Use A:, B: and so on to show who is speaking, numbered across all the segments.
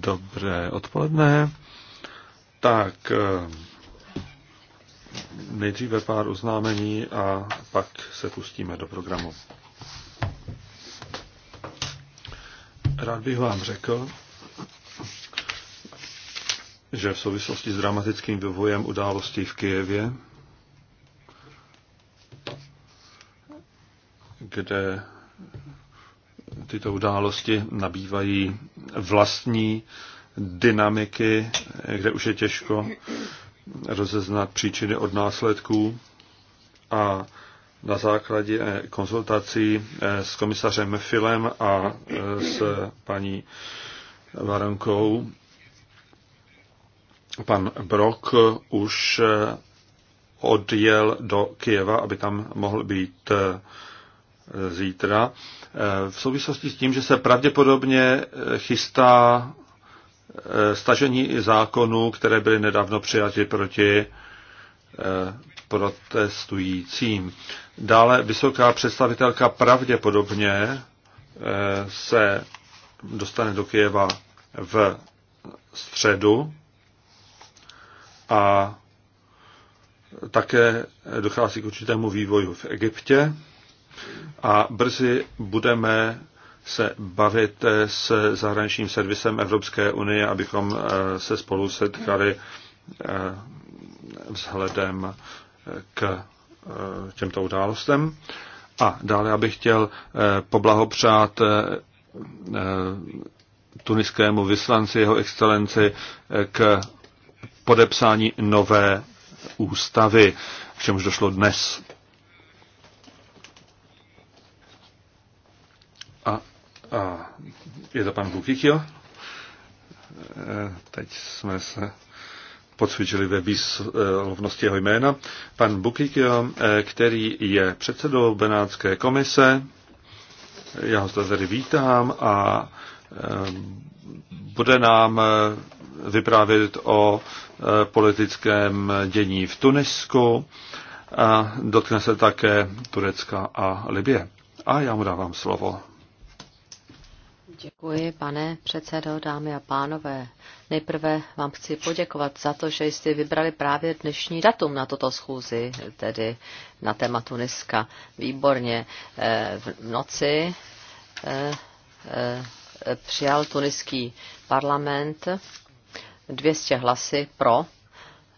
A: Dobré odpoledne. Tak, eh, nejdříve pár oznámení a pak se pustíme do programu. Rád bych vám řekl, že v souvislosti s dramatickým vývojem událostí v Kijevě kde tyto události nabývají vlastní dynamiky, kde už je těžko rozeznat příčiny od následků a na základě konzultací eh, s komisařem Filem a eh, s paní Varankou pan Brok už eh, odjel do Kijeva, aby tam mohl být zítra eh, v souvislosti s tím, že se pravděpodobně eh, chystá eh, stažení zákonů, které byly nedávno přijaty proti protestujícím. Dále vysoká představitelka pravděpodobně se dostane do Kyjeva v středu a také dochází k určitému vývoju v Egyptě a brzy budeme se bavit s zahraničním servisem Evropské unie, abychom eh, se spolu setkali eh, vzhledem eh, k těmto událostem. A dále abych chtěl poblahopřát tuniskému vyslanci, jeho excelenci, k podepsání nové ústavy, k čemuž došlo dnes. A je to pan Bukikil. E, teď jsme se podsvědčili ve výslovnosti jeho jména. Pan Bukikio, e, který je předsedou Benátské komise, já ho zde tady vítám a e, bude nám vyprávět o politickém dění v Tunisku a dotkne se také Turecka a Libie. A já mu dávám slovo.
B: Děkuji, pane předsedo, dámy a pánové. Nejprve vám chci poděkovat za to, že jste vybrali právě dnešní datum na toto schůzi, tedy na téma Tuniska. Výborně eh, v noci eh, eh, přijal tuniský parlament 200 hlasy pro,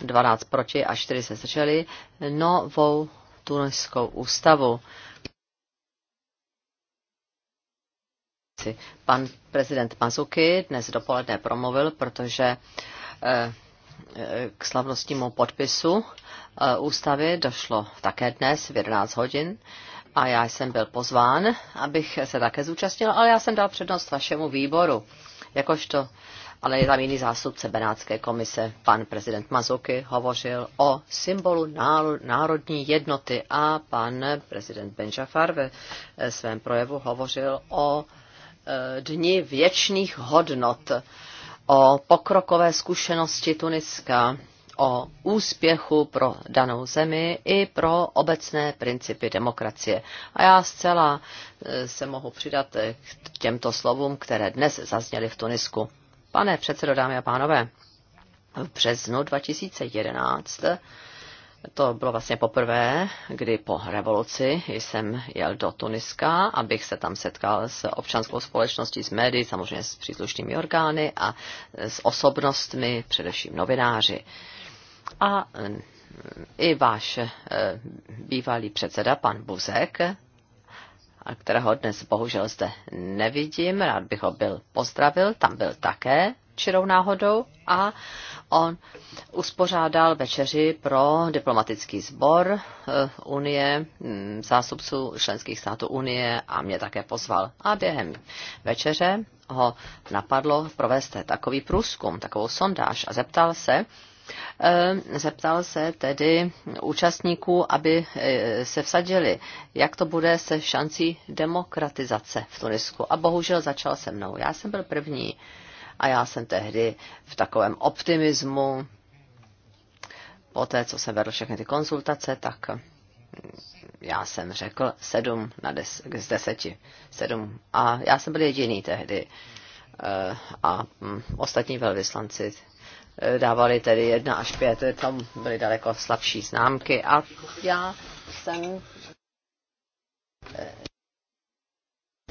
B: 12 proti a 4 se zdrželi novou tuniskou ústavu. věci. Pan prezident Mazuky dnes dopoledne promluvil, protože eh, k slavnostnímu podpisu eh, ústavy došlo také dnes v 11 hodin a já jsem byl pozván, abych se také zúčastnil, ale já jsem dal přednost vašemu výboru, jakožto ale je tam jiný zástupce Benátské komise. Pan prezident Mazuky hovořil o symbolu národní jednoty a pan prezident Benjafar ve eh, svém projevu hovořil o Eh, dni věčných hodnot, o pokrokové zkušenosti Tuniska, o úspěchu pro danou zemi i pro obecné principy demokracie. A já zcela eh, se mohu přidat eh, k těmto slovům, které dnes zazněly v Tunisku. Pane předsedo, dámy a pánové, v březnu 2011 to bylo vlastně poprvé, kdy po revoluci jsem jel do Tuniska, abych se tam setkal s občanskou společností, s médií, samozřejmě s příslušnými orgány a s osobnostmi, především novináři. A mm, i váš e, bývalý předseda, pan Buzek, kterého dnes bohužel zde nevidím, rád bych ho byl pozdravil, tam byl také čirou náhodou a on uspořádal večeři pro diplomatický sbor eh, Unie, hm, zástupců členských států Unie a mě také pozval. A během večeře ho napadlo provést takový průzkum, takovou sondáž a zeptal se, eh, Zeptal se tedy účastníků, aby eh, se vsadili, jak to bude se šancí demokratizace v Tunisku. A bohužel začal se mnou. Já jsem byl první a já jsem tehdy v takovém optimismu, po té, co jsem vedl všechny ty konzultace, tak já jsem řekl 7 na 10, z 10. 7. A já jsem byl jediný tehdy. Eh, a hm, ostatní velvyslanci eh, dávali tedy 1 až 5, tam byly daleko slabší známky. A já jsem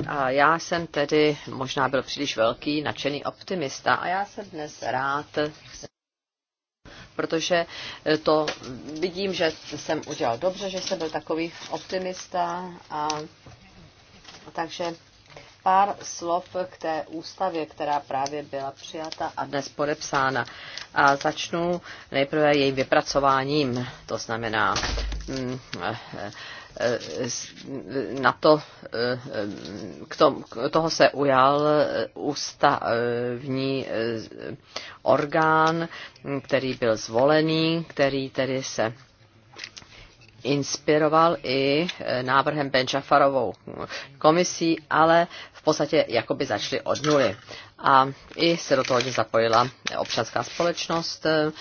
B: a já jsem tedy možná byl příliš velký, nadšený optimista a já jsem dnes rád, protože eh, to vidím, že jsem udělal dobře, že jsem byl takový optimista a takže pár slov k té ústavě, která právě byla přijata a dnes podepsána. A začnu nejprve jejím vypracováním, to znamená mm, eh, na to, k tom, k toho se ujal ústavní orgán, který byl zvolený, který tedy se inspiroval i návrhem Ben Jafarovou komisí, ale v podstatě jakoby začaly od nuly. A i se do toho hodně zapojila občanská společnost, eh,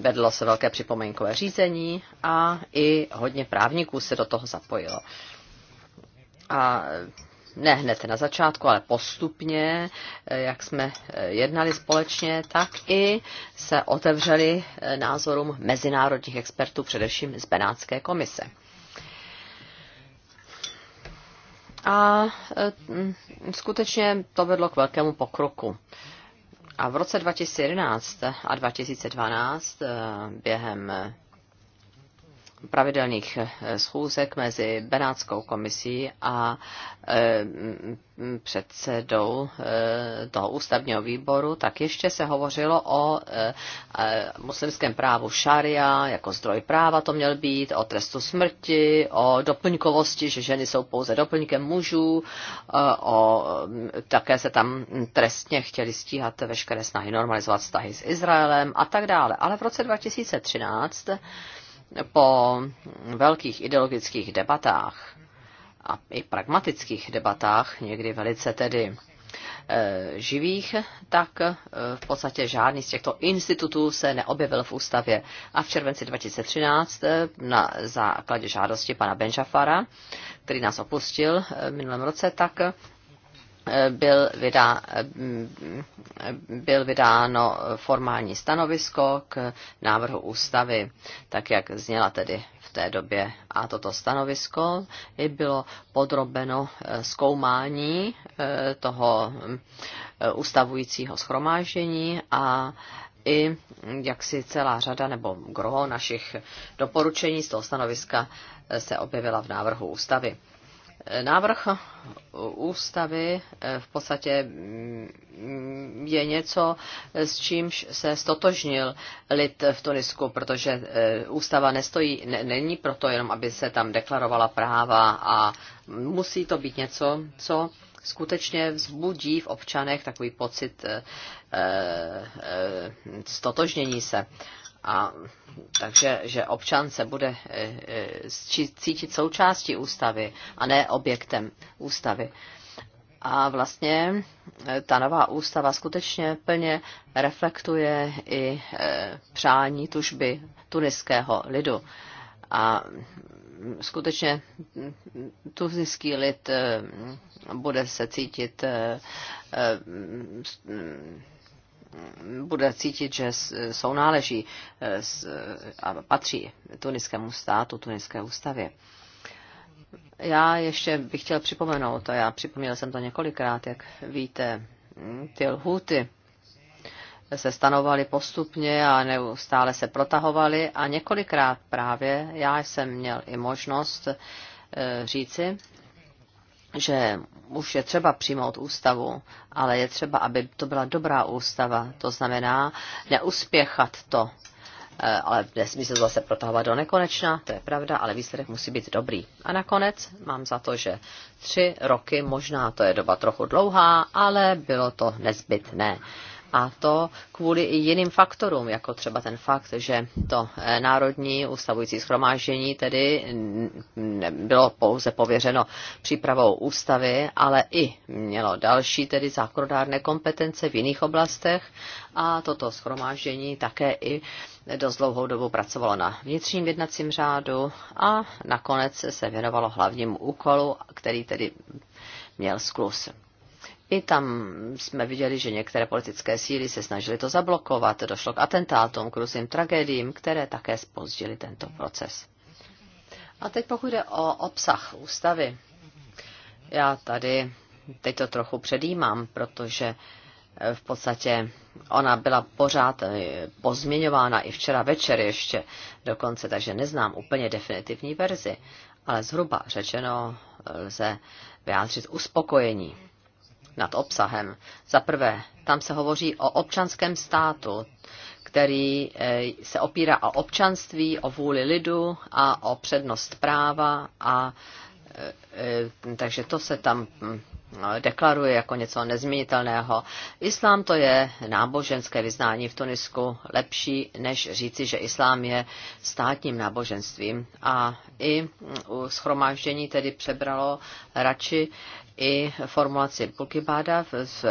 B: vedlo se velké připomínkové řízení a i hodně právníků se do toho zapojilo. A ne hned na začátku, ale postupně, eh, jak jsme eh, jednali společně, tak i se otevřeli názorům mezinárodních expertů, především z Benátské komise. A e, skutečně to vedlo k velkému pokroku. A v roce 2011 a 2012 e, během pravidelných eh, schůzek mezi Benátskou komisí a eh, předsedou eh, toho ústavního výboru, tak ještě se hovořilo o muslimském právu šaria jako zdroj práva to měl být, o trestu smrti, o doplňkovosti, že ženy jsou pouze doplňkem mužů, o, také se tam trestně chtěli stíhat veškeré snahy normalizovat vztahy s Izraelem a tak dále. Ale v roce 2013 po velkých ideologických debatách a i pragmatických debatách, někdy velice tedy eh, živých, tak eh, v podstatě žádný z těchto institutů se neobjevil v ústavě. A v červenci 2013 eh, na základě žádosti pana Benžafara, který nás opustil v minulém roce, tak byl, vydá, byl vydáno formální stanovisko k návrhu ústavy, tak jak zněla tedy v té době. A toto stanovisko i bylo podrobeno eh, zkoumání eh, toho eh, ustavujícího schromáždění a i jak si celá řada nebo groho našich doporučení z toho stanoviska se objevila v návrhu ústavy návrh ústavy eh, v podstatě mm, je něco, s čímž se stotožnil lid v Tunisku, protože eh, ústava nestojí, ne, není proto jenom, aby se tam deklarovala práva a musí to být něco, co skutečně vzbudí v občanech takový pocit e, e, stotožnění se a takže, že občan se bude eh, eh, cítit součástí ústavy a ne objektem ústavy. A vlastně eh, ta nová ústava skutečně plně reflektuje i přání tužby tuniského lidu. A skutečně mm, tuniský lid bude se cítit mm, bude cítit, že jsou náleží eh, a patří tuniskému státu, tuniské ústavě. Já ještě bych chtěl připomenout, a já připomněl jsem to několikrát, jak víte, ty lhuty se stanovaly postupně a neustále se protahovaly a několikrát právě já jsem měl i možnost eh, říci že už je třeba přijmout ústavu, ale je třeba, aby to byla dobrá ústava. To znamená neuspěchat to. Eh, ale nesmí se zase protahovat do nekonečna, to je pravda, ale výsledek musí být dobrý. A nakonec mám za to, že tři roky, možná to je doba trochu dlouhá, ale bylo to nezbytné. A to kvůli i jiným faktorům, jako třeba ten fakt, že to eh, Národní ustavující schromáždění tedy bylo pouze pověřeno přípravou ústavy, ale i mělo další tedy zákonodárné kompetence v jiných oblastech a toto schromáždění také i dost dlouhou dobu pracovalo na vnitřním jednacím řádu a nakonec se věnovalo hlavnímu úkolu, který tedy měl sklus. I tam jsme viděli, že některé politické síly se snažily to zablokovat, došlo k atentátům, k různým tragédiím, které také spozdili tento proces. A teď pokud jde o obsah ústavy, já tady teď to trochu předjímám, protože eh, v podstatě ona byla pořád eh, pozměňována i včera večer ještě dokonce, takže neznám úplně definitivní verzi, ale zhruba řečeno eh, lze vyjádřit uspokojení nad obsahem. Za prvé, tam se hovoří o občanském státu, který eh, se opírá o občanství, o vůli lidu a o přednost práva a eh, eh, takže to se tam hm, Eh, deklaruje jako něco nezměnitelného. Islám to je náboženské vyznání v Tunisku lepší, než říci, že islám je státním náboženstvím. A i mm, u schromáždění tedy přebralo radši i formulaci Bulkibáda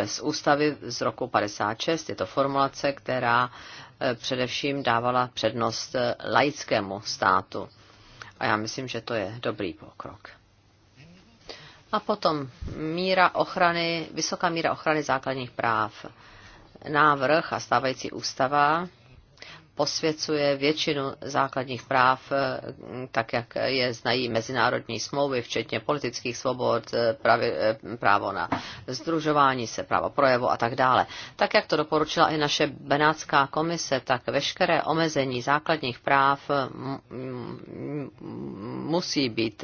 B: z ústavy z roku 56. Je to formulace, která eh, především dávala přednost eh, laickému státu. A já myslím, že to je dobrý pokrok. A potom míra ochrany, vysoká míra ochrany základních práv. Návrh a stávající ústava posvěcuje většinu základních práv, eh, tak jak je znají mezinárodní smlouvy, včetně politických svobod, eh, pravě, eh, právo na združování se, právo projevu a tak dále. Tak jak to doporučila i naše Benátská komise, tak veškeré omezení základních práv mm, mm, musí být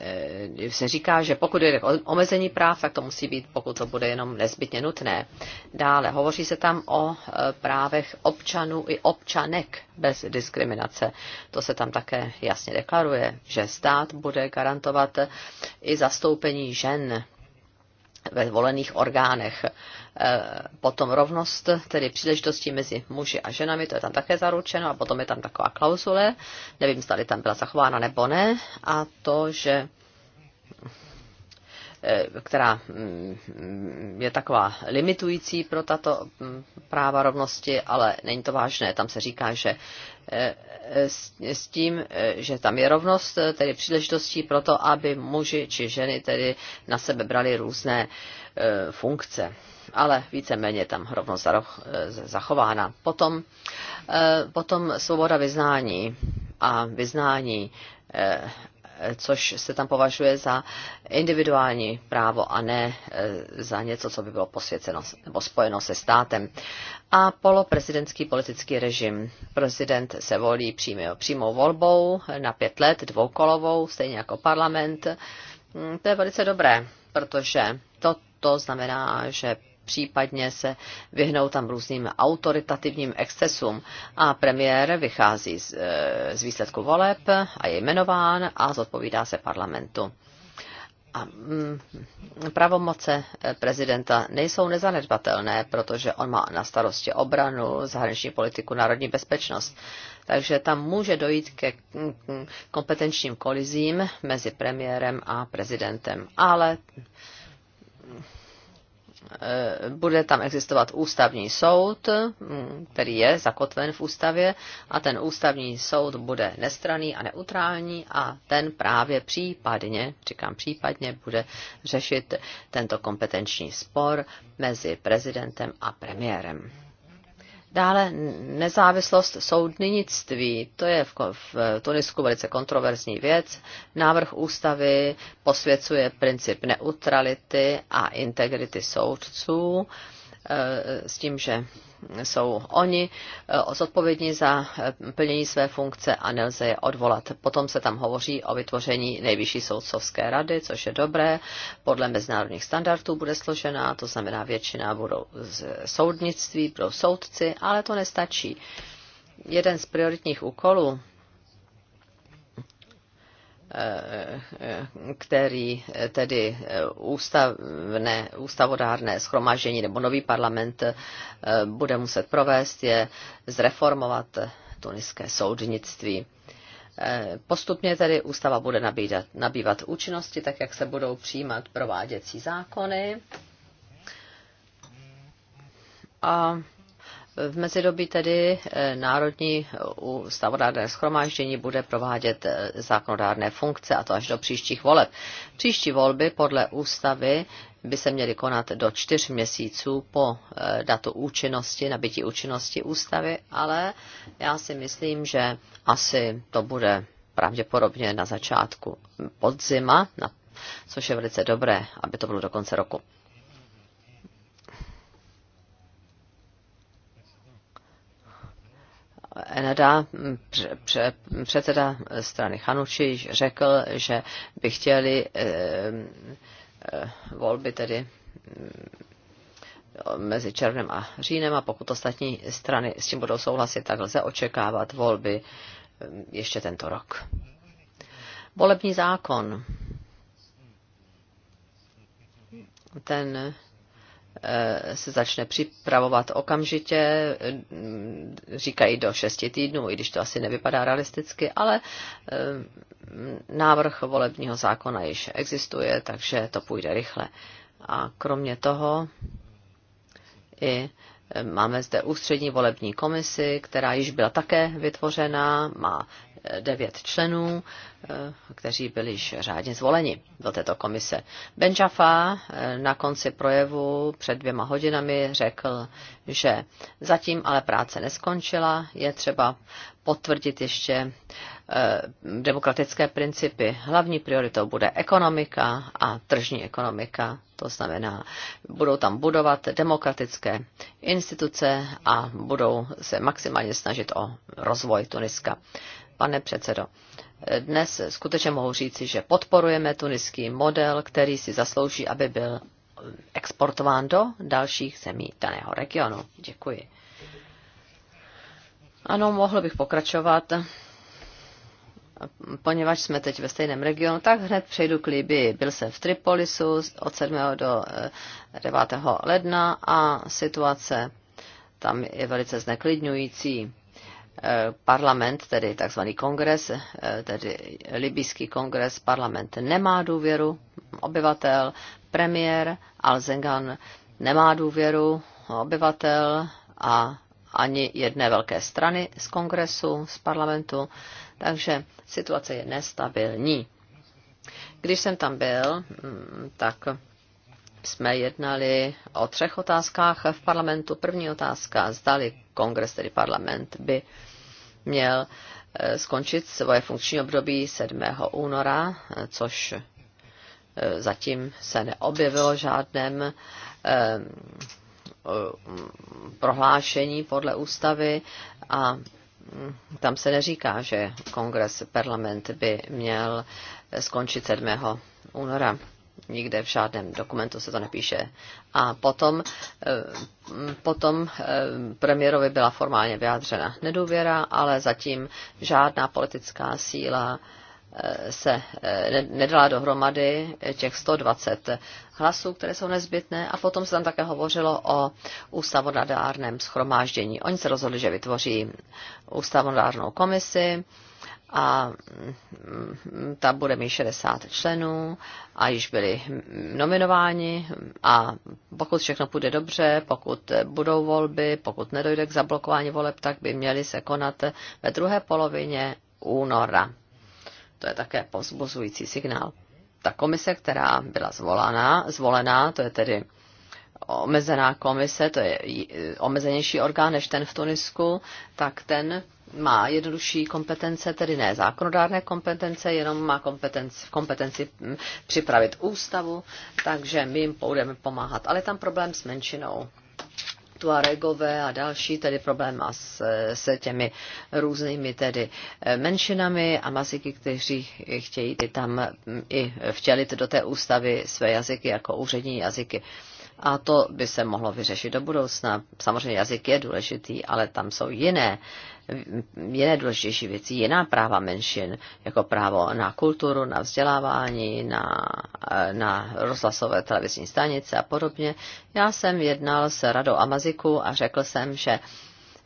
B: Eh, se říká, že pokud je k omezení práv, tak to musí být, pokud to bude jenom nezbytně nutné. Dále hovoří se tam o eh, právech občanů i občanek bez diskriminace. To se tam také jasně deklaruje, že stát bude garantovat eh, i zastoupení žen ve volených orgánech E, potom rovnost, tedy příležitosti mezi muži a ženami, to je tam také zaručeno, a potom je tam taková klauzule, nevím, zda tam byla zachována nebo ne, a to, že e, která mm, je taková limitující pro tato mm, práva rovnosti, ale není to vážné. Tam se říká, že e, s tím, že tam je rovnost, tedy příležitostí pro to, aby muži či ženy tedy na sebe brali různé funkce ale víceméně méně tam rovnost e, zachována. Potom, e, potom svoboda vyznání a vyznání e, což se tam považuje za individuální právo a ne za něco, co by bylo posvěceno nebo spojeno se státem. A poloprezidentský politický režim. Prezident se volí přímou volbou na pět let, dvoukolovou, stejně jako parlament. Mm, to je velice dobré, protože to, to znamená, že případně se vyhnout tam různým autoritativním excesům. A premiér vychází z, eh, z výsledku voleb a je jmenován a zodpovídá se parlamentu. A mm, pravomoce eh, prezidenta nejsou nezanedbatelné, protože on má na starosti obranu, zahraniční politiku, národní bezpečnost. Takže tam může dojít ke mm, mm, kompetenčním kolizím mezi premiérem a prezidentem. Ale Eh, bude tam existovat ústavní soud, hm, který je zakotven v ústavě a ten ústavní soud bude nestraný a neutrální a ten právě případně, říkám případně, bude řešit tento kompetenční spor mezi prezidentem a premiérem. Dále nezávislost soudnictví, to je v, v eh, Tunisku velice kontroverzní věc. Návrh ústavy posvěcuje princip neutrality a integrity soudců. Eh, Eh, s tím, že jsou oni eh, zodpovědní za eh, plnění své funkce a nelze je odvolat. Potom se tam hovoří o vytvoření nejvyšší soudcovské rady, což je dobré. Podle mezinárodních standardů bude složená, to znamená většina budou z soudnictví, pro soudci, ale to nestačí. Jeden z prioritních úkolů který tedy ústavné, ústavodárné schromáždění nebo nový parlament eh, bude muset provést, je zreformovat tuniské soudnictví. Eh, postupně tedy ústava bude nabídat, nabývat účinnosti, tak jak se budou přijímat prováděcí zákony. A v mezidobí tedy eh, Národní eh, stavodárné schromáždění bude provádět eh, zákonodárné funkce, a to až do příštích voleb. Příští volby podle ústavy by se měly konat do čtyř měsíců po datu účinnosti, nabití účinnosti ústavy, ale já si myslím, že asi to bude pravděpodobně na začátku podzima, což je velice dobré, aby to bylo do konce roku. Enada, předseda strany Hanuči, řekl, že by chtěli eh, eh, volby tedy mm, mezi červnem a říjnem a pokud ostatní strany s tím budou souhlasit, tak lze očekávat volby mm, ještě tento rok. Volební zákon. Ten Eh, se začne připravovat okamžitě, eh, říkají do šesti týdnů, i když to asi nevypadá realisticky, ale eh, návrh volebního zákona již existuje, takže to půjde rychle. A kromě toho i máme zde ústřední volební komisi, která již byla také vytvořena, má devět členů, eh, kteří byli již řádně zvoleni do této komise. Ben Jaffa eh, na konci projevu před dvěma hodinami řekl, že zatím ale práce neskončila, je třeba potvrdit ještě eh, demokratické principy. Hlavní prioritou bude ekonomika a tržní ekonomika. To znamená, budou tam budovat demokratické instituce a budou se maximálně snažit o rozvoj Tuniska pane předsedo. Dnes skutečně mohu říci, že podporujeme tuniský model, který si zaslouží, aby byl exportován do dalších zemí daného regionu. Děkuji. Ano, mohl bych pokračovat. Poněvadž jsme teď ve stejném regionu, tak hned přejdu k Libii. Byl jsem v Tripolisu od 7. do 9. Eh, ledna a situace tam je velice zneklidňující. Eh, parlament, tedy takzvaný kongres, eh, tedy libýský kongres, parlament nemá důvěru obyvatel, premiér Al-Zengan nemá důvěru obyvatel a ani jedné velké strany z kongresu, z parlamentu, takže situace je nestabilní. Když jsem tam byl, mm, tak jsme jednali o třech otázkách v parlamentu. První otázka, zdali kongres, tedy parlament, by měl eh, skončit svoje funkční období 7. února, eh, což eh, zatím se neobjevilo žádném prohlášení podle ústavy a hm, tam se neříká, že kongres, parlament by měl skončit 7. února nikde v žádném dokumentu se to nepíše. A potom, eh, potom eh, premiérovi byla formálně vyjádřena nedůvěra, ale zatím žádná politická síla eh, se nedala dohromady těch 120 hlasů, které jsou nezbytné. A potom se tam také hovořilo o ústavodárném schromáždění. Oni se rozhodli, že vytvoří ústavodárnou komisi, a mm, ta bude mít 60 členů a již byli nominováni a pokud všechno půjde dobře, pokud budou volby, pokud nedojde k zablokování voleb, tak by měly se konat ve druhé polovině února. To je také pozbuzující signál. Ta komise, která byla zvolená, zvolená to je tedy omezená komise, to je omezenější orgán než ten v Tunisku, tak ten má jednodušší kompetence, tedy ne zákonodárné kompetence, jenom má kompetenci, kompetenci hm, připravit ústavu, takže my jim budeme pomáhat. Ale tam problém s menšinou. Tuaregové a další, tedy problém má s, s těmi různými tedy eh, menšinami a maziky, kteří chtějí ty tam hm, i vtělit do té ústavy své jazyky jako úřední jazyky. A to by se mohlo vyřešit do budoucna. Samozřejmě jazyk je důležitý, ale tam jsou jiné uh, jiné důležitější věci, jiná práva menšin, jako právo na kulturu, na vzdělávání, na, na rozhlasové televizní stanice a podobně. Já jsem jednal s Radou Amaziku a řekl jsem, že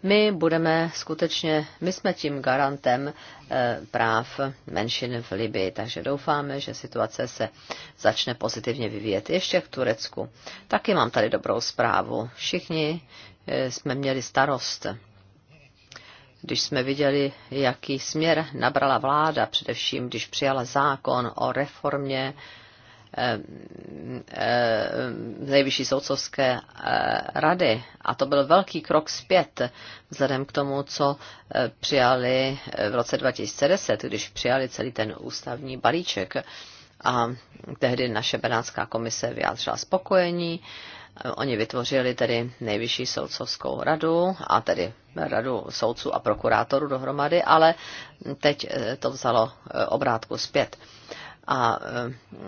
B: my budeme skutečně, my jsme tím garantem eh, práv menšin v Libii, takže doufáme, že situace se začne pozitivně vyvíjet ještě k Turecku. Taky mám tady dobrou zprávu. Všichni eh, jsme měli starost když jsme viděli, jaký směr nabrala vláda, především když přijala zákon o reformě eh, eh, nejvyšší soudcovské eh, rady. A to byl velký krok zpět vzhledem k tomu, co přijali v roce 2010, když přijali celý ten ústavní balíček a tehdy naše Benátská komise vyjádřila spokojení. Oni vytvořili tedy nejvyšší soudcovskou radu a tedy radu soudců a prokurátorů dohromady, ale teď eh, to vzalo eh, obrátku zpět. A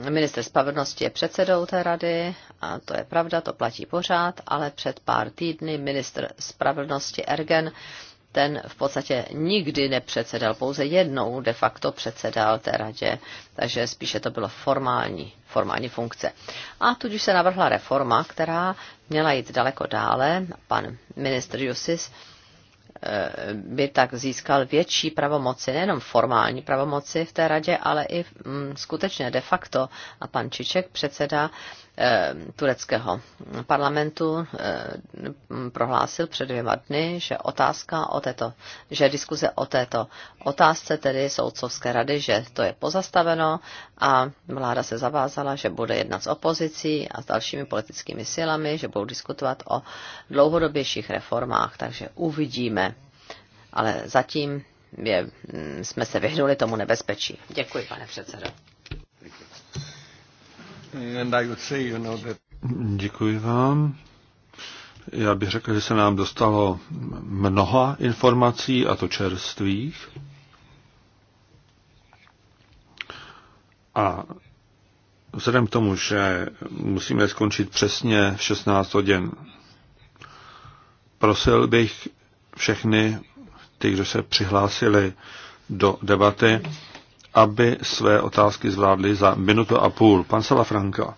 B: eh, minister spravedlnosti je předsedou té rady, a to je pravda, to platí pořád, ale před pár týdny minister spravedlnosti Ergen ten v podstatě nikdy nepředsedal, pouze jednou de facto předsedal té radě, takže spíše to bylo formální, formální funkce. A tudíž se navrhla reforma, která měla jít daleko dále. Pan ministr Jusis eh, by tak získal větší pravomoci, nejenom formální pravomoci v té radě, ale i mm, skutečně de facto. A pan Čiček, předseda Eh, tureckého parlamentu eh, prohlásil před dvěma dny, že otázka o této, že diskuze o této otázce, tedy soudcovské rady, že to je pozastaveno a vláda se zavázala, že bude jednat s opozicí a s dalšími politickými silami, že budou diskutovat o dlouhodobějších reformách, takže uvidíme. Ale zatím je, mm, jsme se vyhnuli tomu nebezpečí. Děkuji, pane předsedo.
A: Děkuji vám. Já bych řekl, že se nám dostalo mnoha informací, a to čerstvých. A vzhledem k tomu, že musíme skončit přesně v 16 hodin, prosil bych všechny ty, kdo se přihlásili do debaty, aby své otázky zvládli za minutu a půl. Pan Salafranka.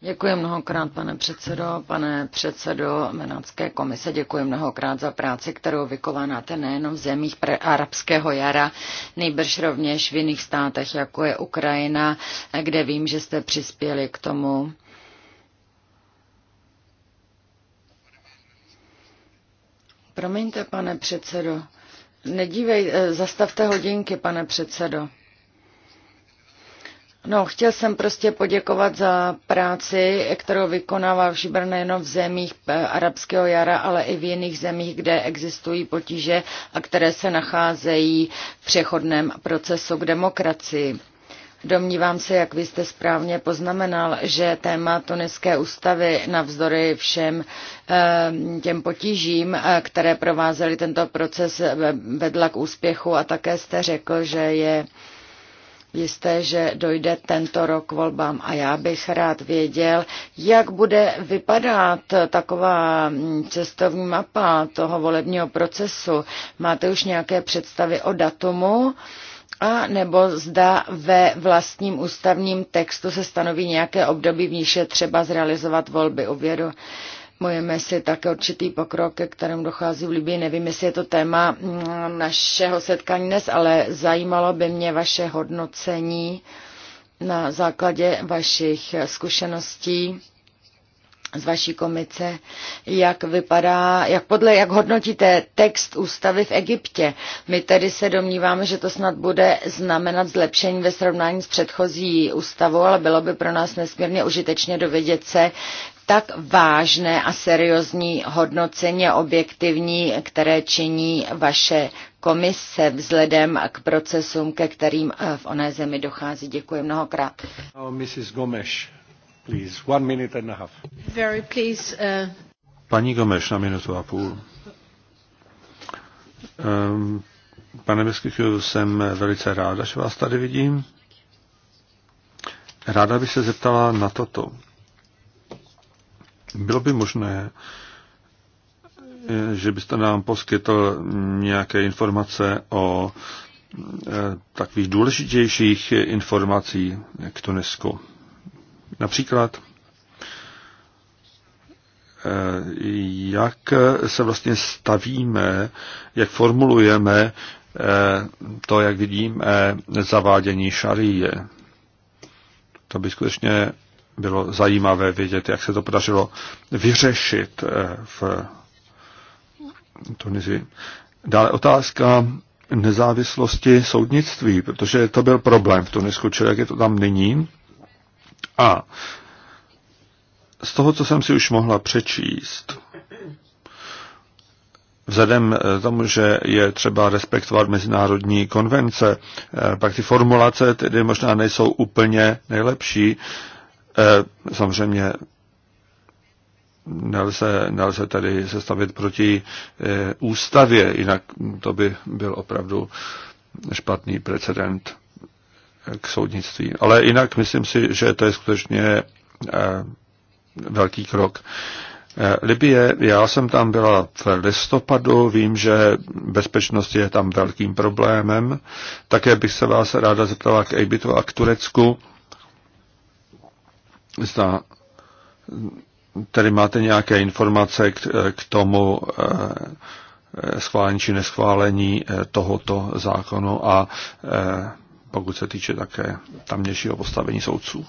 C: Děkuji mnohokrát, pane předsedo, pane předsedo Menácké komise, děkuji mnohokrát za práci, kterou vykonáte nejenom v zemích pre arabského jara, nejbrž rovněž v jiných státech, jako je Ukrajina, kde vím, že jste přispěli k tomu, Promiňte, pane předsedo. Nedívej, eh, zastavte hodinky, pane předsedo. No, chtěl jsem prostě poděkovat za práci, kterou vykonává Žibr nejenom v zemích eh, arabského jara, ale i v jiných zemích, kde existují potíže a které se nacházejí v přechodném procesu k demokracii. Domnívám se, jak vy jste správně poznamenal, že téma tuniské ústavy navzdory všem eh, těm potížím, eh, které provázely tento proces, vedla k úspěchu a také jste řekl, že je jisté, že dojde tento rok volbám a já bych rád věděl, jak bude vypadat taková mm, cestovní mapa toho volebního procesu. Máte už nějaké představy o datumu? A nebo zda ve vlastním ústavním textu se stanoví nějaké období, v níž je třeba zrealizovat volby. Uvědu, Mojeme si také určitý pokrok, ke kterému dochází v Libii. Nevím, jestli je to téma mm, našeho setkání dnes, ale zajímalo by mě vaše hodnocení na základě vašich zkušeností z vaší komice, jak vypadá, jak podle, jak hodnotíte text ústavy v Egyptě. My tedy se domníváme, že to snad bude znamenat zlepšení ve srovnání s předchozí ústavou, ale bylo by pro nás nesmírně užitečně dovědět se, tak vážné a seriózní hodnocení objektivní, které činí vaše komise vzhledem k procesům, ke kterým eh, v oné zemi dochází. Děkuji mnohokrát.
A: Mrs. Gomes, please, one minute and a half.
C: Very please, uh...
A: Paní Gomes na minutu a půl. Um, pane Beskychu, jsem velice ráda, že vás tady vidím. Ráda bych se zeptala na toto. Bylo by možné, eh, že byste nám poskytl nějaké informace o eh, takových důležitějších informací k Tunisku. Například, eh, jak se vlastně stavíme, jak formulujeme to, jak vidíme, zavádění šaríje. To by skutečně bylo zajímavé vědět, jak se to podařilo vyřešit eh, v Tunizii. Dále otázka nezávislosti soudnictví, protože to byl problém v Tunisku, čili jak je to tam nyní. A z toho, co jsem si už mohla přečíst, vzhledem eh, tomu, že je třeba respektovat mezinárodní konvence, eh, pak ty formulace tedy možná nejsou úplně nejlepší, Eh, samozřejmě nelze, nelze tady se stavit proti eh, ústavě, jinak to by byl opravdu špatný precedent k soudnictví. Ale jinak myslím si, že to je skutečně eh, velký krok. Libie, já jsem tam byla v listopadu, vím, že bezpečnost je tam velkým problémem. Také bych se vás ráda zeptala k Ejbitu a k Turecku zda tady máte nějaké informace k, k tomu eh, schválení či neschválení eh, tohoto zákonu a eh, pokud se týče také tamnějšího postavení soudců.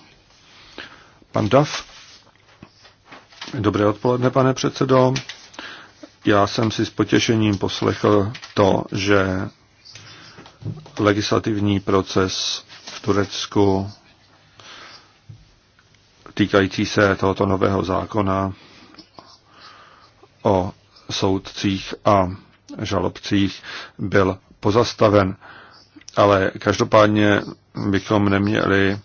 A: Pan Dav. Dobré odpoledne, pane předsedo. Já jsem si s potěšením poslechl to, že legislativní proces v Turecku týkající se tohoto nového zákona o soudcích a žalobcích byl pozastaven. Ale každopádně bychom neměli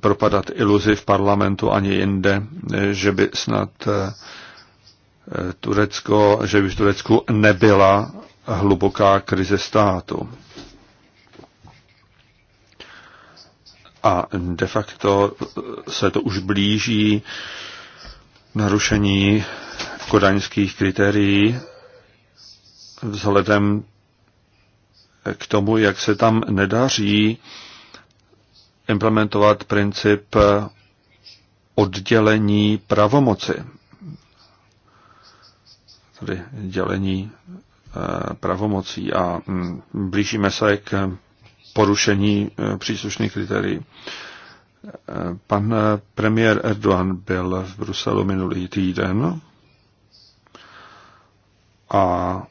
A: propadat iluzi v parlamentu ani jinde, že by snad eh, Turecko, že by v Turecku nebyla hluboká krize státu. a de facto se to už blíží narušení kodaňských kritérií vzhledem k tomu, jak se tam nedaří implementovat princip oddělení pravomoci. Tedy dělení eh, pravomocí a mm, blížíme se k porušení eh, příslušných kritérií. Eh, pan eh, premiér Erdogan byl v Bruselu minulý týden a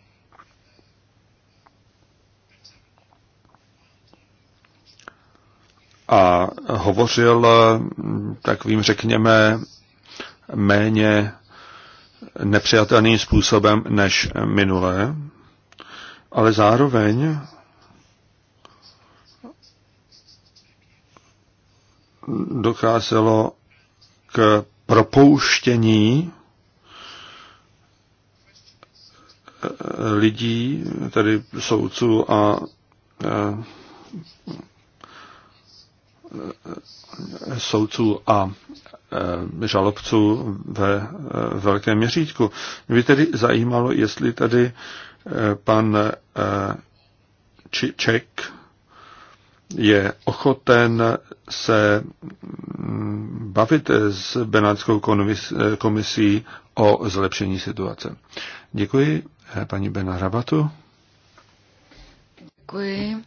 A: a hovořil takovým, řekněme, méně nepřijatelným způsobem než minulé, ale zároveň docházelo k propouštění eh, lidí, tedy soudců a eh, soudců a eh, žalobců ve velkém měřítku. Mě tedy zajímalo, jestli tady pan Ček je ochoten se mm, bavit s Benátskou komisí o zlepšení situace. Děkuji eh, paní Bena Rabatu.
C: Děkuji.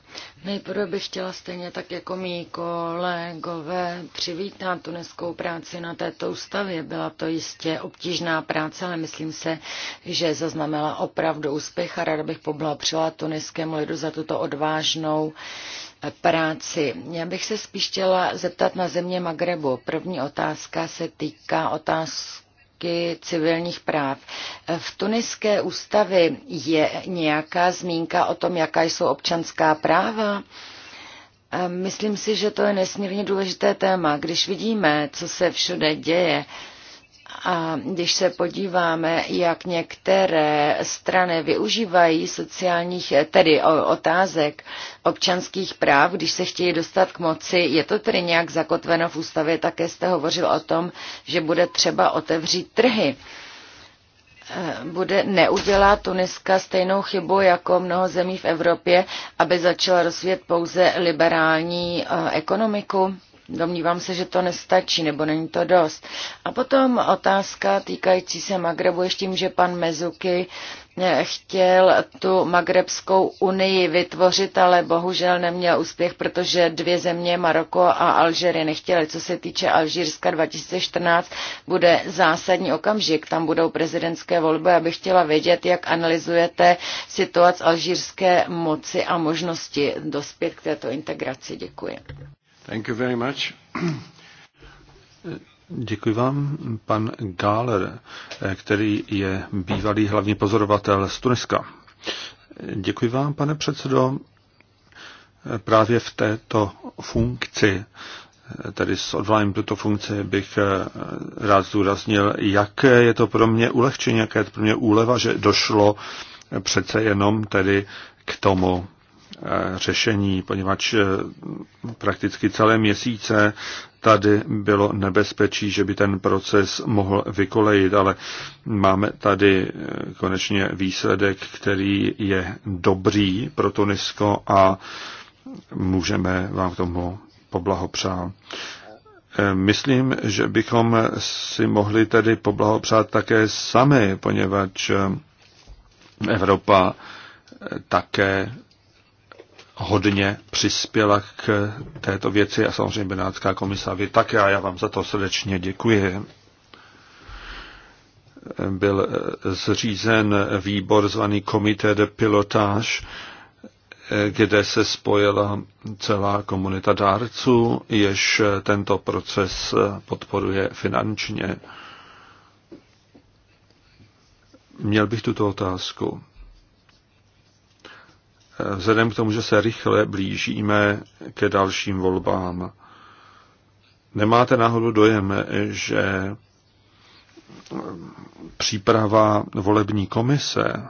C: Nejprve bych chtěla stejně tak jako mý kolegové přivítat tu dneskou práci na této ústavě. Byla to jistě obtížná práce, ale myslím se, že zaznamenala opravdu úspěch a ráda bych poblahopřela tuniskému lidu za tuto odvážnou práci. Já bych se spíš chtěla zeptat na země Magrebu. První otázka se týká otázky otázky civilních práv. V tuniské ústavě je nějaká zmínka o tom, jaká jsou občanská práva? Myslím si, že to je nesmírně důležité téma. Když vidíme, co se všude děje, a když se podíváme, jak některé strany využívají sociálních, tedy otázek občanských práv, když se chtějí dostat k moci, je to tedy nějak zakotveno v ústavě, také jste hovořil o tom, že bude třeba otevřít trhy e, bude neudělá Tuniska stejnou chybu jako mnoho zemí v Evropě, aby začala rozvíjet pouze liberální e, ekonomiku? Domnívám se, že to nestačí, nebo není to dost. A potom otázka týkající se Magrebu, ještě tím, že pan Mezuky eh, chtěl tu Magrebskou unii vytvořit, ale bohužel neměl úspěch, protože dvě země, Maroko a Alžery, nechtěly. Co se týče Alžírska 2014, bude zásadní okamžik. Tam budou prezidentské volby. Já bych chtěla vědět, jak analyzujete situaci alžírské moci a možnosti dospět k této integraci. Děkuji.
A: Thank you very much. Děkuji vám, pan Gáler, který je bývalý hlavní pozorovatel z Tuniska. Děkuji vám, pane předsedo. Právě v této funkci, tedy s odvoláním tuto funkci, bych rád zdůraznil, jak je to pro mě ulehčení, jaké je to pro mě úleva, že došlo přece jenom tedy k tomu Eh, řešení, poněvadž eh, prakticky celé měsíce tady bylo nebezpečí, že by ten proces mohl vykolejit, ale máme tady eh, konečně výsledek, který je dobrý pro Tunisko a můžeme vám k tomu poblahopřát. Myslím, že bychom si mohli tedy poblahopřát také sami, poněvadž Evropa také hodně přispěla k této věci a samozřejmě Benátská komisa vy také a já vám za to srdečně děkuji. Byl zřízen výbor zvaný Komité de Pilotage, kde se spojila celá komunita dárců, jež tento proces podporuje finančně. Měl bych tuto otázku vzhledem k tomu, že se rychle blížíme ke dalším volbám. Nemáte náhodou dojem, že příprava volební komise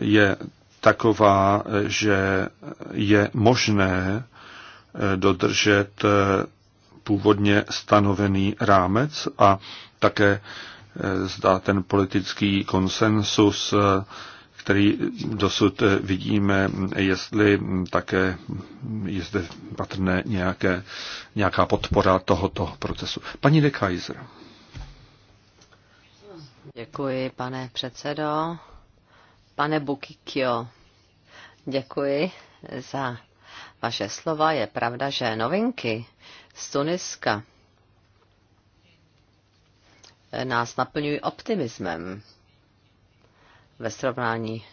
A: je taková, že je možné dodržet původně stanovený rámec a také eh, zdá ten politický konsensus který dosud eh, vidíme, jestli také je zde patrné nějaké, nějaká podpora tohoto procesu. Paní de Kaiser.
B: Děkuji, pane předsedo. Pane Bukikio, děkuji za vaše slova. Je pravda, že novinky z Tuniska nás naplňují optimismem ve srovnání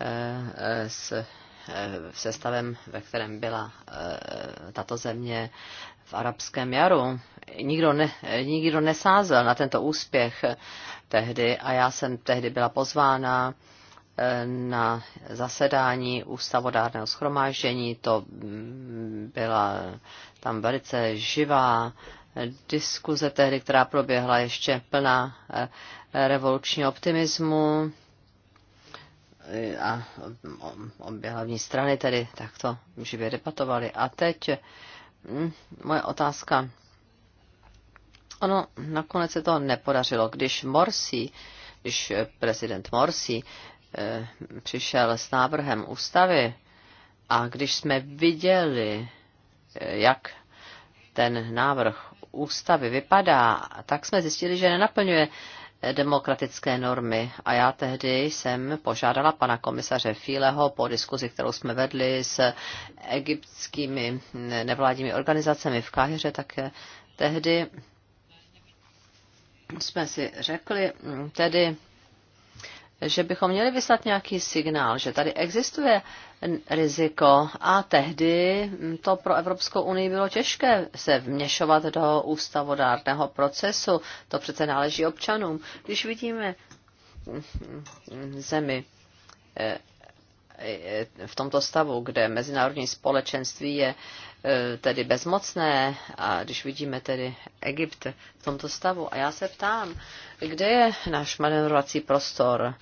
B: eh, eh, s eh, se stavem, ve kterém byla tato země v arabském jaru. Nikdo, ne, nikdo nesázel na tento úspěch tehdy a já jsem tehdy byla pozvána na zasedání ústavodárného schromáždění. To mm, byla tam velice živá diskuze tehdy, která proběhla ještě plná revolučního optimismu a obě hlavní strany tedy takto živě debatovaly. A teď mm, moje otázka. Ono nakonec se to nepodařilo. Když Morsi, když prezident Morsi eh, přišel s návrhem ústavy a když jsme viděli, eh, jak ten návrh ústavy vypadá, tak jsme zjistili, že nenaplňuje demokratické normy. A já tehdy jsem požádala pana komisaře Fíleho po diskuzi, kterou jsme vedli s egyptskými nevládními organizacemi v Káhiře, tak tehdy jsme si řekli, tedy že bychom měli vyslat nějaký signál, že tady existuje riziko a tehdy to pro Evropskou unii bylo těžké se vměšovat do ústavodárného procesu. To přece náleží občanům. Když vidíme zemi eh, E, v tomto stavu, kde mezinárodní společenství je e, tedy bezmocné, a když vidíme tedy Egypt v tomto stavu, a já se ptám, kde je náš manevrovací prostor,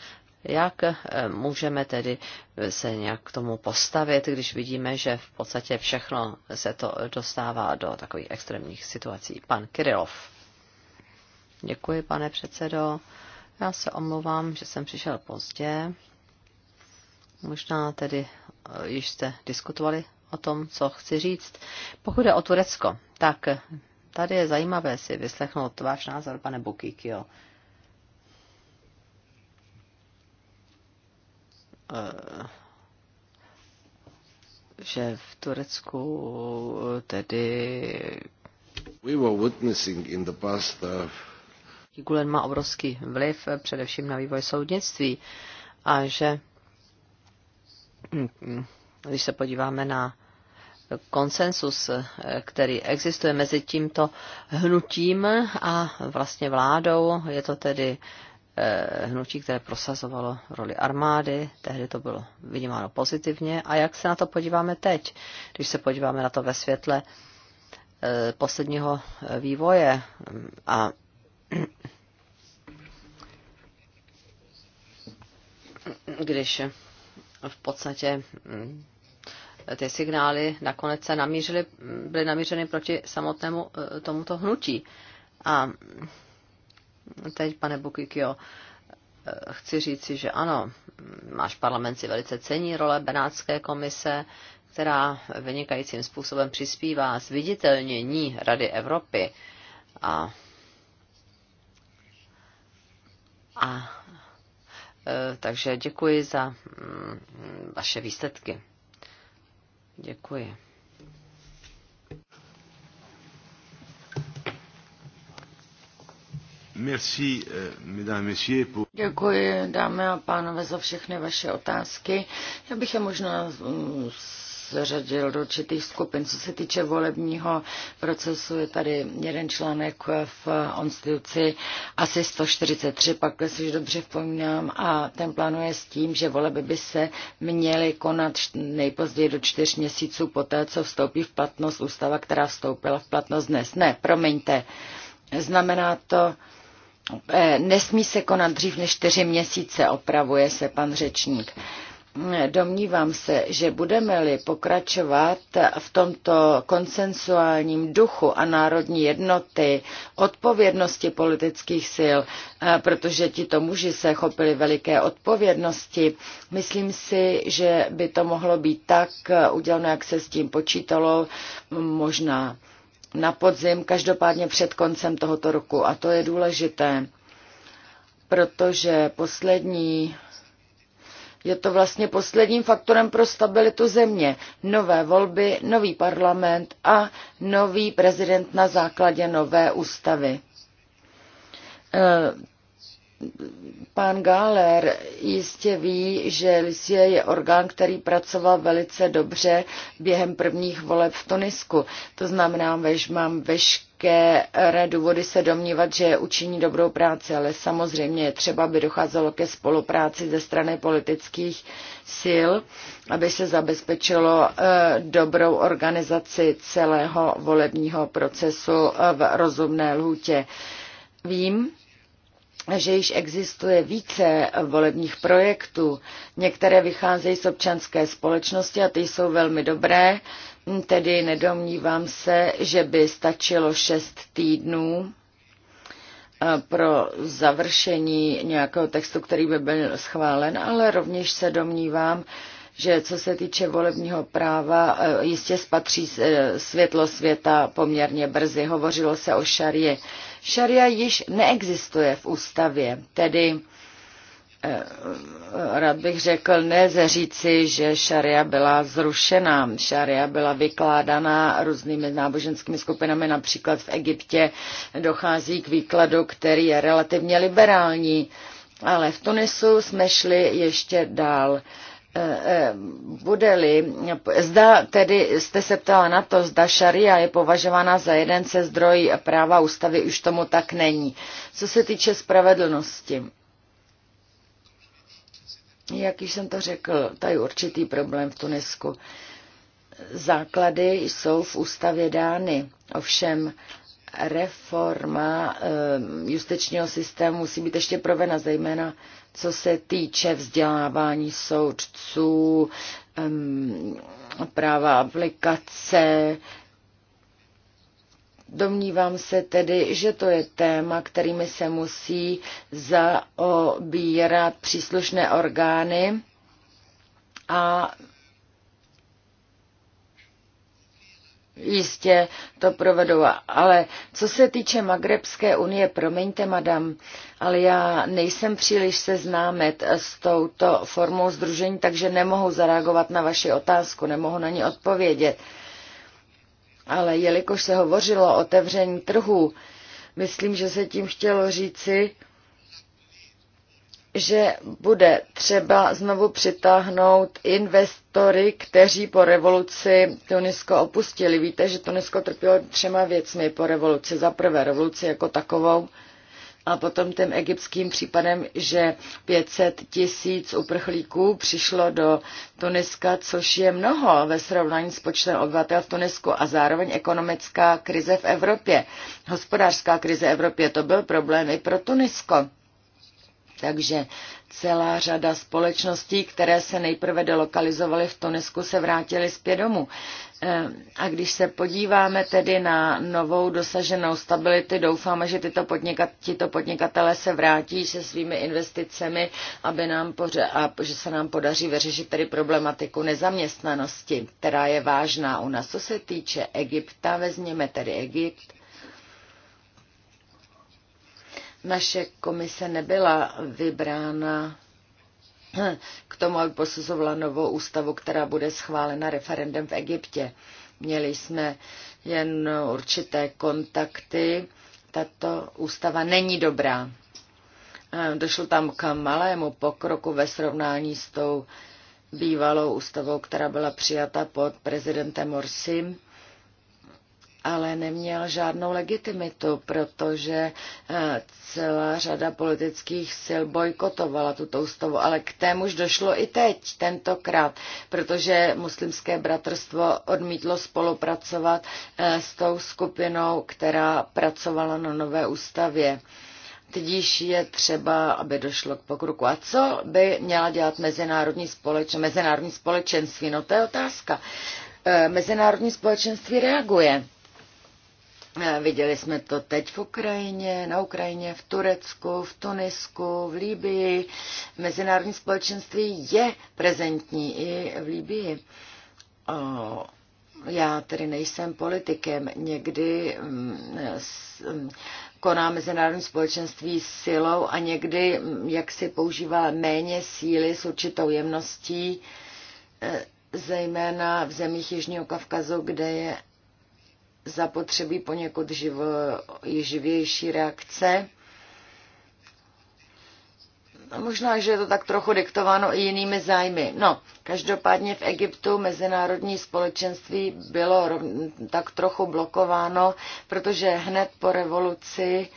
B: jak e, můžeme tedy se nějak k tomu postavit, když vidíme, že v podstatě všechno se to dostává do takových extrémních situací. Pan Kirilov. Děkuji, pane předsedo. Já se omlouvám, že jsem přišel pozdě. Možná tedy eh, již jste diskutovali o tom, co chci říct. Pokud je o Turecko, tak tady je zajímavé si vyslechnout váš názor, pane Bukikio. Eh, že v Turecku eh, tedy We were
D: witnessing in the past, uh...
B: Gulen má obrovský vliv především na vývoj soudnictví a že když se podíváme na konsensus, který existuje mezi tímto hnutím a vlastně vládou, je to tedy eh, hnutí, které prosazovalo roli armády, tehdy to bylo vnímáno pozitivně. A jak se na to podíváme teď, když se podíváme na to ve světle eh, posledního eh, vývoje a když v podstatě mm, ty signály nakonec se namířily, byly namířeny proti samotnému eh, tomuto hnutí. A teď, pane Bukikio, eh, chci říci, že ano, máš mm, parlament si velice cení role Benátské komise, která vynikajícím způsobem přispívá zviditelnění Rady Evropy. A, a Eh, takže děkuji za mm, vaše výsledky. Děkuji. Merci, eh, messieurs, pour... Děkuji, dámy
C: a pánové, za všechny vaše otázky. Já bych je možná mm, zařadil do určitých skupin. Co se týče volebního procesu, je tady jeden článek v instituci asi 143, pak si dobře vzpomínám, a ten plánuje s tím, že voleby by se měly konat nejpozději do čtyř měsíců poté, co vstoupí v platnost ústava, která vstoupila v platnost dnes. Ne, promiňte. Znamená to, eh, nesmí se konat dřív než čtyři měsíce, opravuje se pan řečník. Domnívám se, že budeme-li pokračovat v tomto konsensuálním duchu a národní jednoty, odpovědnosti politických sil, eh, protože tito muži se chopili veliké odpovědnosti, myslím si, že by to mohlo být tak eh, uděláno, jak se s tím počítalo, možná na podzim, každopádně před koncem tohoto roku. A to je důležité, protože poslední je to vlastně posledním faktorem pro stabilitu země. Nové volby, nový parlament a nový prezident na základě nové ústavy. Eh, Pán Gáler jistě ví, že Lisie je orgán, který pracoval velice dobře během prvních voleb v Tunisku. To znamená, že mám veškeré veškeré důvody se domnívat, že učiní dobrou práci, ale samozřejmě je třeba, aby docházelo ke spolupráci ze strany politických sil, aby se zabezpečilo eh, dobrou organizaci celého volebního procesu eh, v rozumné lhůtě. Vím, že již existuje více volebních projektů. Některé vycházejí z občanské společnosti a ty jsou velmi dobré. Tedy nedomnívám se, že by stačilo šest týdnů eh, pro završení nějakého textu, který by byl schválen, ale rovněž se domnívám, že co se týče volebního práva, eh, jistě spatří eh, světlo světa poměrně brzy. Hovořilo se o šarie. Šaria již neexistuje v ústavě, tedy Eh, rád bych řekl, nelze říci, že šaria byla zrušena. Šaria byla vykládána různými náboženskými skupinami, například v Egyptě dochází k výkladu, který je relativně liberální, ale v Tunisu jsme šli ještě dál eh, eh, bude-li, zda tedy jste se ptala na to, zda šaria je považována za jeden ze zdrojí práva ústavy, už tomu tak není. Co se týče spravedlnosti, jak již jsem to řekl, tady určitý problém v Tunisku. Základy jsou v ústavě dány, ovšem reforma ehm, justičního systému musí být ještě provena, zejména co se týče vzdělávání soudců, ehm, práva aplikace, Domnívám se tedy, že to je téma, kterými se musí zaobírat příslušné orgány a jistě to provedou. Ale co se týče Magrebské unie, promiňte, madam, ale já nejsem příliš seznámet s touto formou združení, takže nemohu zareagovat na vaši otázku, nemohu na ní odpovědět. Ale jelikož se hovořilo o otevření trhu, myslím, že se tím chtělo říci, že bude třeba znovu přitáhnout investory, kteří po revoluci Tunisko opustili. Víte, že Tunisko trpělo třema věcmi po revoluci. Za prvé revoluci jako takovou, a potom tím egyptským případem, že 500 tisíc uprchlíků přišlo do Tuniska, což je mnoho ve srovnání s počtem obyvatel v Tunisku a zároveň ekonomická krize v Evropě. Hospodářská krize v Evropě, to byl problém i pro Tunisko. Takže celá řada společností, které se nejprve delokalizovaly v Tunisku, se vrátily zpět domů. A když se podíváme tedy na novou dosaženou stability, doufáme, že tyto, podnikat, tito podnikatele se vrátí se svými investicemi, aby nám poře- a že se nám podaří vyřešit tedy problematiku nezaměstnanosti, která je vážná u nás. Co se týče Egypta, vezměme tedy Egypt. Naše komise nebyla vybrána k tomu, aby posuzovala novou ústavu, která bude schválena referendem v Egyptě. Měli jsme jen určité kontakty. Tato ústava není dobrá. Eh, došlo tam k malému pokroku ve srovnání s tou bývalou ústavou, která byla přijata pod prezidentem Morsim ale neměl žádnou legitimitu, protože eh, celá řada politických sil bojkotovala tuto ústavu, ale k témuž došlo i teď, tentokrát, protože muslimské bratrstvo odmítlo spolupracovat eh, s tou skupinou, která pracovala na nové ústavě. Tudíž je třeba, aby došlo k pokroku. A co by měla dělat mezinárodní, společ, mezinárodní společenství? No to je otázka. Eh, mezinárodní společenství reaguje Eh, viděli jsme to teď v Ukrajině, na Ukrajině, v Turecku, v Tunisku, v Líbii. Mezinárodní společenství je prezentní i v Líbii. já tedy nejsem politikem. Někdy mm, mm, koná mezinárodní společenství silou a někdy, mm, jak si používá méně síly s určitou jemností, eh, zejména v zemích Jižního Kavkazu, kde je zapotřebí poněkud živ, živější reakce. A no, možná, že je to tak trochu diktováno i jinými zájmy. No, každopádně v Egyptu mezinárodní společenství bylo tak trochu blokováno, protože hned po revoluci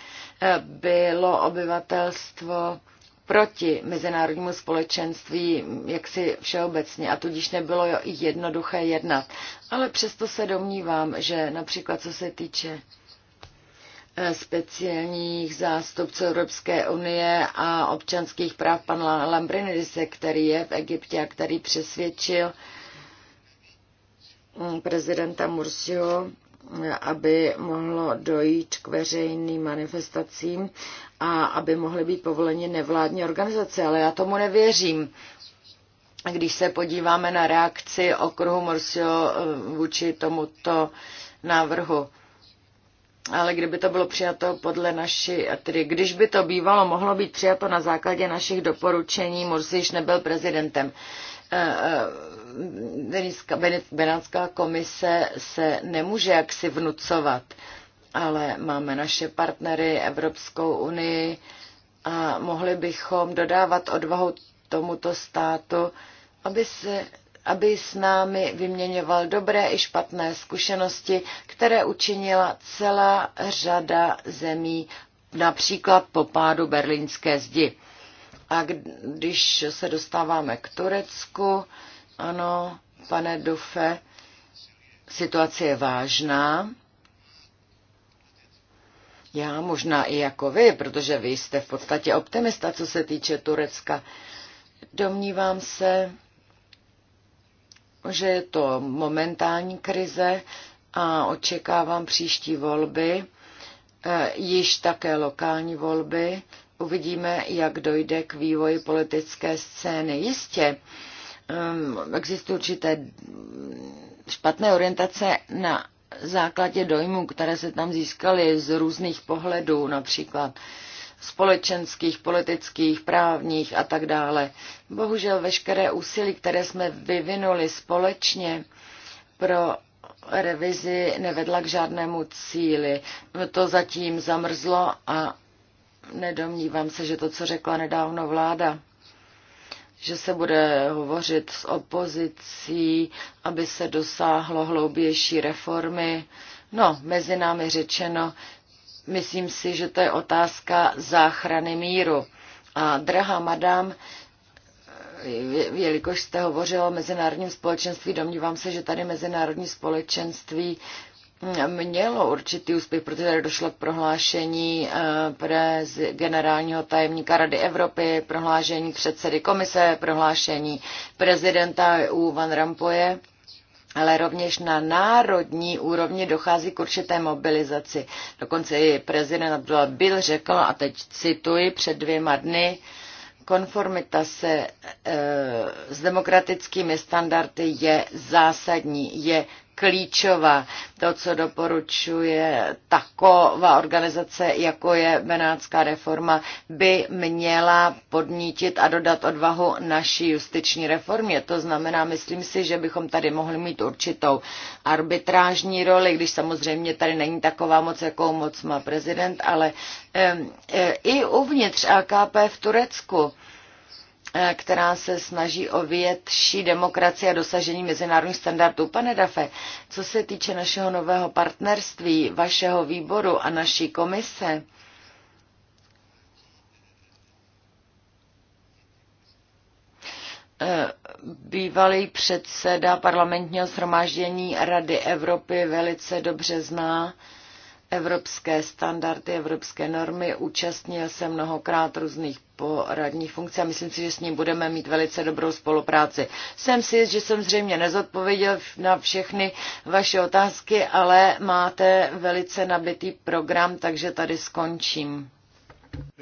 C: eh, bylo obyvatelstvo proti mezinárodnímu společenství jaksi všeobecně a tudíž nebylo jednoduché jednat. Ale přesto se domnívám, že například co se týče eh, speciálních zástupců Evropské unie a občanských práv pan Lambrinidise, který je v Egyptě a který přesvědčil mm, prezidenta Mursiho aby mohlo dojít k veřejným manifestacím a aby mohly být povoleni nevládní organizace, ale já tomu nevěřím. Když se podíváme na reakci okruhu Morsio eh, vůči tomuto návrhu, ale kdyby to bylo přijato podle naší, tedy když by to bývalo, mohlo být přijato na základě našich doporučení, Morsi již nebyl prezidentem. Eh, eh, Benátská komise se nemůže jaksi vnucovat, ale máme naše partnery Evropskou unii a mohli bychom dodávat odvahu tomuto státu, aby se aby s námi vyměňoval dobré i špatné zkušenosti, které učinila celá řada zemí, například po pádu berlínské zdi. A když se dostáváme k Turecku, ano, pane Dufe, situace je vážná. Já možná i jako vy, protože vy jste v podstatě optimista, co se týče Turecka. Domnívám se, že je to momentální krize a očekávám příští volby, eh, již také lokální volby uvidíme, jak dojde k vývoji politické scény. Jistě um, existují určité špatné orientace na základě dojmů, které se tam získaly z různých pohledů, například společenských, politických, právních a tak dále. Bohužel veškeré úsilí, které jsme vyvinuli společně pro revizi, nevedla k žádnému cíli. To zatím zamrzlo a Nedomnívám se, že to, co řekla nedávno vláda, že se bude hovořit s opozicí, aby se dosáhlo hloubější reformy. No, mezi námi řečeno, myslím si, že to je otázka záchrany míru. A drahá madam, jelikož jste hovořila o mezinárodním společenství, domnívám se, že tady mezinárodní společenství mělo určitý úspěch, protože tady došlo k prohlášení eh, prez generálního tajemníka Rady Evropy, prohlášení předsedy komise, prohlášení prezidenta EU Van Rampoje, ale rovněž na národní úrovni dochází k určité mobilizaci. Dokonce i prezident Abdullah Bill řekl, a teď cituji před dvěma dny, konformita se e, s demokratickými standardy je zásadní, je klíčová. To, co doporučuje taková organizace, jako je Benátská reforma, by měla podnítit a dodat odvahu naší justiční reformě. To znamená, myslím si, že bychom tady mohli mít určitou arbitrážní roli, když samozřejmě tady není taková moc, jakou moc má prezident, ale e, i uvnitř AKP v Turecku Eh, která se snaží o větší demokracii a dosažení mezinárodních standardů. Pane Dafe, co se týče našeho nového partnerství, vašeho výboru a naší komise, eh, bývalý předseda parlamentního shromáždění Rady Evropy velice dobře zná evropské standardy, evropské normy, účastnil se mnohokrát různých poradní funkci a myslím si, že s ním budeme mít velice dobrou spolupráci. Jsem si jist, že jsem zřejmě nezodpověděl na všechny vaše otázky, ale máte velice nabitý program, takže tady skončím.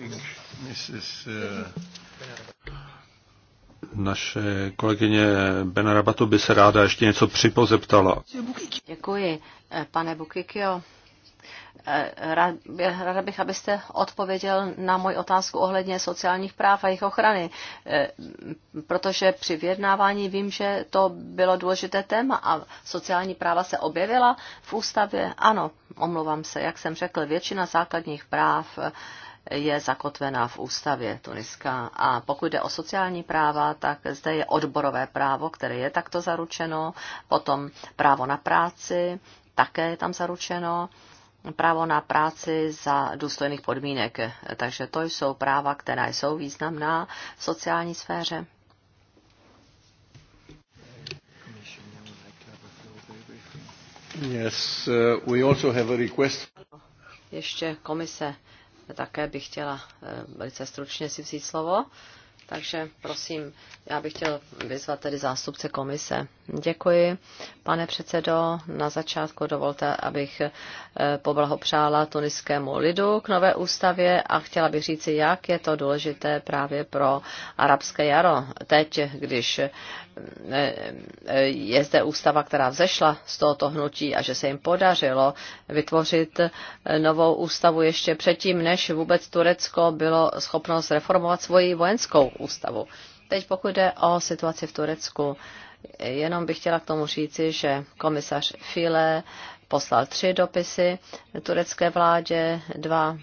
D: Eh,
A: naše kolegyně Rabatu by se ráda ještě něco připozeptala.
B: Děkuji, eh, pane Bukikio. Eh, Ráda bych, abyste odpověděl na moji otázku ohledně sociálních práv a jejich ochrany, eh, protože při vyjednávání vím, že to bylo důležité téma a sociální práva se objevila v ústavě. Ano, omlouvám se, jak jsem řekl, většina základních práv eh, je zakotvená v ústavě Tuniska. A pokud jde o sociální práva, tak zde je odborové právo, které je takto zaručeno, potom právo na práci, také je tam zaručeno právo na práci za důstojných podmínek. Takže to jsou práva, která jsou významná v sociální sféře.
D: Yes, uh, we also have a request.
B: Ještě komise také bych chtěla eh, velice stručně si vzít slovo. Uh, takže prosím, já bych chtěl vyzvat tedy zástupce komise. Děkuji, pane předsedo. Na začátku dovolte, abych eh, poblahopřála tuniskému lidu k nové ústavě a chtěla bych říci, jak je to důležité právě pro arabské jaro. Teď, když eh, eh, je zde ústava, která vzešla z tohoto hnutí a že se jim podařilo vytvořit novou ústavu ještě předtím, než vůbec Turecko bylo schopno zreformovat svoji vojenskou ústavu. Teď pokud jde o situaci v Turecku, jenom bych chtěla k tomu říci, že komisař File poslal tři dopisy turecké vládě, dva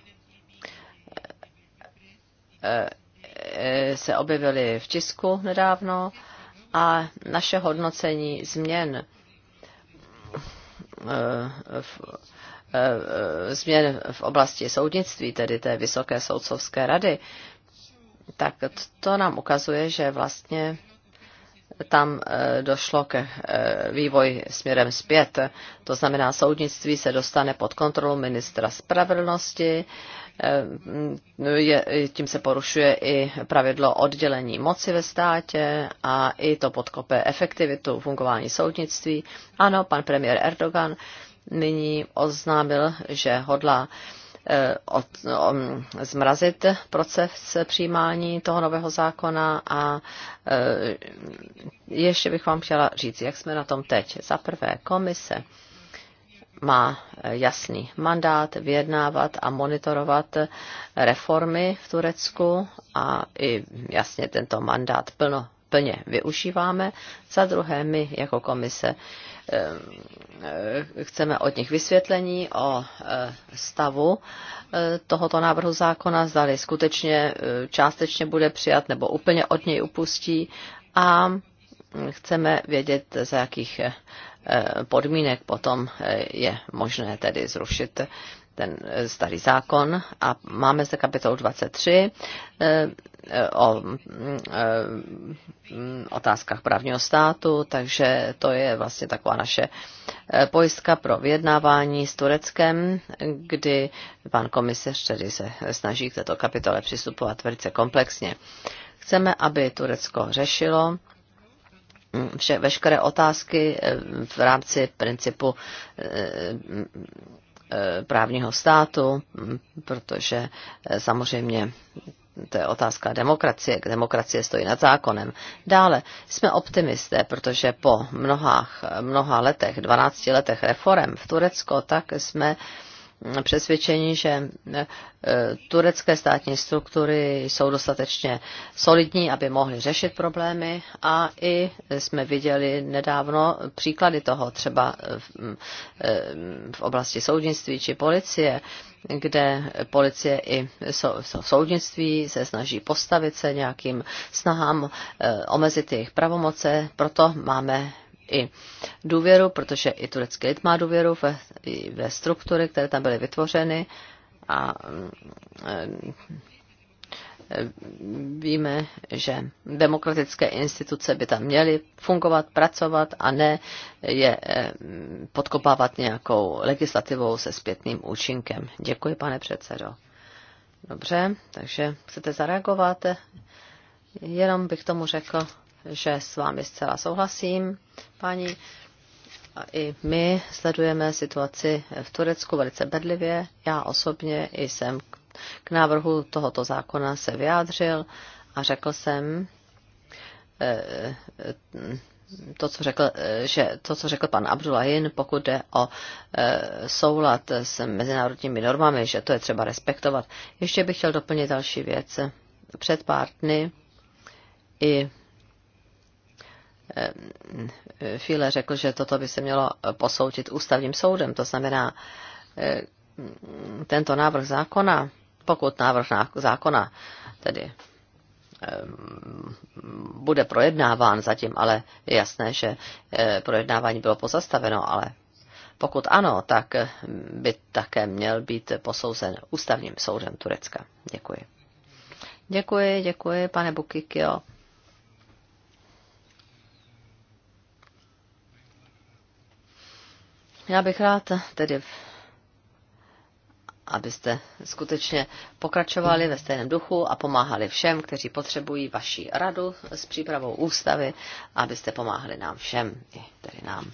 B: eh, eh, se objevily v tisku nedávno a naše hodnocení změn eh, v, změn v oblasti soudnictví, tedy té Vysoké soudcovské rady, tak to nám ukazuje, že vlastně tam eh, došlo k eh, vývoj směrem zpět. To znamená, soudnictví se dostane pod kontrolu ministra spravedlnosti, eh, je, tím se porušuje i pravidlo oddělení moci ve státě a i to podkope efektivitu fungování soudnictví. Ano, pan premiér Erdogan nyní oznámil, že hodlá uh, Eh, od, um, zmrazit proces přijímání toho nového zákona a uh, ještě bych vám chtěla říct, jak jsme na tom teď. Za prvé, komise má jasný mandát vyjednávat a monitorovat reformy v Turecku a i jasně tento mandát plno, plně využíváme. Za druhé, my jako komise Ehm, chceme od nich vysvětlení o eh, stavu eh, tohoto návrhu zákona, zdali skutečně eh, částečně bude přijat nebo úplně od něj upustí a hm, chceme vědět, za jakých podmínek potom je možné tedy zrušit ten eh, starý zákon a máme zde kapitolu 23 eh, eh, o mm, mm, otázkách právního státu, takže to je vlastně taková naše pojistka pro vyjednávání s Tureckem, kdy pan komisař tedy se snaží k této kapitole přistupovat velice komplexně. Chceme, aby Turecko řešilo mm, vše, veškeré otázky v rámci principu Eh, právního státu, mm, protože eh, samozřejmě to je otázka demokracie, demokracie stojí nad zákonem. Dále jsme optimisté, protože po mnohách, mnoha letech, 12 letech reform v Turecko, tak jsme eh, přesvědčení, že e, turecké státní struktury jsou dostatečně solidní, aby mohly řešit problémy a i jsme viděli nedávno příklady toho třeba v, e, v oblasti soudnictví či policie, kde policie i soudnictví se snaží postavit se nějakým snahám e, omezit jejich pravomoce, proto máme i důvěru, protože i turecký lid má důvěru ve, ve struktury, které tam byly vytvořeny a mm, víme, že demokratické instituce by tam měly fungovat, pracovat a ne je mm, podkopávat nějakou legislativou se zpětným účinkem. Děkuji, pane předsedo. Dobře, takže chcete zareagovat? Jenom bych tomu řekl, že s vámi zcela souhlasím, paní. A i my sledujeme situaci v Turecku velice bedlivě. Já osobně jsem k návrhu tohoto zákona se vyjádřil a řekl jsem, eh, to, co řekl, eh, že to, co řekl pan Abdullahin, pokud jde o eh, soulad s mezinárodními normami, že to je třeba respektovat. Ještě bych chtěl doplnit další věc. Před pár dny i Eh, File řekl, že toto by se mělo posoudit ústavním soudem. To znamená, eh, tento návrh zákona, pokud návrh zákona tedy eh, bude projednáván zatím, ale je jasné, že projednávání bylo pozastaveno, ale pokud ano, tak by také měl být posouzen ústavním soudem Turecka. Děkuji. Děkuji, děkuji, pane Bukikio. Já bych rád tedy, abyste skutečně pokračovali ve stejném duchu a pomáhali všem, kteří potřebují vaši radu s přípravou ústavy, abyste pomáhali nám všem, i tedy nám.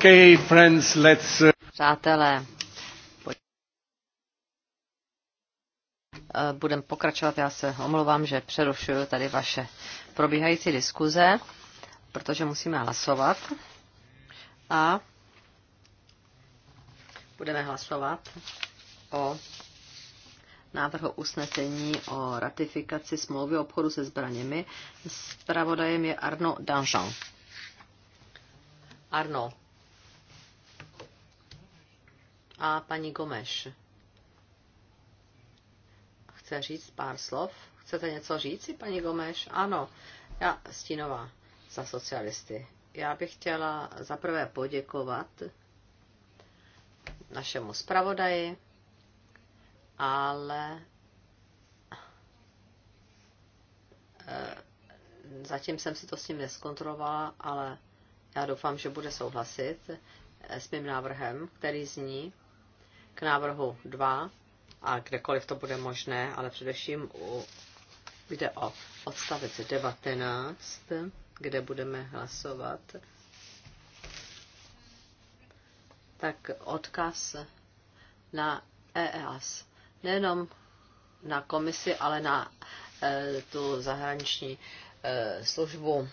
B: Okay, friends, let's... Uh, Přátelé, eh, budeme pokračovat. Já se omlouvám, že přerušuju tady vaše probíhající diskuze, protože musíme hlasovat. A budeme hlasovat o návrhu usnesení o ratifikaci smlouvy o obchodu se zbraněmi. Spravodajem je Arno Danjean. Arno, paní Gomeš chce říct pár slov. Chcete něco říct, paní Gomeš? Ano, já Stínová za socialisty. Já bych chtěla zaprvé poděkovat našemu zpravodaji, ale eh, zatím jsem si to s ním neskontrolovala, ale já doufám, že bude souhlasit eh, s mým návrhem, který zní, k návrhu 2 a kdekoliv to bude možné, ale především u, jde o odstavec 19, kde budeme hlasovat, tak odkaz na EEAS. Nejenom na komisi, ale na e, tu zahraniční e, službu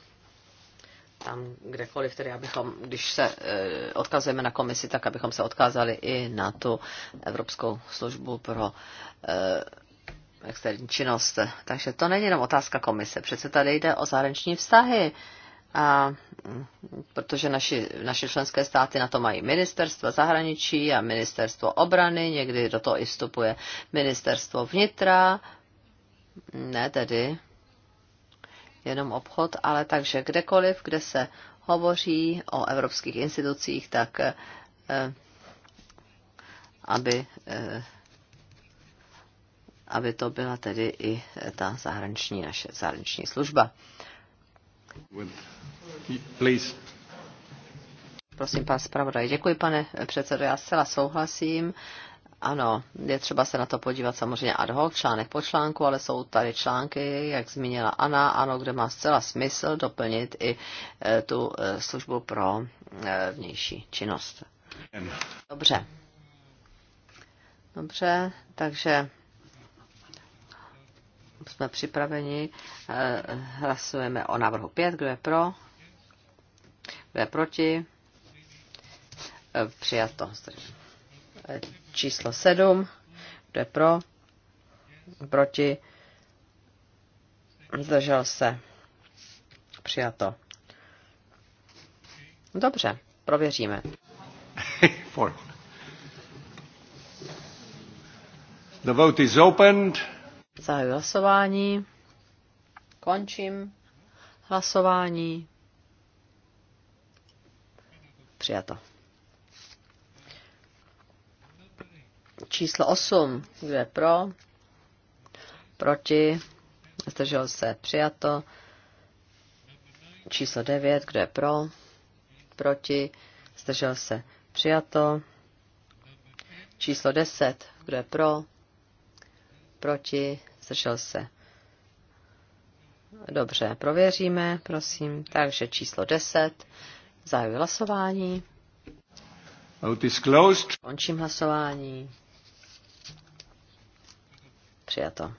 B: tam kdekoliv, tedy abychom, když se eh, odkazujeme na komisi, tak abychom se odkázali i na tu Evropskou službu pro eh, externí činnost. Takže to není jenom otázka komise, přece tady jde o zahraniční vztahy. A mm, protože naši, naše členské státy na to mají ministerstva zahraničí a ministerstvo obrany, někdy do toho i vstupuje ministerstvo vnitra, ne tedy jenom obchod, ale takže kdekoliv, kde se hovoří o evropských institucích, tak eh, aby, eh, aby to byla tedy i ta zahraniční, naše zahraniční služba. Please. Prosím, pan zpravodaj. Děkuji, pane předsedo. Já zcela souhlasím ano, je třeba se na to podívat samozřejmě ad hoc, článek po článku, ale jsou tady články, jak zmínila Ana, ano, kde má zcela smysl doplnit i e, tu e, službu pro e, vnější činnost. Dobře. Dobře, takže jsme připraveni. Hlasujeme o návrhu 5. Kdo je pro? Kdo je proti? Přijato číslo 7, kdo je pro, proti, zdržel se, přijato. Dobře, prověříme.
A: The vote is opened.
C: Zahajuji
B: hlasování. Končím hlasování. Přijato. Číslo 8. Kdo je pro? Proti? Zdržel se. Přijato. Číslo 9. Kdo je pro? Proti? Zdržel se. Přijato. Číslo 10. Kdo je pro? Proti? Zdržel se. Dobře, prověříme, prosím. Takže číslo 10. Zahajuji hlasování. Končím hlasování. Přijato.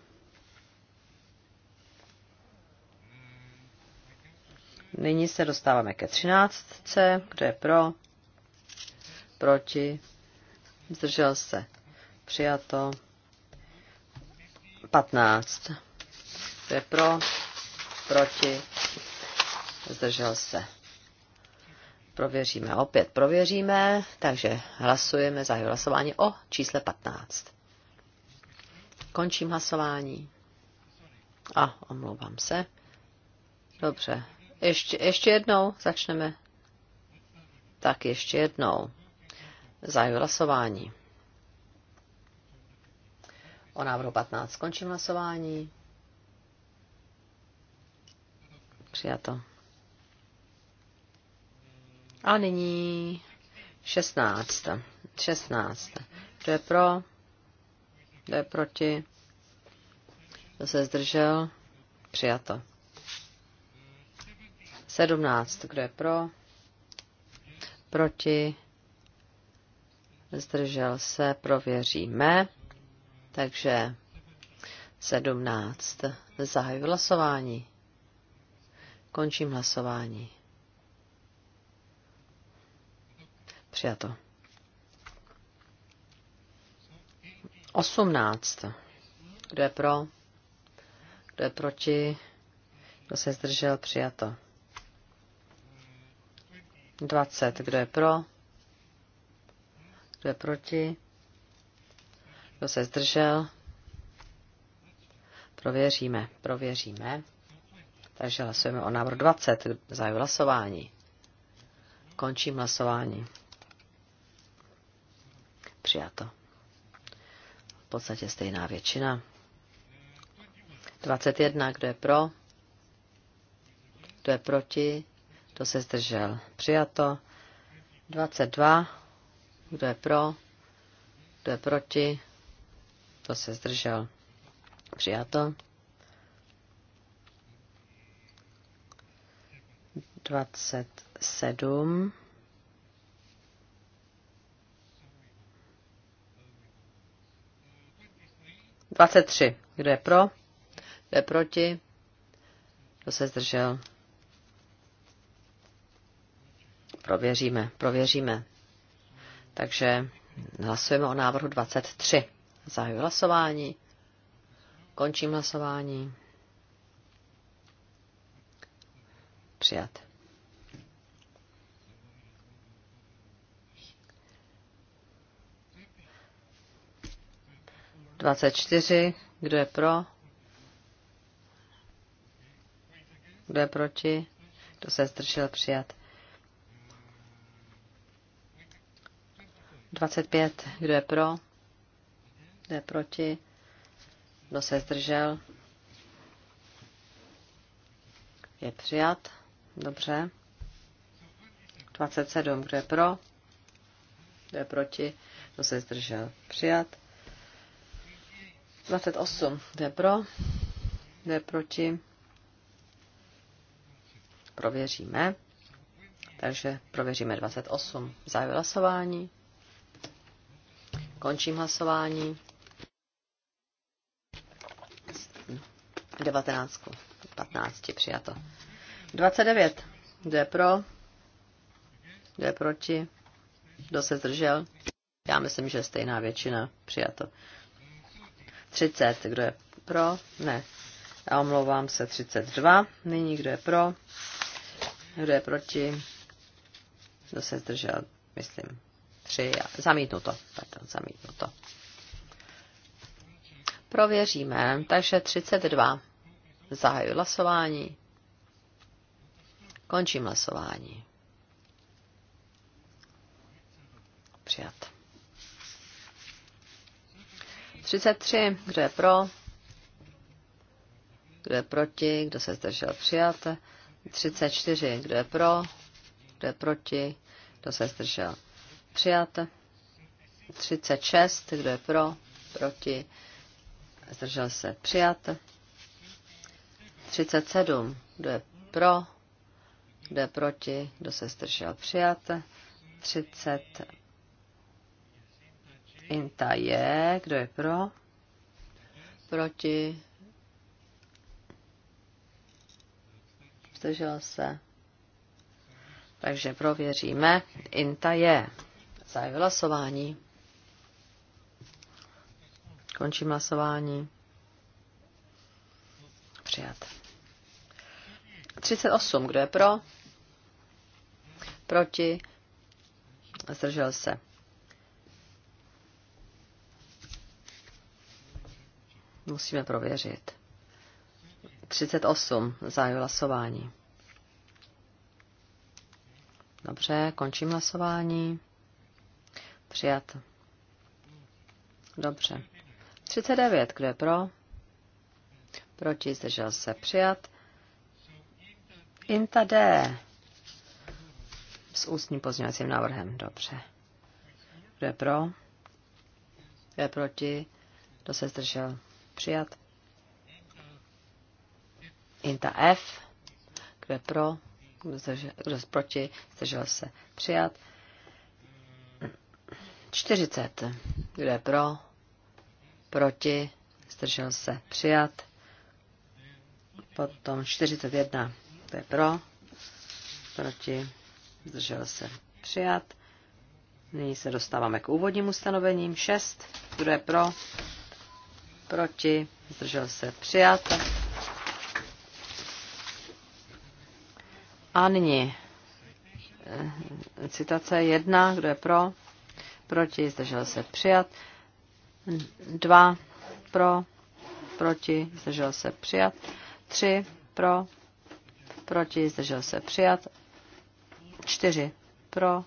B: Nyní se dostáváme ke třináctce. Kdo je pro? Proti? Zdržel se. Přijato. Patnáct. Kdo je pro? Proti? Zdržel se. Prověříme. Opět prověříme. Takže hlasujeme za hlasování o čísle 15. Končím hlasování. A, omlouvám se. Dobře. Ještě, ještě jednou začneme. Tak ještě jednou. Zajím hlasování. O návrhu 15 končím hlasování. Přijato. A nyní 16. 16. Kdo je pro? Kdo je proti? Kdo se zdržel? Přijato. 17. Kdo je pro? Proti? Zdržel se? Prověříme. Takže 17. Zahajuji hlasování. Končím hlasování. Přijato. 18. Kdo je pro? Kdo je proti? Kdo se zdržel? Přijato. 20. Kdo je pro? Kdo je proti? Kdo se zdržel? Prověříme, prověříme. Takže hlasujeme o návrhu 20. Zahaju hlasování. Končím hlasování. Přijato v podstatě stejná většina. 21, kdo je pro, kdo je proti, kdo se zdržel, přijato. 22, kdo je pro, kdo je proti, kdo se zdržel, přijato. 27, 23. Kdo je pro? Kdo je proti? Kdo se zdržel? Prověříme, prověříme. Takže hlasujeme o návrhu 23. Zahajuji hlasování. Končím hlasování. Přijat. 24. Kdo je pro? Kdo je proti? Kdo se zdržel přijat? 25. Kdo je pro? Kdo je proti? Kdo se zdržel? Je přijat. Dobře. 27. Kdo je pro? Kdo je proti? Kdo se zdržel? Přijat. 28. Kdo pro? jde proti? Prověříme. Takže prověříme 28. Zahajuji hlasování. Končím hlasování. 19. 15. Přijato. 29. Jde pro? Jde proti? Kdo se zdržel? Já myslím, že stejná většina přijato. 30, kdo je pro? Ne. Já omlouvám se 32. Nyní kdo je pro? Kdo je proti? Kdo se zdržel? Myslím. 3. Zamítnuto. Pardon, zamítnuto. Prověříme. Takže 32. Zahajuji hlasování. Končím hlasování. Přijat. 33. Kdo je pro? Kdo je proti? Kdo se zdržel? Přijat. 34. Kdo je pro? Kdo je proti? Kdo se zdržel? Přijat. 36. Kdo je pro? Proti? Zdržel se? Přijat. 37. Kdo je pro? Kdo je proti? Kdo se zdržel? Přijat. 38 Inta je, kdo je pro? Proti? Zdržel se. Takže prověříme. Inta je. Zahajuji hlasování. Končím hlasování. Přijat. 38. Kdo je pro? Proti? Zdržel se. Musíme prověřit. 38. Zahajuji hlasování. Dobře, končím hlasování. Přijat. Dobře. 39. Kdo je pro? Proti zdržel se přijat. Inta D. S ústním pozměňovacím návrhem. Dobře. Kdo je pro? Kdo je proti? Kdo se zdržel? přijat. Inta F, kdo je pro, kdo, kdo je proti, zdržel se přijat. 40, kdo je pro, proti, zdržel se přijat. Potom 41, kdo je pro, proti, zdržel se přijat. Nyní se dostáváme k úvodním ustanovením. 6, kdo je pro, proti, zdržel se přijat. A nyní eh, citace jedna, kdo je pro, proti, zdržel se přijat. Dva, pro, proti, zdržel se přijat. Tři, pro, proti, zdržel se přijat. Čtyři, pro,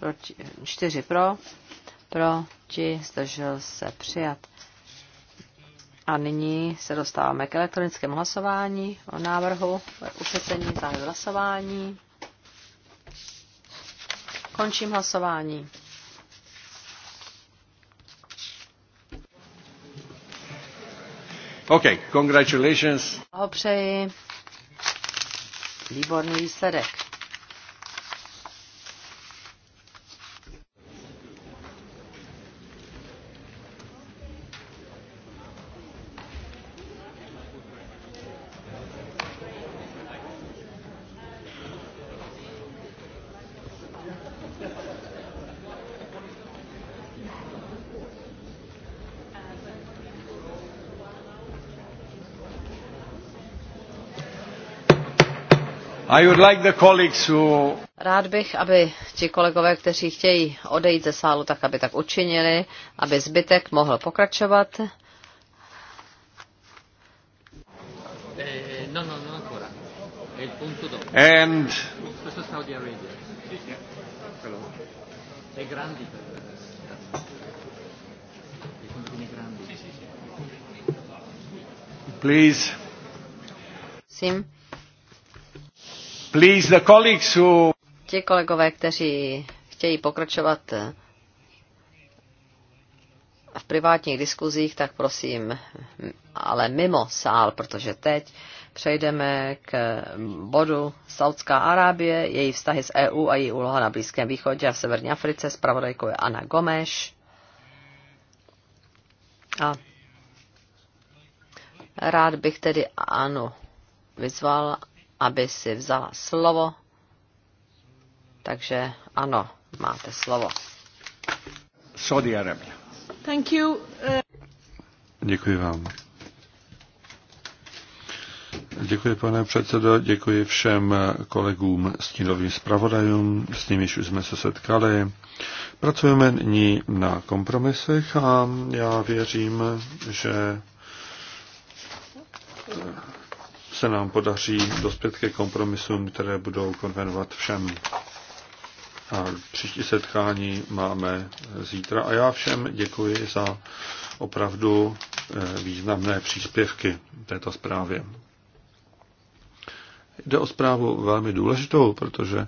B: proti, čtyři pro, proti, zdržel se přijat. A nyní se dostáváme k elektronickému hlasování o návrhu usnesení zájem hlasování. Končím hlasování.
A: OK, congratulations.
B: přeji. Výborný výsledek. Rád bych, aby ti kolegové, kteří chtějí odejít ze sálu, tak aby tak učinili, aby zbytek mohl pokračovat.
D: Eh, no, no, no And...
A: Please. Sim. Please, the colleagues
B: who... Ti kolegové, kteří chtějí pokračovat v privátních diskuzích, tak prosím, ale mimo sál, protože teď přejdeme k bodu Saudská Arábie, její vztahy s EU a její úloha na Blízkém východě a v Severní Africe. Spravodajkou je Anna Gomeš. A rád bych tedy Anu vyzval, aby si vzala slovo. Takže ano, máte slovo. Saudi Arabia. Thank you. Eh. Děkuji vám.
A: Děkuji, pane předsedo, děkuji všem kolegům stínovým zpravodajům, s nimiž už jsme se setkali. Pracujeme nyní na kompromisech a já věřím, že se nám podaří dospět ke kompromisům, které budou konvenovat všem. A příští setkání máme zítra a já všem děkuji za opravdu eh, významné příspěvky této zprávě. Jde o zprávu velmi důležitou, protože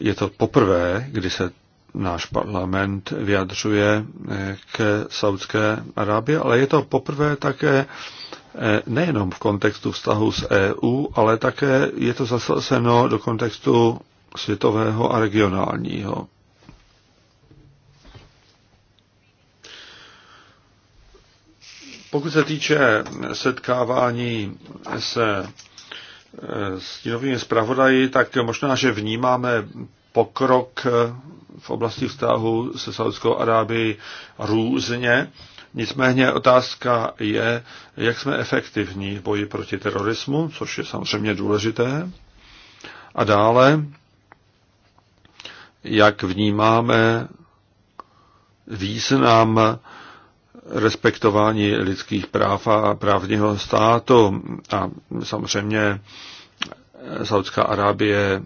A: je to poprvé, kdy se náš parlament vyjadřuje eh, k Saudské Arábii, ale je to poprvé také Eh, nejenom v kontextu vztahu s EU, ale také je to zasazeno do kontextu světového a regionálního. Pokud se týče setkávání se eh, stínovými zpravodaji, tak možná, že vnímáme pokrok v oblasti vztahu se Saudskou Arábií různě Nicméně otázka je, jak jsme efektivní v boji proti terorismu, což je samozřejmě důležité. A dále, jak vnímáme význam respektování lidských práv a právního státu. A samozřejmě Saudská Arábie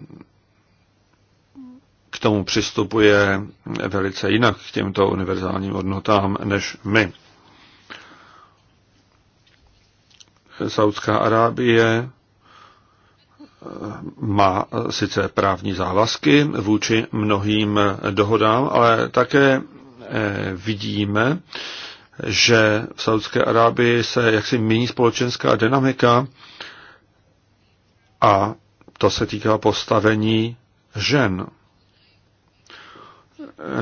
A: tomu přistupuje velice jinak k těmto univerzálním hodnotám než my. Saudská Arábie eh, má sice právní závazky vůči mnohým dohodám, ale také eh, vidíme, že v Saudské Arábii se jaksi mění společenská dynamika a to se týká postavení žen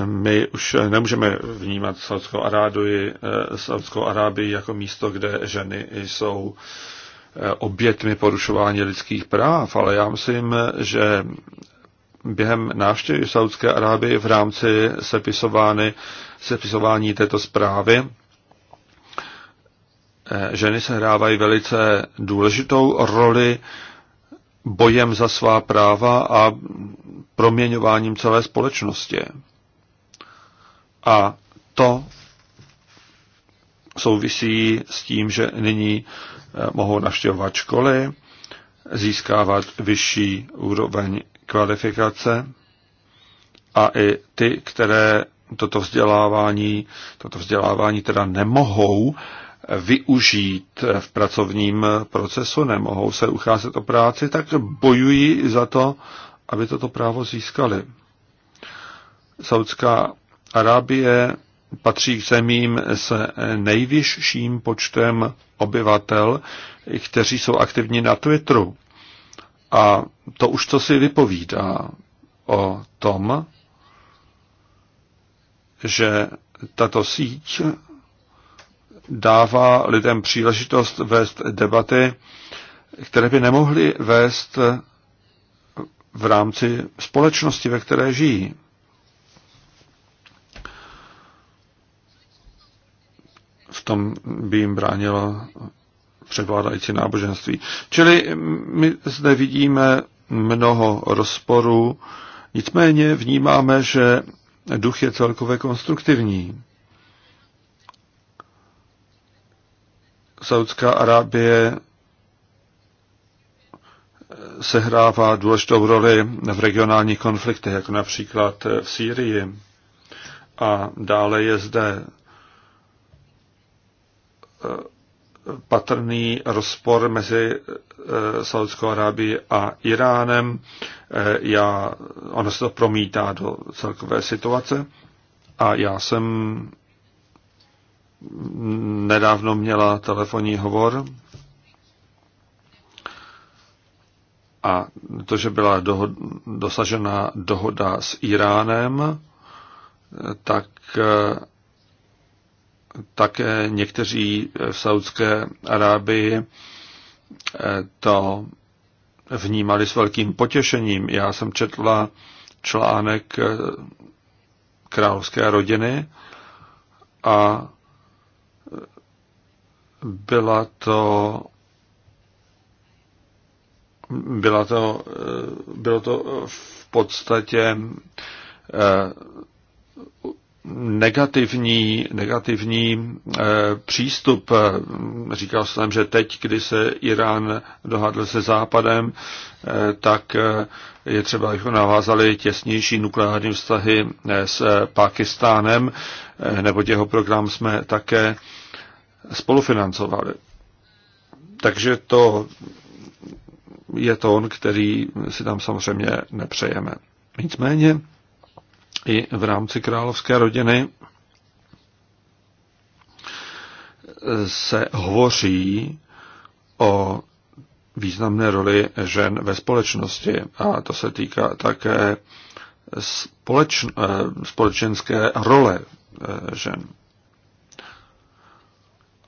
A: my už nemůžeme vnímat Saudskou Arábii, Saudskou Arábii jako místo, kde ženy jsou obětmi porušování lidských práv, ale já myslím, že během návštěvy Saudské Arábie v rámci sepisovány, sepisování této zprávy eh, ženy se hrávají velice důležitou roli bojem za svá práva a proměňováním celé společnosti. A to souvisí s tím, že nyní eh, mohou navštěvovat školy, získávat vyšší úroveň kvalifikace a i ty, které toto vzdělávání, toto vzdělávání teda nemohou eh, využít eh, v pracovním procesu, nemohou se ucházet o práci, tak bojují za to, aby toto právo získali. Saudská Arábie patří k zemím s nejvyšším počtem obyvatel, kteří jsou aktivní na Twitteru. A to už to si vypovídá o tom, že tato síť dává lidem příležitost vést debaty, které by nemohly vést v rámci společnosti, ve které žijí. v tom by jim bránilo převládající náboženství. Čili my zde vidíme mnoho rozporů, nicméně vnímáme, že duch je celkově konstruktivní. Saudská Arábie sehrává důležitou roli v regionálních konfliktech, jako například v Sýrii. A dále je zde patrný rozpor mezi eh, Saudskou Arábií a Iránem. Eh, já, ono se to promítá do celkové situace a já jsem nedávno měla telefonní hovor a to, že byla dohod, dosažena dohoda s Iránem, eh, tak také někteří v Saudské Arábii eh, to vnímali s velkým potěšením. Já jsem četla článek eh, královské rodiny a eh, byla to byla to, bylo to v podstatě negativní, negativní e, přístup. Eh, říkal jsem, že teď, kdy se Irán dohadl se Západem, e, tak je třeba, abychom navázali těsnější nukleární vztahy s Pakistánem, e, nebo jeho program jsme také spolufinancovali. Takže to je to on, který si tam samozřejmě nepřejeme. Nicméně i v rámci královské rodiny se hovoří o významné roli žen ve společnosti a to se týká také eh, společenské role eh, žen.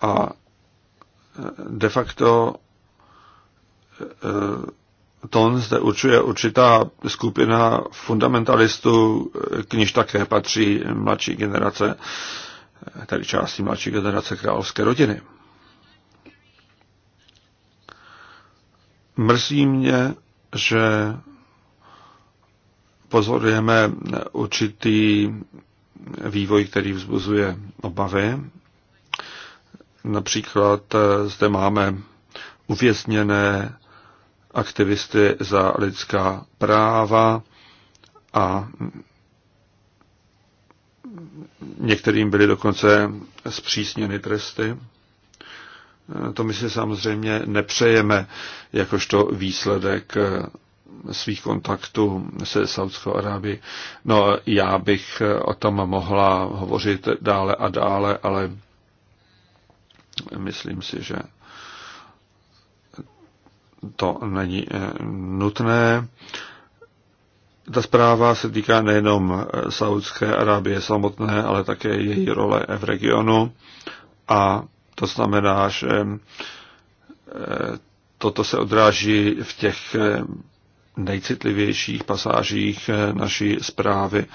A: A eh, de facto tón zde určuje určitá skupina fundamentalistů, k níž také patří mladší generace, tedy části mladší generace královské rodiny. Mrzí mě, že pozorujeme určitý vývoj, který vzbuzuje obavy. Například zde máme uvězněné aktivisty za lidská práva a některým byly dokonce zpřísněny tresty. To my si samozřejmě nepřejeme jakožto výsledek svých kontaktů se Saudskou Arábií. No, já bych o tom mohla hovořit dále a dále, ale myslím si, že to není eh, nutné. Ta zpráva se týká nejenom eh, Saudské Arábie samotné, ale také její role v regionu. A to znamená, že eh, toto se odráží v těch nejcitlivějších pasážích naší zprávy.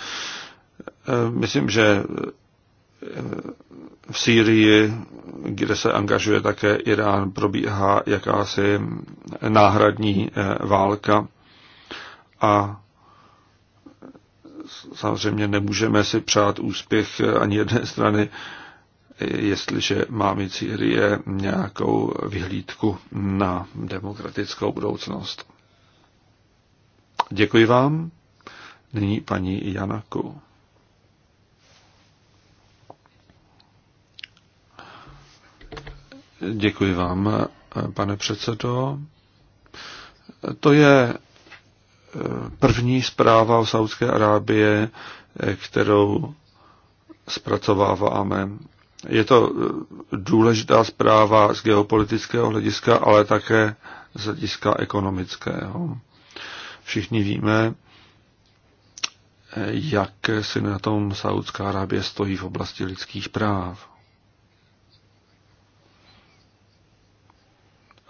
A: Myslím, že v Sýrii, kde se angažuje také Irán, probíhá jakási náhradní eh, válka. A samozřejmě nemůžeme si přát úspěch eh, ani jedné strany, jestliže má mít Sýrie nějakou vyhlídku na demokratickou budoucnost. Děkuji vám. Nyní paní Janaku. Děkuji vám, pane předsedo. To je eh, první zpráva o Saudské Arábie, eh, kterou zpracováváme. Je to eh, důležitá zpráva z geopolitického hlediska, ale také z hlediska ekonomického. Všichni víme, jak si na tom Saudská Arábie stojí v oblasti lidských práv.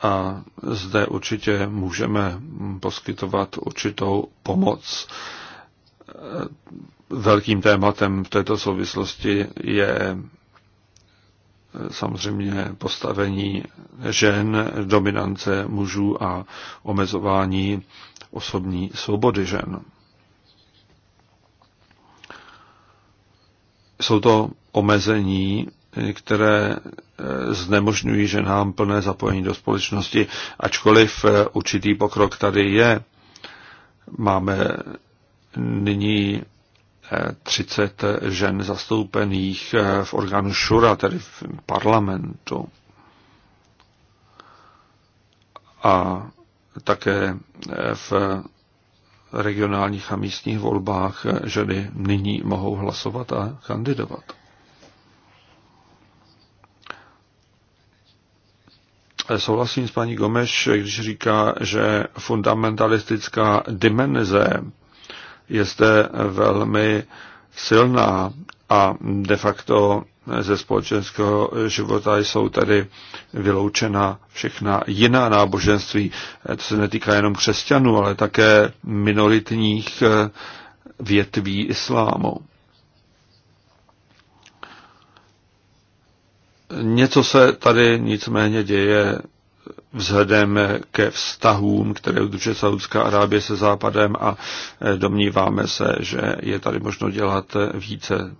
A: a zde určitě můžeme poskytovat určitou pomoc. Velkým tématem v této souvislosti je samozřejmě postavení žen, dominance mužů a omezování osobní svobody žen. Jsou to omezení, které eh, znemožňují ženám plné zapojení do společnosti, ačkoliv eh, určitý pokrok tady je. Máme nyní 30 eh, žen zastoupených v orgánu Šura, tedy v parlamentu. A také v regionálních a místních volbách ženy nyní mohou hlasovat a kandidovat. souhlasím s paní Gomeš, když říká, že fundamentalistická dimenze je zde velmi silná a de facto ze společenského života jsou tady vyloučena všechna jiná náboženství. To se netýká jenom křesťanů, ale také minoritních větví islámu. Něco se tady nicméně děje vzhledem ke vztahům, které udržuje Saudská Arábie se Západem a eh, domníváme se, že je tady možno dělat eh, více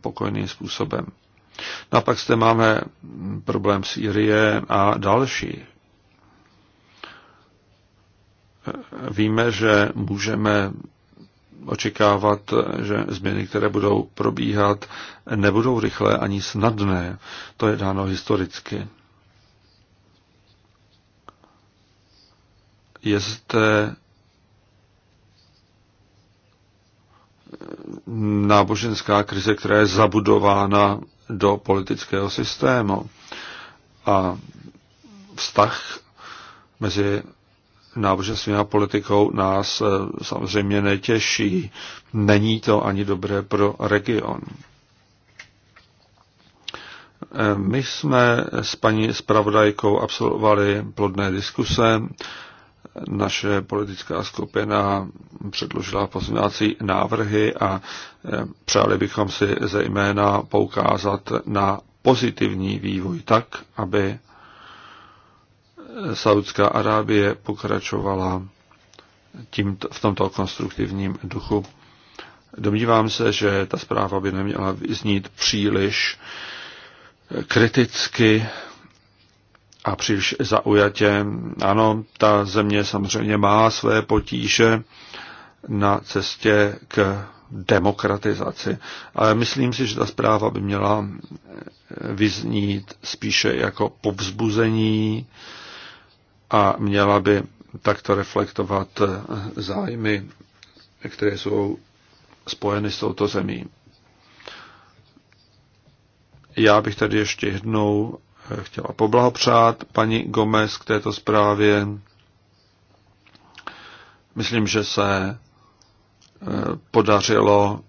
A: pokojným způsobem. No a pak zde máme problém Sýrie a další. Eh, víme, že můžeme očekávat, že změny, které budou probíhat, nebudou rychlé ani snadné. To je dáno historicky. Je zde náboženská krize, která je zabudována do politického systému. A vztah mezi náboženstvím a politikou nás eh, samozřejmě netěší. Není to ani dobré pro region. Eh, my jsme s paní spravodajkou absolvovali plodné diskuse. Naše politická skupina předložila pozměňovací návrhy a eh, přáli bychom si zejména poukázat na pozitivní vývoj tak, aby Saudská Arábie pokračovala tím, v tomto konstruktivním duchu. Domnívám se, že ta zpráva by neměla vyznít příliš kriticky a příliš zaujatě. Ano, ta země samozřejmě má své potíže na cestě k demokratizaci, ale myslím si, že ta zpráva by měla vyznít spíše jako povzbuzení, a měla by takto reflektovat zájmy, které jsou spojeny s touto zemí. Já bych tady ještě jednou chtěla poblahopřát paní Gomez k této zprávě. Myslím, že se eh, podařilo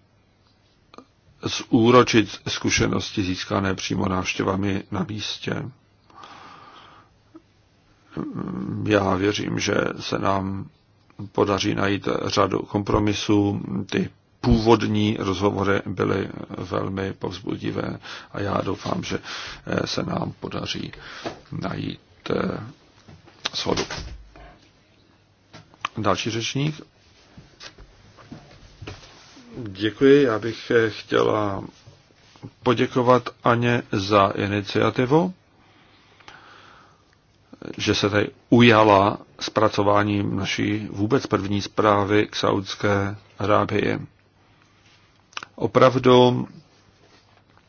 A: zúročit zkušenosti získané přímo návštěvami na místě já věřím, že se nám podaří najít řadu kompromisů. Ty původní rozhovory byly velmi povzbudivé a já doufám, že eh, se nám podaří najít eh, shodu. Další řečník. Děkuji, já bych eh, chtěla poděkovat Aně za iniciativu že se tady ujala zpracováním naší vůbec první zprávy k Saudské Arábii. Opravdu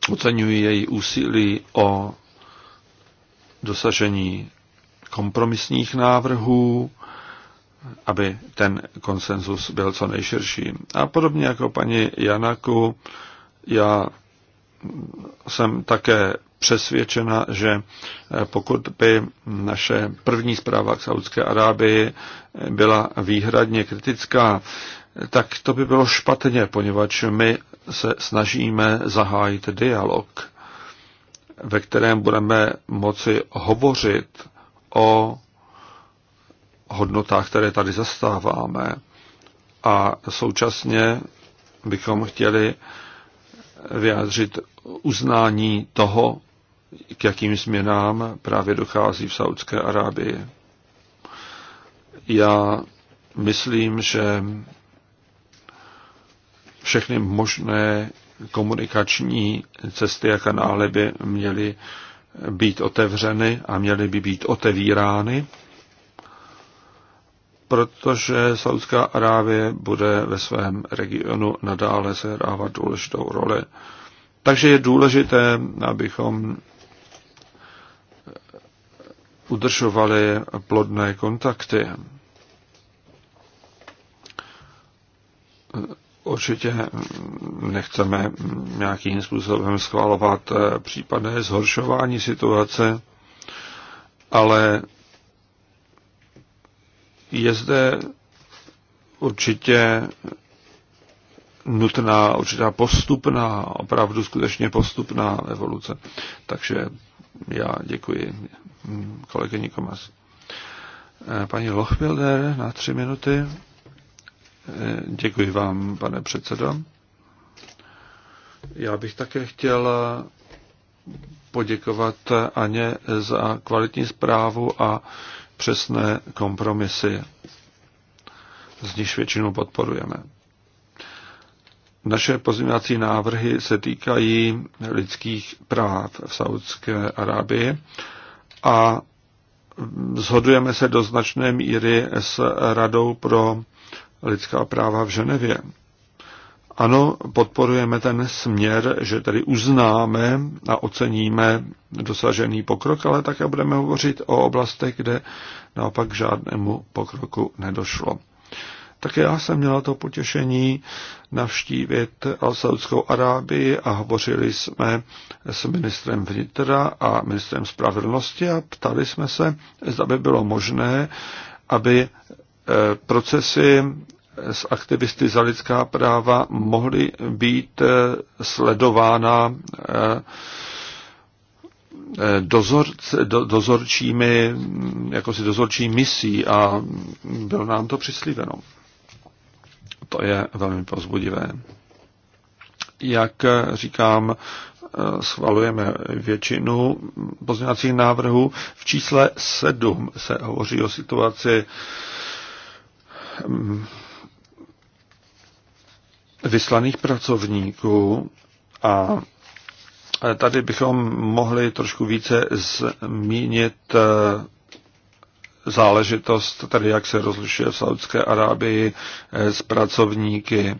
A: oceňuji její úsilí o dosažení kompromisních návrhů, aby ten konsenzus byl co nejširší. A podobně jako paní Janaku, já jsem také přesvědčena, že eh, pokud by naše první zpráva k Saudské Arábii byla výhradně kritická, tak to by bylo špatně, poněvadž my se snažíme zahájit dialog, ve kterém budeme moci hovořit o hodnotách, které tady zastáváme. A současně bychom chtěli vyjádřit uznání toho, k jakým změnám právě dochází v Saudské Arábii. Já myslím, že všechny možné komunikační cesty a kanály by měly být otevřeny a měly by být otevírány protože Saudská Arábie bude ve svém regionu nadále sehrávat důležitou roli. Takže je důležité, abychom udržovali plodné kontakty. Určitě nechceme nějakým způsobem schvalovat případné zhoršování situace, ale je zde určitě nutná určitá postupná, opravdu skutečně postupná evoluce. Takže já děkuji mm, kolegyni Komas. Eh, paní Lochbilder na tři minuty. Eh, děkuji vám, pane předsedo. Já bych také chtěl poděkovat Aně za kvalitní zprávu a přesné kompromisy, z nich většinu podporujeme. Naše pozměňovací návrhy se týkají lidských práv v Saudské Arábii a zhodujeme se do značné míry s Radou pro lidská práva v Ženevě. Ano, podporujeme ten směr, že tedy uznáme a oceníme dosažený pokrok, ale také budeme hovořit o oblastech, kde naopak žádnému pokroku nedošlo. Také já jsem měla to potěšení navštívit Saudskou Arábii a hovořili jsme s ministrem vnitra a ministrem spravedlnosti a ptali jsme se, zda by bylo možné, aby eh, procesy s aktivisty za lidská práva mohly být eh, sledována eh, eh, dozorce, do, dozorčími, jako si dozorčí misí a bylo nám to přislíbeno. To je velmi pozbudivé. Jak říkám, schvalujeme většinu pozměňovacích návrhů. V čísle 7 se hovoří o situaci mm, vyslaných pracovníků a tady bychom mohli trošku více zmínit eh, záležitost, tedy jak se rozlišuje v Saudské Arábii eh, s pracovníky eh,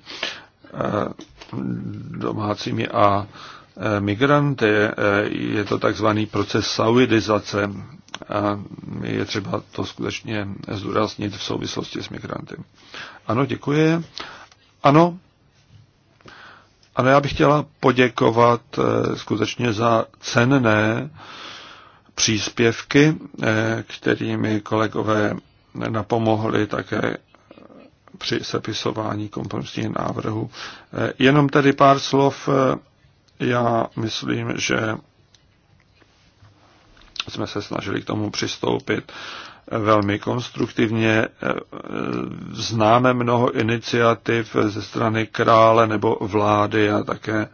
A: domácími a migranty. Je to takzvaný proces saudizace a je třeba to skutečně zdůraznit v souvislosti s migranty. Ano, děkuji. Ano, ale já bych chtěla poděkovat eh, skutečně za cenné příspěvky, eh, kterými kolegové napomohli také při sepisování kompromisních návrhů. Eh, jenom tedy pár slov. Já myslím, že jsme se snažili k tomu přistoupit velmi konstruktivně. Eh, známe mnoho iniciativ ze strany krále nebo vlády a také eh,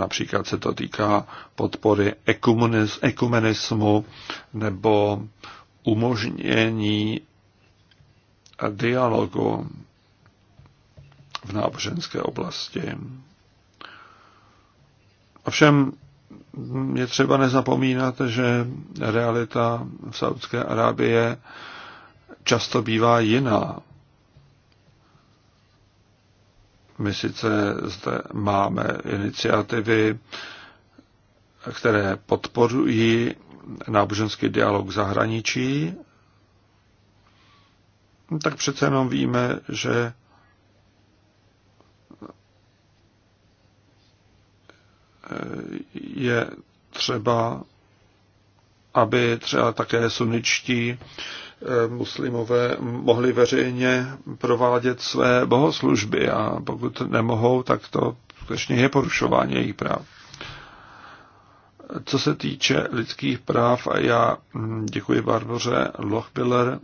A: například se to týká podpory ekumenismu nebo umožnění dialogu v náboženské oblasti. Ovšem je třeba nezapomínat, že realita v Saudské Arábie často bývá jiná. My sice zde máme iniciativy, které podporují náboženský dialog v zahraničí, tak přece jenom víme, že je třeba, aby třeba také suničtí eh, muslimové mohli veřejně provádět své bohoslužby a pokud nemohou, tak to skutečně je porušování jejich práv. Co se týče lidských práv, a já hm, děkuji Barboře Lochbiller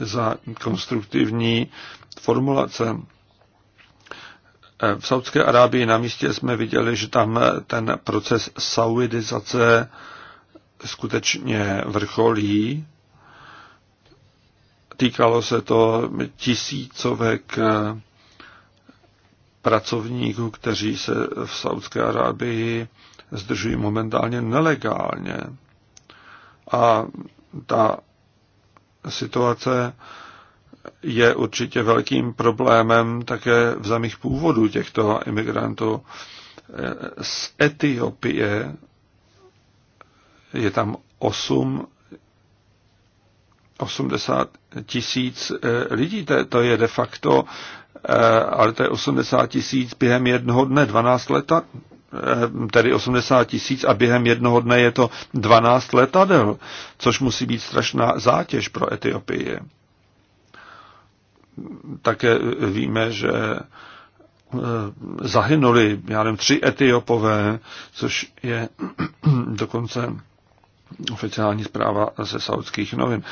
A: za konstruktivní formulace Eh, v Saudské Arábii na místě jsme viděli, že tam eh, ten proces saudizace skutečně vrcholí. Týkalo se to tisícovek eh, pracovníků, kteří se v Saudské Arábii zdržují momentálně nelegálně. A ta situace je určitě velkým problémem také v zemích původu těchto imigrantů. Z Etiopie je tam 8, 80 tisíc eh, lidí. To, to je de facto, eh, ale to je 80 tisíc během jednoho dne, 12 leta, eh, tedy 80 tisíc a během jednoho dne je to 12 letadel, což musí být strašná zátěž pro Etiopii také víme, že eh, zahynuli, já nevím, tři etiopové, což je dokonce oficiální zpráva ze saudských novin.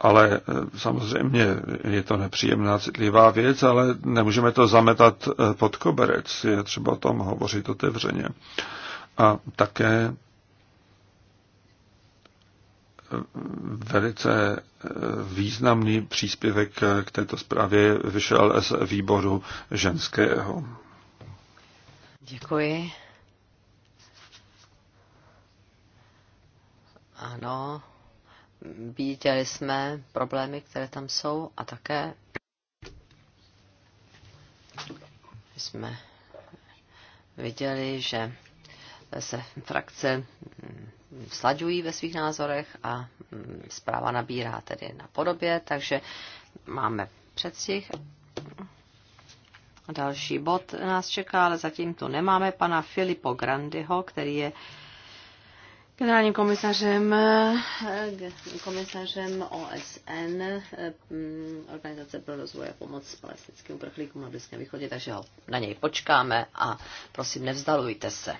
A: Ale eh, samozřejmě je to nepříjemná, citlivá věc, ale nemůžeme to zametat eh, pod koberec. Je třeba o tom hovořit otevřeně. A také velice eh, významný příspěvek k této zprávě vyšel z výboru ženského.
B: Děkuji. Ano, viděli jsme problémy, které tam jsou a také jsme viděli, že se frakce hm, slaďují ve svých názorech a mm, zpráva nabírá tedy na podobě, takže máme předstih. Další bod nás čeká, ale zatím tu nemáme pana Filippo Grandiho, který je generálním komisařem, eh, komisařem OSN, eh, mm, Organizace pro rozvoj a pomoc palestinským uprchlíkům na Blízkém východě, takže ho na něj počkáme a prosím, nevzdalujte se.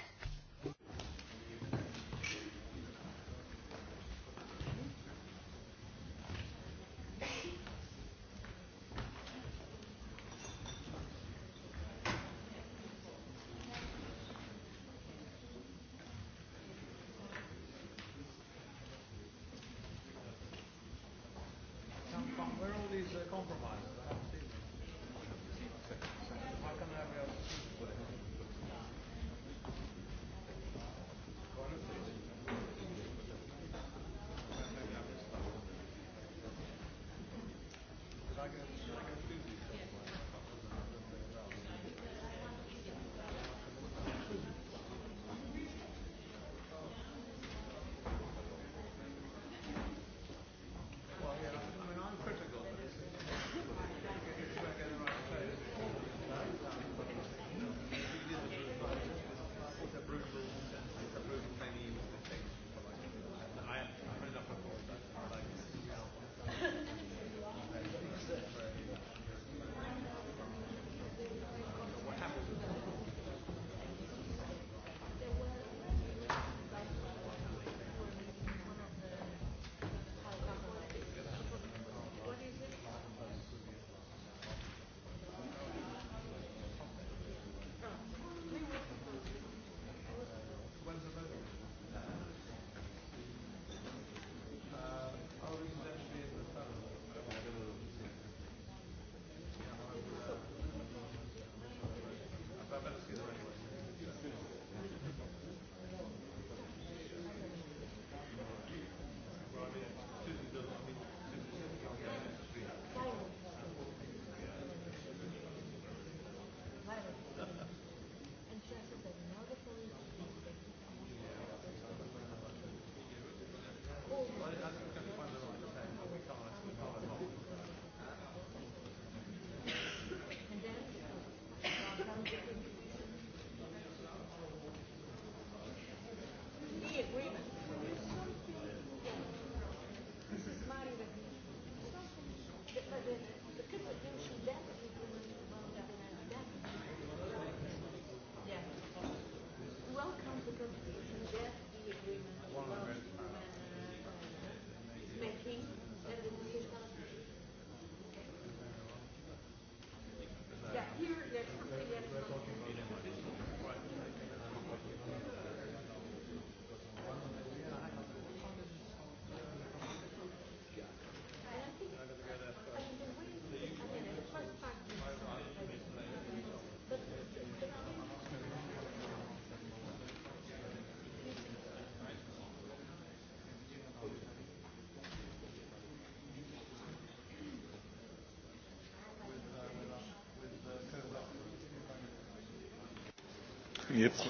D: Jetzt.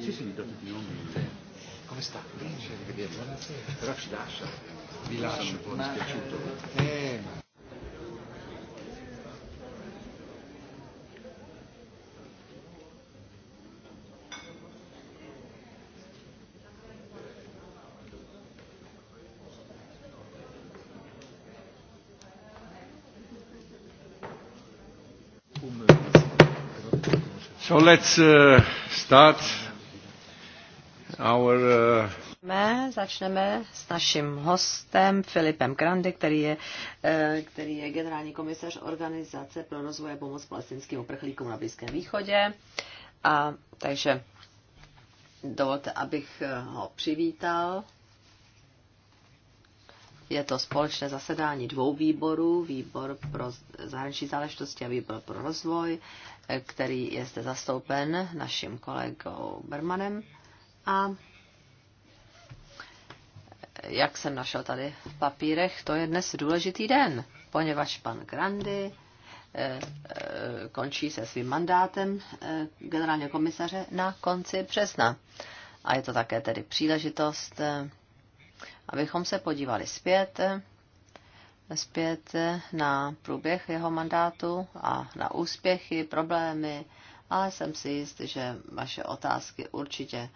D: Sì, sì, mi tutti i nomi. Come sta? Buonasera. Però ci lascia. Vi lascio, un po' dispiaciuto. Eh, ma...
A: So let's uh, start our... Uh...
B: Me začneme s naším hostem Filipem Grande, který je, eh, který je generální komisař Organizace pro rozvoj a pomoc palestinským uprchlíkům na Blízkém východě. A takže dovolte, abych eh, ho přivítal. Je to společné zasedání dvou výborů, výbor pro zahraniční záležitosti a výbor pro rozvoj který je zde zastoupen naším kolegou Bermanem. A jak jsem našel tady v papírech, to je dnes důležitý den, poněvadž pan Grandy eh, eh, končí se svým mandátem eh, generálního komisaře na konci března. A je to také tedy příležitost, abychom se podívali zpět zpět na průběh jeho mandátu a na úspěchy, problémy, ale jsem si jist, že vaše otázky určitě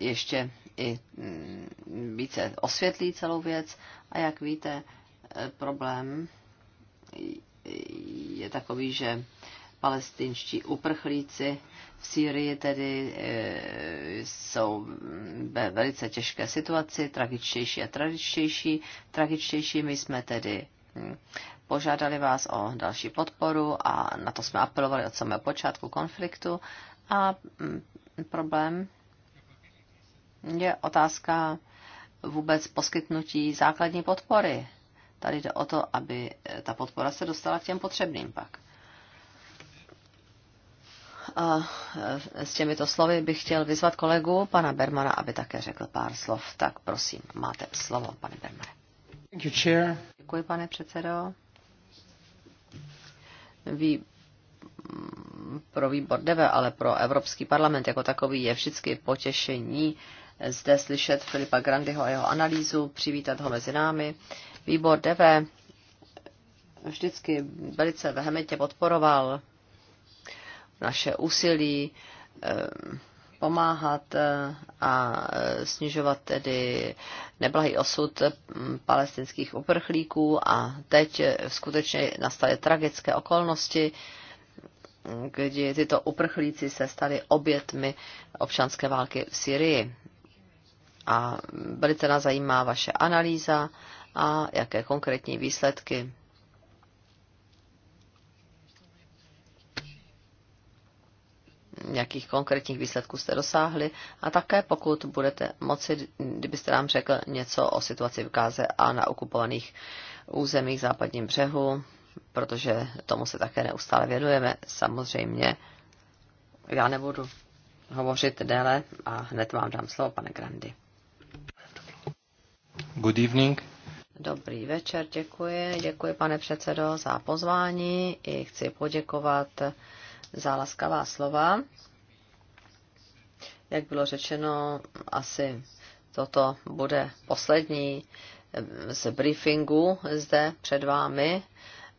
B: ještě i více osvětlí celou věc. A jak víte, problém je takový, že palestinští uprchlíci v Sýrii tedy e, jsou ve velice těžké situaci, tragičtější a tragičtější. Tragičtější my jsme tedy hm, požádali vás o další podporu a na to jsme apelovali od samého počátku konfliktu. A hm, problém je otázka vůbec poskytnutí základní podpory. Tady jde o to, aby ta podpora se dostala k těm potřebným pak. A e, s těmito slovy bych chtěl vyzvat kolegu pana Bermana, aby také řekl pár slov. Tak prosím, máte slovo, pane Bermane. You, Děkuji, pane předsedo. Vy mm, pro výbor DEVE, ale pro Evropský parlament jako takový je vždycky potěšení zde slyšet Filipa Grandyho a jeho analýzu, přivítat ho mezi námi. Výbor DEVE vždycky velice vehementně podporoval naše úsilí eh, pomáhat eh, a eh, snižovat tedy neblahý osud palestinských uprchlíků a teď skutečně nastaly tragické okolnosti, kdy tyto uprchlíci se stali obětmi občanské války v Syrii. A velice nás zajímá vaše analýza a jaké konkrétní výsledky jakých konkrétních výsledků jste dosáhli a také pokud budete moci, kdybyste nám řekl něco o situaci v Gáze a na okupovaných územích západním břehu, protože tomu se také neustále věnujeme. Samozřejmě já nebudu hovořit déle a hned vám dám slovo, pane Grandy. Good evening. Dobrý večer, děkuji. Děkuji, pane předsedo, za pozvání i chci poděkovat za laskavá slova. Jak bylo řečeno, asi toto bude poslední eh, z briefingu zde před vámi,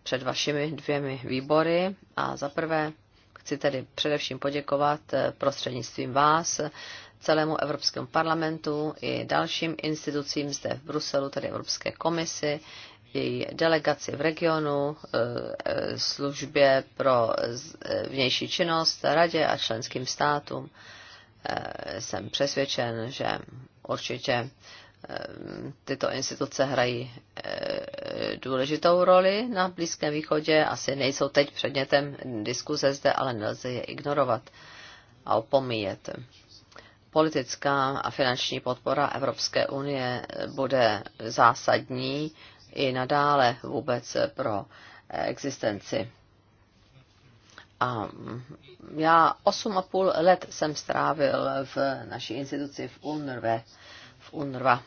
B: před vašimi dvěmi výbory. A za prvé chci tedy především poděkovat eh, prostřednictvím vás, celému Evropskému parlamentu i dalším institucím zde v Bruselu, tedy Evropské komisi její delegaci v regionu, eh, službě pro vnější činnost, radě a členským státům. Eh, jsem přesvědčen, že určitě eh, tyto instituce hrají důležitou roli na Blízkém východě. Asi nejsou teď předmětem diskuze zde, ale nelze je ignorovat a opomíjet. Politická a finanční podpora Evropské unie bude zásadní i nadále vůbec pro existenci. A já 8,5 let jsem strávil v naší instituci v UNRVE, v UNRVA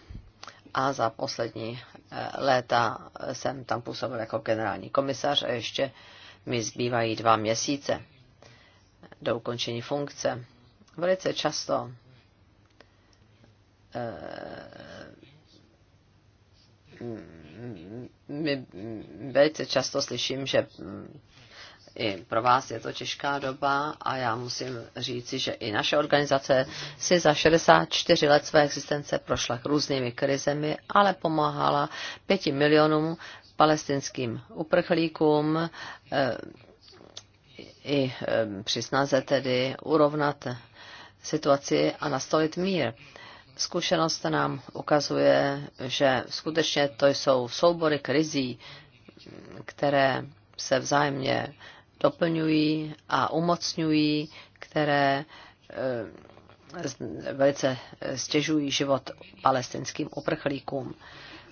B: a za poslední eh, léta jsem tam působil jako generální komisař a ještě mi zbývají dva měsíce do ukončení funkce. Velice často e, my velice často slyším, že i pro vás je to těžká doba a já musím říci, že i naše organizace si za 64 let své existence prošla různými krizemi, ale pomáhala pěti milionům palestinským uprchlíkům eh, i eh, při snaze tedy urovnat situaci a nastolit mír. Zkušenost nám ukazuje, že skutečně to jsou soubory krizí, které se vzájemně doplňují a umocňují, které eh, velice stěžují život palestinským uprchlíkům.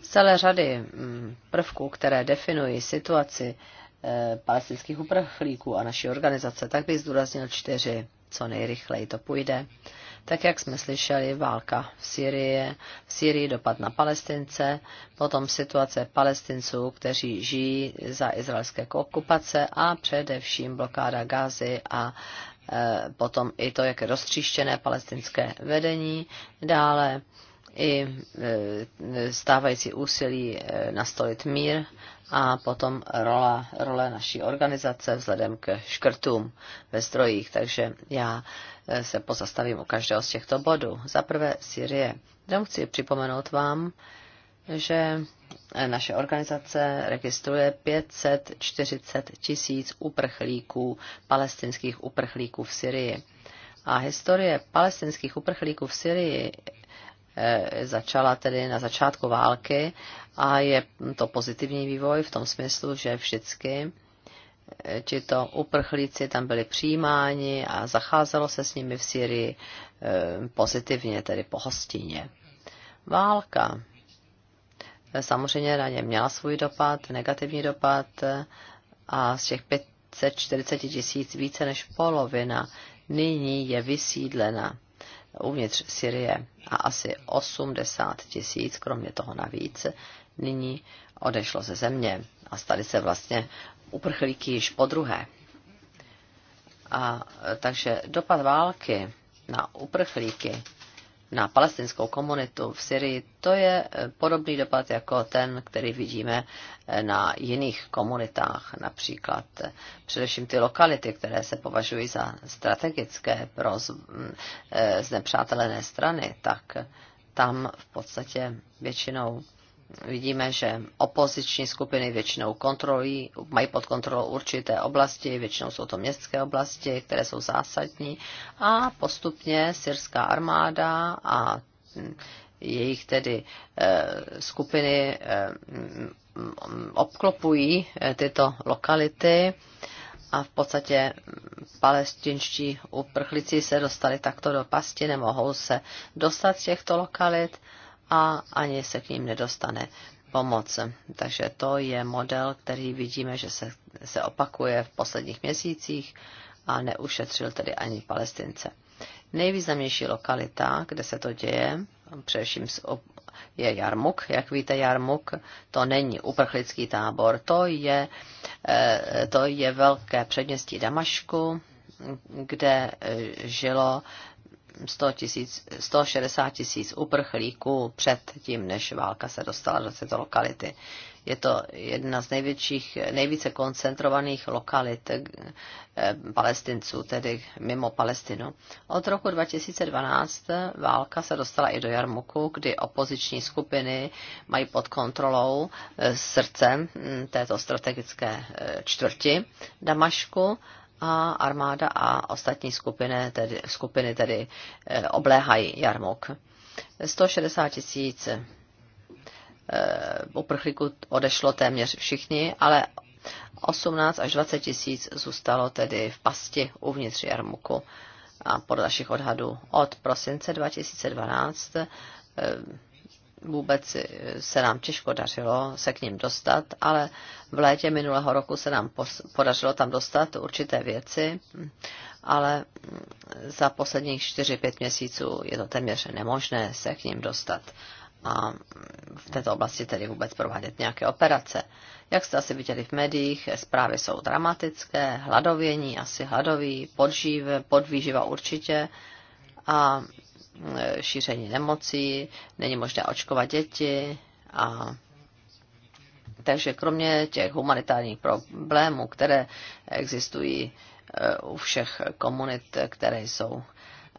B: Z celé řady mm, prvků, které definují situaci eh, palestinských uprchlíků a naší organizace, tak bych zdůraznil čtyři co nejrychleji to půjde. Tak jak jsme slyšeli, válka v Syrii, v Syrii dopad na Palestince, potom situace Palestinců, kteří žijí za izraelské okupace a především blokáda Gázy a e, potom i to, jak je roztříštěné palestinské vedení, dále i e, stávající úsilí e, nastolit mír a potom rola, role naší organizace vzhledem k škrtům ve zdrojích. Takže já e, se pozastavím u každého z těchto bodů. Za prvé Syrie. Jenom chci připomenout vám, že naše organizace registruje 540 tisíc uprchlíků, palestinských uprchlíků v Syrii. A historie palestinských uprchlíků v Syrii Eh, začala tedy na začátku války a je to pozitivní vývoj v tom smyslu, že vždycky eh, to uprchlíci tam byli přijímáni a zacházelo se s nimi v Syrii eh, pozitivně, tedy po hostině. Válka samozřejmě na ně měla svůj dopad, negativní dopad a z těch 540 tisíc více než polovina nyní je vysídlena uvnitř Syrie a asi 80 tisíc, kromě toho navíc, nyní odešlo ze země a stali se vlastně uprchlíky již po druhé. A, takže dopad války na uprchlíky na palestinskou komunitu v Syrii, to je eh, podobný dopad jako ten, který vidíme eh, na jiných komunitách, například eh, především ty lokality, které se považují za strategické pro mm, znepřátelené strany, tak tam v podstatě většinou Vidíme, že opoziční skupiny většinou kontrolují, mají pod kontrolou určité oblasti, většinou jsou to městské oblasti, které jsou zásadní. A postupně syrská armáda a mm, jejich tedy e, skupiny e, mm, obklopují e, tyto lokality a v podstatě palestinští uprchlíci se dostali takto do pasti, nemohou se dostat z těchto lokalit a ani se k ním nedostane pomoc. Takže to je model, který vidíme, že se, se opakuje v posledních měsících a neušetřil tedy ani Palestince. Nejvýznamnější lokalita, kde se to děje, především je Jarmuk. Jak víte, Jarmuk to není uprchlický tábor, to je, eh, to je velké předměstí Damašku, kde eh, žilo 100 000, 160 tisíc uprchlíků před tím, než válka se dostala do této lokality. Je to jedna z největších, nejvíce koncentrovaných lokalit eh, palestinců, tedy mimo Palestinu. Od roku 2012 válka se dostala i do Jarmuku, kdy opoziční skupiny mají pod kontrolou eh, srdce mm, této strategické eh, čtvrti Damašku a armáda a ostatní skupiny tedy, skupiny tedy eh, obléhají jarmok. 160 tisíc eh, uprchlíků odešlo téměř všichni, ale 18 až 20 tisíc zůstalo tedy v pasti uvnitř Jarmuku. A podle našich odhadů od prosince 2012 vůbec se nám těžko dařilo se k ním dostat, ale v létě minulého roku se nám podařilo tam dostat určité věci, ale za posledních 4-5 měsíců je to téměř nemožné se k ním dostat a v této oblasti tedy vůbec provádět nějaké operace. Jak jste asi viděli v médiích, zprávy jsou dramatické, hladovění asi hladoví, podžív, podvýživa určitě a E, šíření nemocí, není možné očkovat děti a takže kromě těch humanitárních problémů, které existují e, u všech komunit, které jsou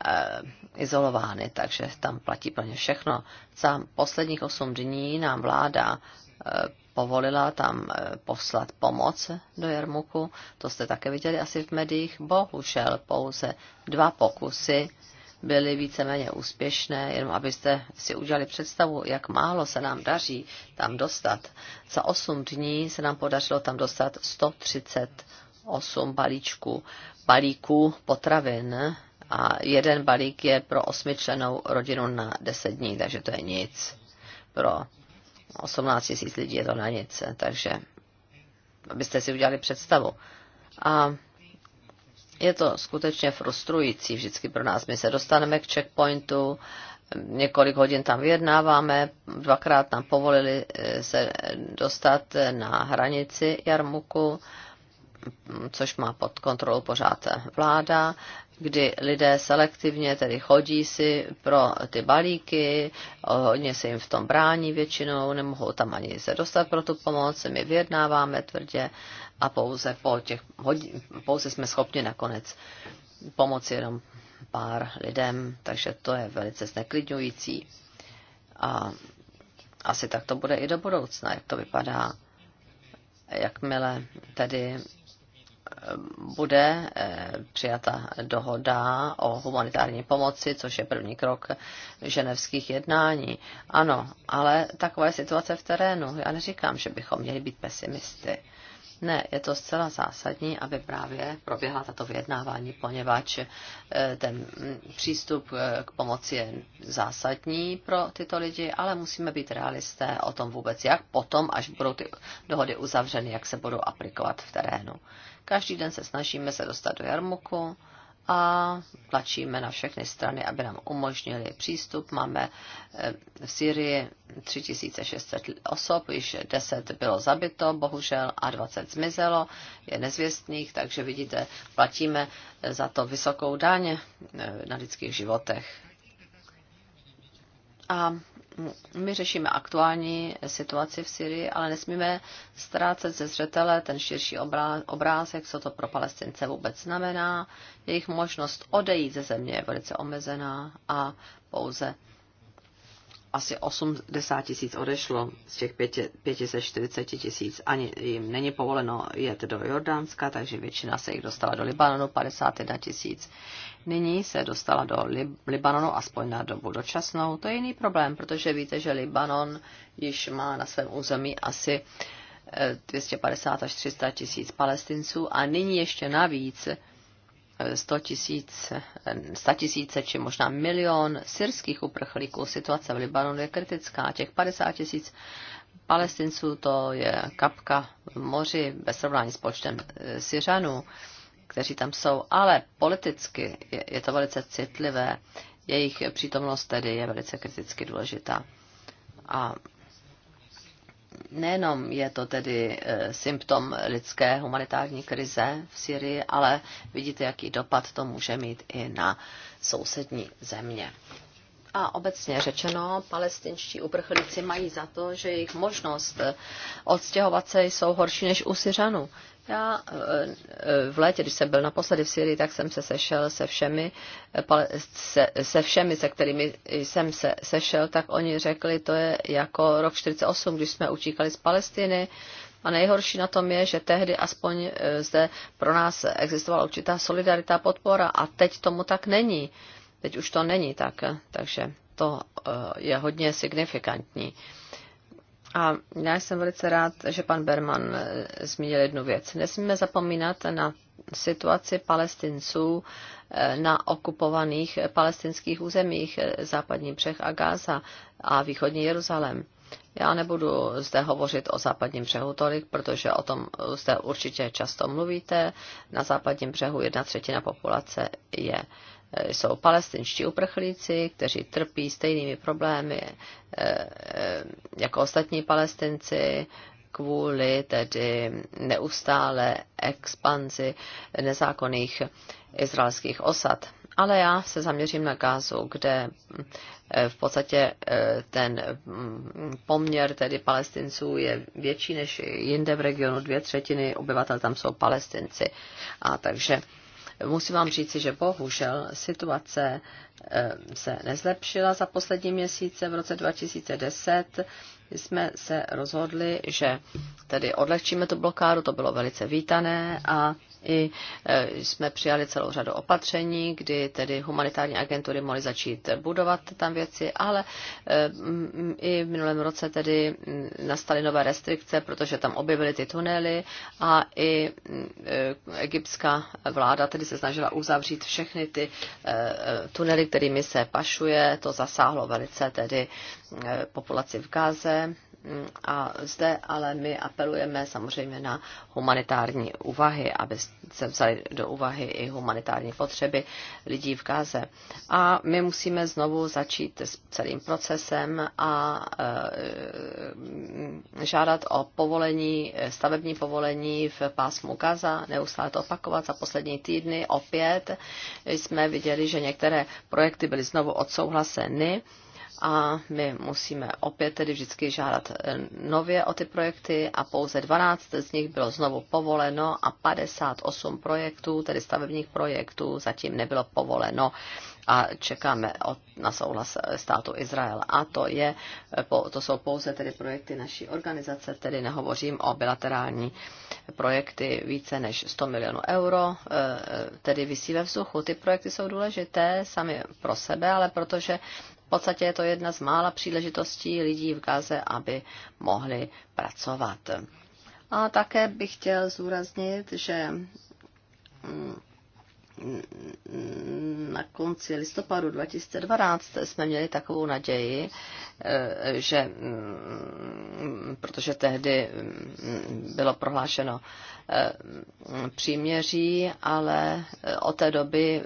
B: e, izolovány, takže tam platí plně všechno. Za posledních osm dní nám vláda povolila tam poslat pomoc do Jarmuku. To jste také viděli asi v médiích. Bohužel pouze dva pokusy byly víceméně úspěšné, jenom abyste si udělali představu, jak málo se nám daří tam dostat. Za 8 dní se nám podařilo tam dostat 138 balíčků, balíků potravin a jeden balík je pro osmičlenou rodinu na 10 dní, takže to je nic. Pro 18 tisíc lidí je to na nic, takže abyste si udělali představu. A je to skutečně frustrující vždycky pro nás. My se dostaneme k checkpointu, několik hodin tam vyjednáváme, dvakrát nám povolili eh, se dostat eh, na hranici Jarmuku což má pod kontrolou pořád vláda, kdy lidé selektivně tedy chodí si pro ty balíky, hodně se jim v tom brání většinou, nemohou tam ani se dostat pro tu pomoc, my vyjednáváme tvrdě a pouze, po těch hodin, pouze jsme schopni nakonec pomoci jenom pár lidem, takže to je velice zneklidňující. A asi tak to bude i do budoucna, jak to vypadá, jakmile tedy bude eh, přijata dohoda o humanitární pomoci, což je první krok ženevských jednání. Ano, ale taková je situace v terénu. Já neříkám, že bychom měli být pesimisty. Ne, je to zcela zásadní, aby právě proběhla tato vyjednávání, poněvadž eh, ten přístup eh, k pomoci je zásadní pro tyto lidi, ale musíme být realisté o tom vůbec, jak potom, až budou ty dohody uzavřeny, jak se budou aplikovat v terénu. Každý den se snažíme se dostat do Jarmuku a tlačíme na všechny strany, aby nám umožnili přístup. Máme eh, v Syrii 3600 osob, již 10 bylo zabito, bohužel, a 20 zmizelo, je nezvěstných, takže vidíte, platíme eh, za to vysokou daň eh, na lidských životech. A my řešíme aktuální situaci v Syrii, ale nesmíme ztrácet ze zřetele ten širší obrázek, co to pro palestince vůbec znamená. Jejich možnost odejít ze země je velice omezená a pouze asi 80 tisíc odešlo z těch 540 tisíc. Ani jim není povoleno jet do Jordánska, takže většina se jich dostala do Libanonu, 51 tisíc nyní se dostala do Lib- Libanonu, aspoň na dobu dočasnou. To je jiný problém, protože víte, že Libanon již má na svém území asi 250 eh, až 300 tisíc palestinců a nyní ještě navíc 100 eh, tisíc, 100 eh, tisíce či možná milion syrských uprchlíků. Situace v Libanonu je kritická. Těch 50 tisíc palestinců to je kapka v moři ve srovnání s počtem Syřanů kteří tam jsou, ale politicky je, je to velice citlivé. Jejich přítomnost tedy je velice kriticky důležitá. A nejenom je to tedy e, symptom lidské humanitární krize v Syrii, ale vidíte, jaký dopad to může mít i na sousední země. A obecně řečeno, palestinští uprchlíci mají za to, že jejich možnost e, odstěhovat se jsou horší než u Syřanů. Já eh, eh, v létě, když jsem byl naposledy v Syrii, tak jsem se sešel se všemi, eh, se, se všemi, se kterými jsem se sešel, tak oni řekli, to je jako rok 48, když jsme utíkali z Palestiny. A nejhorší na tom je, že tehdy aspoň zde pro nás existovala určitá solidarita, podpora a teď tomu tak není. Teď už to není tak, takže to je hodně signifikantní. A já jsem velice rád, že pan Berman eh, zmínil jednu věc. Nesmíme zapomínat na situaci palestinců eh, na okupovaných palestinských územích eh, západní břeh a Gáza a východní Jeruzalém. Já nebudu zde hovořit o západním břehu tolik, protože o tom zde určitě často mluvíte. Na západním břehu jedna třetina populace je Eh, jsou palestinští uprchlíci, kteří trpí stejnými problémy eh, eh, jako ostatní palestinci kvůli tedy neustále expanzi nezákonných izraelských osad. Ale já se zaměřím na Gázu, kde v podstatě ten mm, poměr tedy palestinců je větší než jinde v regionu. Dvě třetiny obyvatel tam jsou palestinci. A takže musím vám říci, že bohužel situace eh, se nezlepšila za poslední měsíce. V roce 2010 jsme se rozhodli, že tedy odlehčíme tu blokádu, to bylo velice vítané a i eh, jsme přijali celou řadu opatření, kdy tedy humanitární agentury mohly začít budovat tam věci, ale eh, i v minulém roce tedy nastaly nové restrikce, protože tam objevily ty tunely a i eh, egyptská vláda tedy se snažila uzavřít všechny ty tunely, kterými se pašuje. To zasáhlo velice tedy populaci v Gáze a zde ale my apelujeme samozřejmě na humanitární úvahy, aby se vzali do úvahy i humanitární potřeby lidí v Gaze. A my musíme znovu začít s celým procesem a e, žádat o povolení, stavební povolení v pásmu Gaza, neustále to opakovat za poslední týdny. Opět jsme viděli, že některé projekty byly znovu odsouhlaseny a my musíme opět tedy vždycky žádat eh, nově o ty projekty a pouze 12 z nich bylo znovu povoleno a 58 projektů, tedy stavebních projektů, zatím nebylo povoleno a čekáme od, na souhlas eh, státu Izrael. A to, je, eh, to jsou pouze tedy projekty naší organizace, tedy nehovořím o bilaterální projekty více než 100 milionů euro, tedy vysí ve vzduchu. Ty projekty jsou důležité sami pro sebe, ale protože v podstatě je to jedna z mála příležitostí lidí v Gaze, aby mohli pracovat. A také bych chtěl zúraznit, že mm, na konci listopadu 2012 jsme měli takovou naději, eh, že mm, protože tehdy mm, bylo prohlášeno eh, příměří, ale eh, od té doby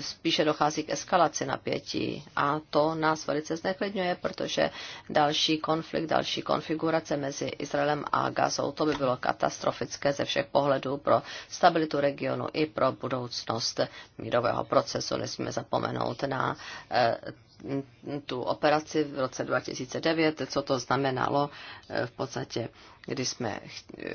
B: spíše dochází k eskalaci napětí a to nás velice zneklidňuje, protože další konflikt, další konfigurace mezi Izraelem a Gazou, to by bylo katastrofické ze všech pohledů pro stabilitu regionu i pro budoucnost možnost mírového procesu. Nesmíme zapomenout na eh, tu operaci v roce 2009, co to znamenalo eh, v podstatě kdy jsme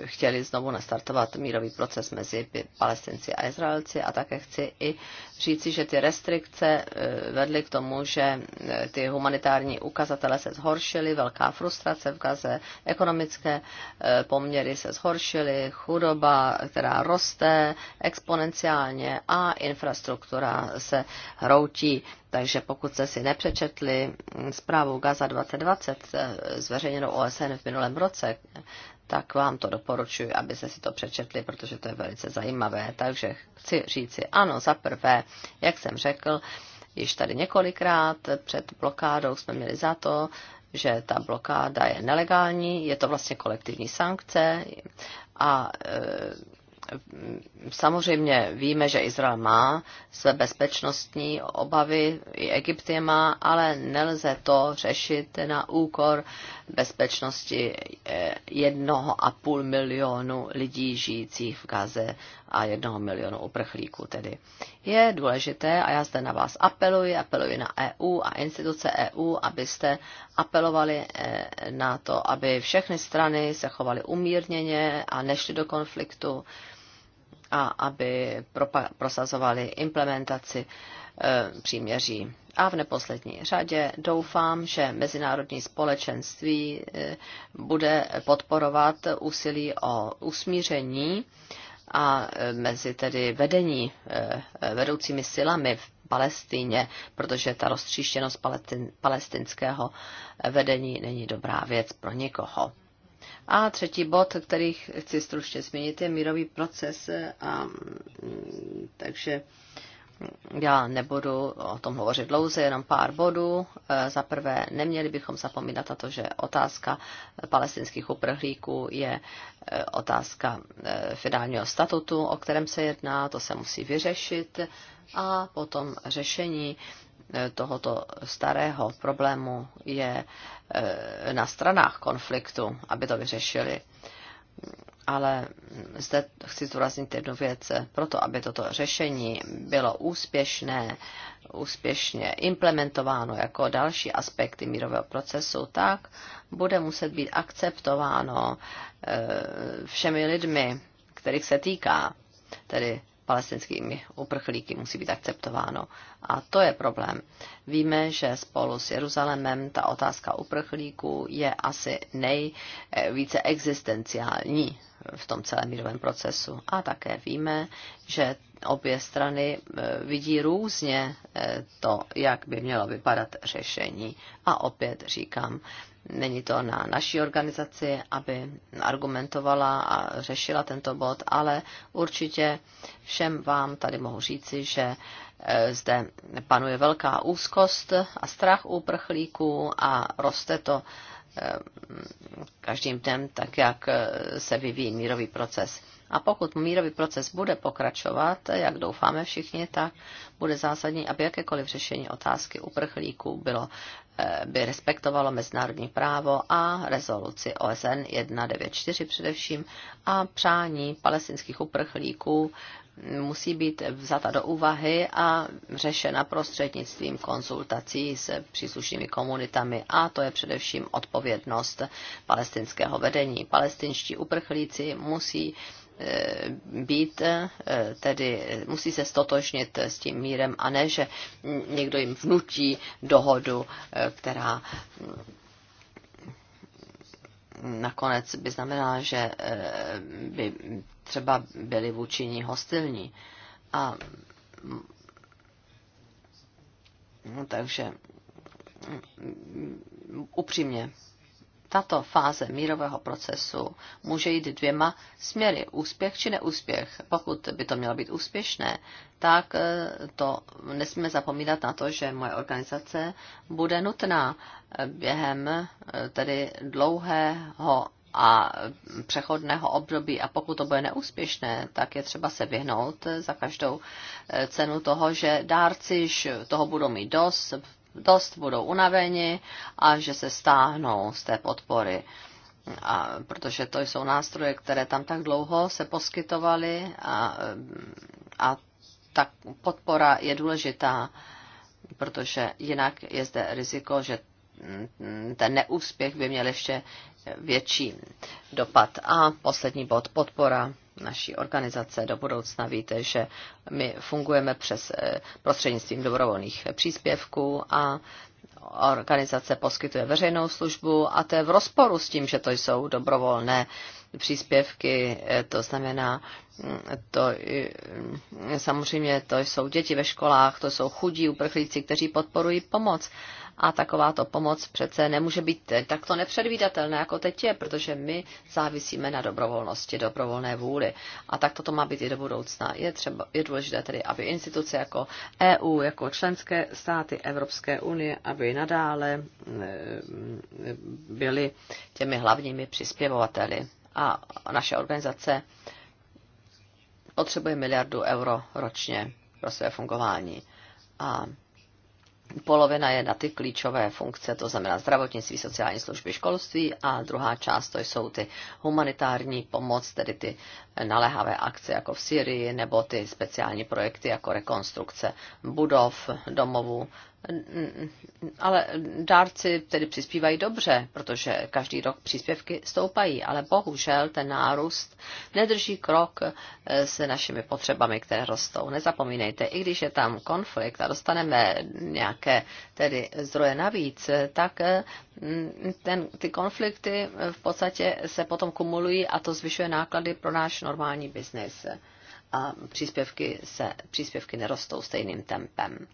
B: chtěli znovu nastartovat mírový proces mezi palestinci a Izraelci a také chci i říci, že ty restrikce eh, vedly k tomu, že eh, ty humanitární ukazatele se zhoršily, velká frustrace v Gaze, ekonomické eh, poměry se zhoršily, chudoba, která roste exponenciálně a infrastruktura se hroutí. Takže pokud jste si nepřečetli mm, zprávu Gaza 2020 zveřejněnou OSN v minulém roce, tak vám to doporučuji, abyste si to přečetli, protože to je velice zajímavé. Takže chci říci, ano, za prvé, jak jsem řekl, již tady několikrát před blokádou jsme měli za to, že ta blokáda je nelegální, je to vlastně kolektivní sankce a e, Samozřejmě víme, že Izrael má své bezpečnostní obavy, i Egypt je má, ale nelze to řešit na úkor bezpečnosti eh, jednoho a půl milionu lidí žijících v Gaze a jednoho milionu uprchlíků tedy. Je důležité, a já zde na vás apeluji, apeluji na EU a instituce EU, abyste apelovali eh, na to, aby všechny strany se chovaly umírněně a nešly do konfliktu a aby prosazovali implementaci e, příměří. A v neposlední řadě doufám, že mezinárodní společenství e, bude podporovat úsilí o usmíření a e, mezi tedy vedení, vedoucími silami v Palestíně, protože ta roztříštěnost palestinského vedení není dobrá věc pro nikoho. A třetí bod, který chci stručně zmínit, je mírový proces. A, mm, takže já nebudu o tom hovořit dlouze, jenom pár bodů. E, za prvé, neměli bychom zapomínat na to, že otázka palestinských uprchlíků je e, otázka e, finálního statutu, o kterém se jedná, to se musí vyřešit. A potom řešení Eh, tohoto starého problému je eh, na stranách konfliktu, aby to vyřešili. Ale zde chci zdůraznit jednu věc. Proto, aby toto řešení bylo úspěšné, úspěšně implementováno jako další aspekty mírového procesu, tak bude muset být akceptováno eh, všemi lidmi, kterých se týká, tedy palestinskými uprchlíky musí být akceptováno. A to je problém. Víme, že spolu s Jeruzalémem ta otázka uprchlíků je asi nejvíce existenciální v tom celém mírovém procesu. A také víme, že obě strany e, vidí různě e, to, jak by mělo vypadat řešení. A opět říkám, Není to na naší organizaci, aby argumentovala a řešila tento bod, ale určitě všem vám tady mohu říci, že e, zde panuje velká úzkost a strach u prchlíků a roste to e, každým dnem, tak jak e, se vyvíjí mírový proces. A pokud mírový proces bude pokračovat, jak doufáme všichni, tak bude zásadní, aby jakékoliv řešení otázky uprchlíků bylo Eh, by respektovalo mezinárodní právo a rezoluci OSN 194 především a přání palestinských uprchlíků musí být vzata do úvahy a řešena prostřednictvím konzultací s příslušnými komunitami a to je především odpovědnost palestinského vedení. Palestinští uprchlíci musí Eh, být, eh, tedy musí se stotožnit s tím mírem a ne, že někdo jim vnutí dohodu, eh, která nakonec by znamenala, že by třeba byli vůči ní hostilní. A no, takže mm, upřímně tato fáze mírového procesu může jít dvěma směry, úspěch či neúspěch. Pokud by to mělo být úspěšné, tak eh, to nesmíme zapomínat na to, že moje organizace bude nutná eh, během eh, tedy dlouhého a přechodného období a pokud to bude neúspěšné, tak je třeba se vyhnout za každou cenu toho, že dárci toho budou mít dost, dost, budou unaveni a že se stáhnou z té podpory. A protože to jsou nástroje, které tam tak dlouho se poskytovaly a, a ta podpora je důležitá, protože jinak je zde riziko, že ten neúspěch by měl ještě větší dopad. A poslední bod, podpora naší organizace do budoucna. Víte, že my fungujeme přes eh, prostřednictvím dobrovolných příspěvků a organizace poskytuje veřejnou službu a to je v rozporu s tím, že to jsou dobrovolné příspěvky, eh, to znamená, mm, to, eh, samozřejmě to jsou děti ve školách, to jsou chudí uprchlíci, kteří podporují pomoc a takováto pomoc přece nemůže být takto nepředvídatelná, jako teď je, protože my závisíme na dobrovolnosti, dobrovolné vůli. A tak toto má být i do budoucna. Je, třeba, je důležité tedy, aby instituce jako EU, jako členské státy Evropské unie, aby nadále eh, byly těmi hlavními přispěvovateli. A naše organizace potřebuje miliardu euro ročně pro své fungování. A polovina je na ty klíčové funkce, to znamená zdravotnictví, sociální služby, školství a druhá část to jsou ty humanitární pomoc, tedy ty naléhavé akce jako v Syrii nebo ty speciální projekty jako rekonstrukce budov, domovů ale dárci tedy přispívají dobře, protože každý rok příspěvky stoupají, ale bohužel ten nárůst nedrží krok eh, s našimi potřebami, které rostou. Nezapomínejte, i když je tam konflikt a dostaneme nějaké tedy zdroje navíc, tak mm, ten, ty konflikty v podstatě se potom kumulují a to zvyšuje náklady pro náš normální biznis. A příspěvky, se, příspěvky nerostou stejným tempem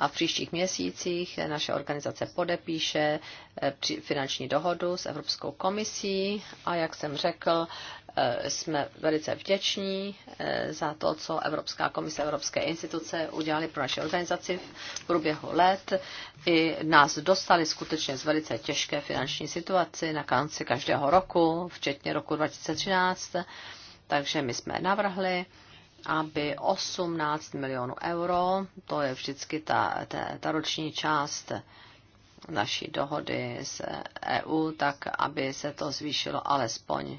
B: a v příštích měsících naše organizace podepíše eh, finanční dohodu s Evropskou komisí a jak jsem řekl, eh, jsme velice vděční eh, za to, co Evropská komise, Evropské instituce udělali pro naši organizaci v průběhu let. I nás dostali skutečně z velice těžké finanční situaci na konci každého roku, včetně roku 2013. Takže my jsme navrhli aby 18 milionů euro, to je vždycky ta, ta, ta roční část naší dohody s EU, tak aby se to zvýšilo alespoň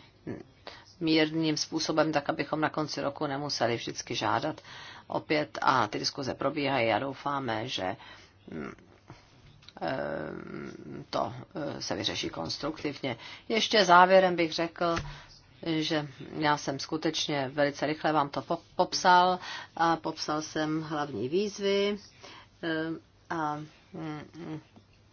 B: mírným způsobem, tak abychom na konci roku nemuseli vždycky žádat opět. A ty diskuze probíhají a doufáme, že mm, ehm, to eh, se vyřeší konstruktivně. Ještě závěrem bych řekl, že já jsem skutečně velice rychle vám to popsal a popsal jsem hlavní výzvy eh, a mm, mm,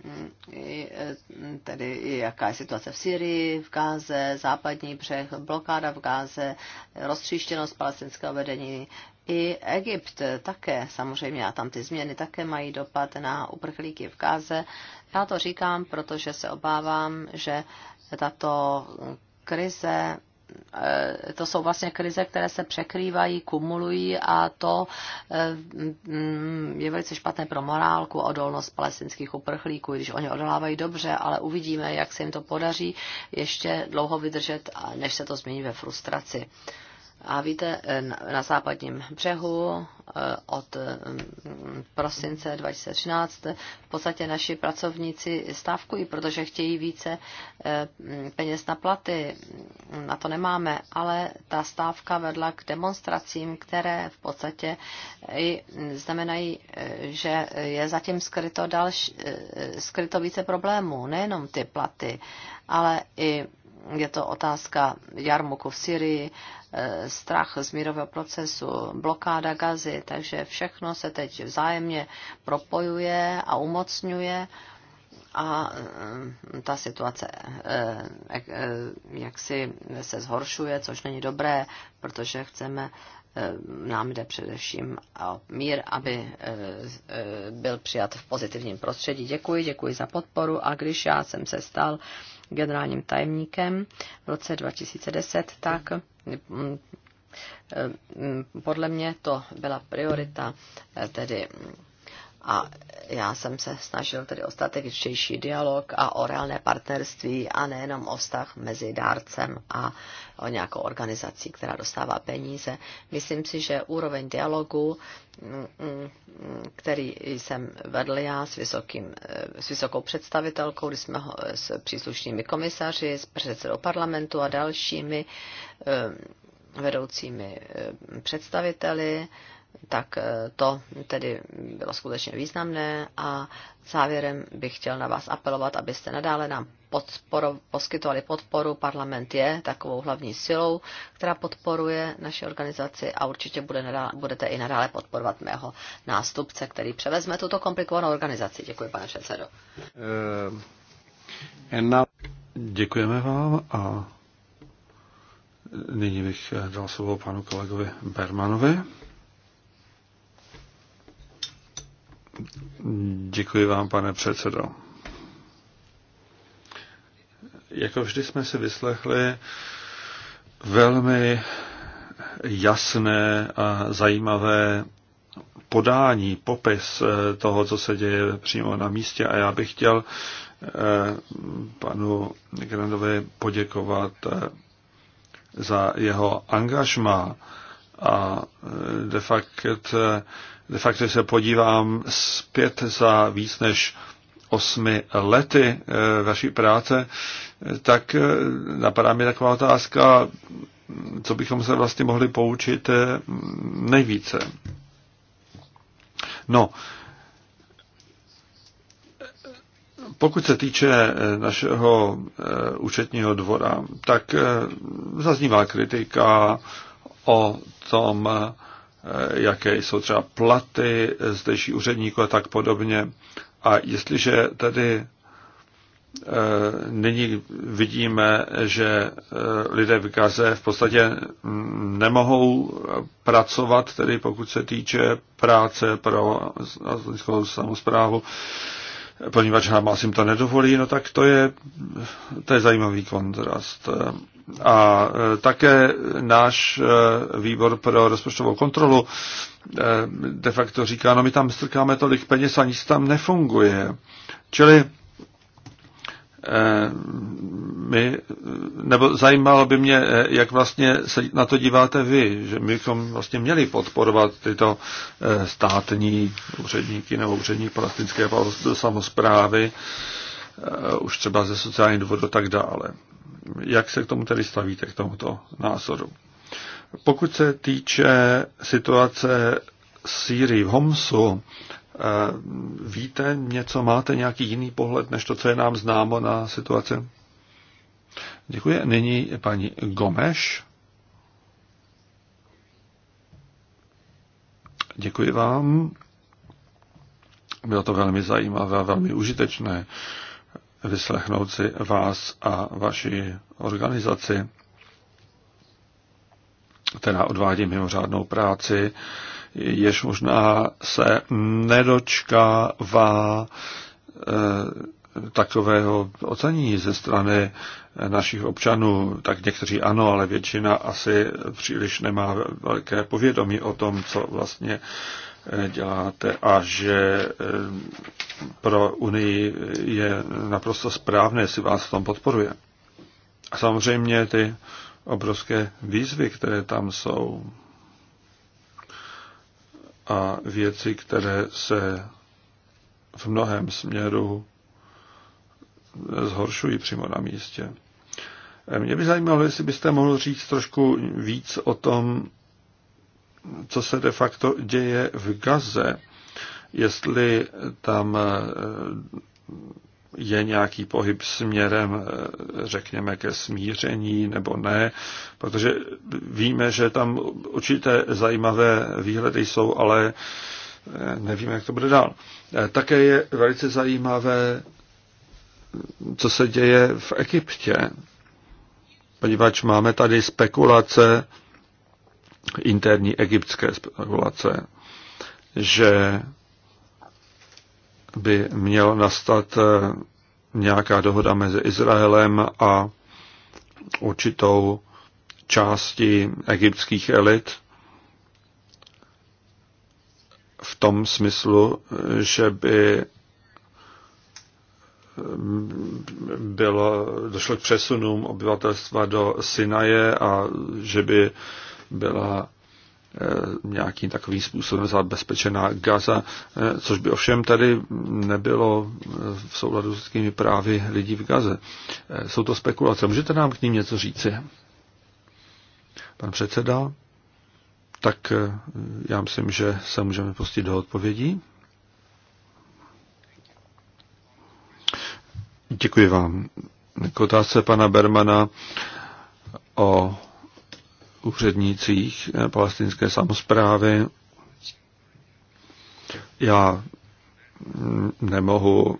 B: mm, eh, tedy jaká je situace v Syrii, v Gáze, západní břeh, blokáda v Gáze, roztříštěnost palestinského vedení, i Egypt také, samozřejmě, a tam ty změny také mají dopad na uprchlíky v Gáze. Já to říkám, protože se obávám, že tato krize Eh, to jsou vlastně krize, které se překrývají, kumulují a to eh, mm, je velice špatné pro morálku, odolnost palestinských uprchlíků, když oni odolávají dobře, ale uvidíme, jak se jim to podaří ještě dlouho vydržet, než se to změní ve frustraci. A víte, eh, na západním břehu eh, od mm, prosince 2013 v podstatě naši pracovníci stávkují, protože chtějí více eh, mm, peněz na platy. Na to nemáme, ale ta stávka vedla k demonstracím, které v podstatě i znamenají, že je zatím skryto, další, skryto více problémů, nejenom ty platy, ale i je to otázka jarmuku v Syrii, Eh, strach z mírového procesu, blokáda gazy, takže všechno se teď vzájemně propojuje a umocňuje a eh, ta situace eh, jaksi se zhoršuje, což není dobré, protože chceme, nám jde především o mír, aby byl přijat v pozitivním prostředí. Děkuji, děkuji za podporu a když já jsem se stal generálním tajemníkem v roce 2010, tak mm, mm, mm, podle mě to byla priorita, eh, tedy a já jsem se snažil tedy o strategičtější dialog a o reálné partnerství a nejenom o vztah mezi dárcem a o nějakou organizací, která dostává peníze. Myslím si, že úroveň dialogu, mm, mm, mm, který jsem vedl já s, vysokým, eh, s vysokou představitelkou, kdy jsme ho, eh, s příslušnými komisaři, s předsedou parlamentu a dalšími eh, vedoucími představiteli, tak eh, to tedy bylo skutečně významné a závěrem bych chtěl na vás apelovat, abyste nadále nám podporu, poskytovali podporu. Parlament je takovou hlavní silou, která podporuje naši organizaci a určitě bude nadále, budete i nadále podporovat mého nástupce, který převezme tuto komplikovanou organizaci. Děkuji, pane předsedo.
A: Uh, Děkujeme vám a nyní bych dal slovo panu kolegovi Bermanovi. Děkuji vám, pane předsedo. Jako vždy jsme si vyslechli velmi jasné a zajímavé podání, popis eh, toho, co se děje přímo na místě a já bych chtěl eh, panu Grandovi poděkovat eh, za jeho angažma a de facto de facto, se podívám zpět za víc než osmi lety eh, vaší práce, eh, tak eh, napadá mi taková otázka, co bychom se vlastně mohli poučit nejvíce. No, pokud se týče našeho účetního dvora, tak zaznívá kritika o tom, Eh, jaké jsou třeba platy zdejší úředníků a tak podobně. A jestliže tedy eh, nyní vidíme, že eh, lidé v Gaze v podstatě mm, nemohou pracovat, tedy pokud se týče práce pro azijskou samozprávu, poněvadž Hamas jim to nedovolí, no tak to je, to je zajímavý kontrast. A e, také náš e, výbor pro rozpočtovou kontrolu e, de facto říká, no my tam strkáme tolik peněz a nic tam nefunguje. Čili my, nebo zajímalo by mě, jak vlastně se na to díváte vy, že my bychom vlastně měli podporovat tyto státní úředníky nebo úřední palestinské samozprávy, už třeba ze sociálních důvodů a tak dále jak se k tomu tedy stavíte, k tomuto názoru. Pokud se týče situace Sýrii v Homsu, eh, víte něco, máte nějaký jiný pohled, než to, co je nám známo na situaci? Děkuji. Nyní paní Gomeš. Děkuji vám. Bylo to velmi zajímavé a velmi užitečné vyslechnout si vás a vaši organizaci, která odvádí mimořádnou práci, jež možná se nedočkává eh, takového ocenění ze strany eh, našich občanů, tak někteří ano, ale většina asi příliš nemá velké povědomí o tom, co vlastně děláte a že eh, pro Unii je naprosto správné, jestli vás v tom podporuje. A samozřejmě ty obrovské výzvy, které tam jsou a věci, které se v mnohem směru zhoršují přímo na místě. Eh, mě by zajímalo, jestli byste mohl říct trošku víc o tom, co se de facto děje v Gaze, jestli tam eh, je nějaký pohyb směrem, eh, řekněme, ke smíření nebo ne, protože víme, že tam určité zajímavé výhledy jsou, ale eh, nevíme, jak to bude dál. Také je velice zajímavé, co se děje v Egyptě, poněvadž máme tady spekulace, interní egyptské spekulace, že by měl nastat eh, nějaká dohoda mezi Izraelem a určitou části egyptských elit v tom smyslu, že by mm, bylo, došlo k přesunům obyvatelstva do Sinaje a že by byla eh, nějakým takovým způsobem zabezpečená Gaza, eh, což by ovšem tady nebylo eh, v souladu s těmi právy lidí v Gaze. Jsou to spekulace. Můžete nám k ním něco říci? Pan předseda? Tak já myslím, že se můžeme pustit do odpovědí. Děkuji vám. K otázce pana Bermana o úřednících eh, palestinské samozprávy. Já mm, nemohu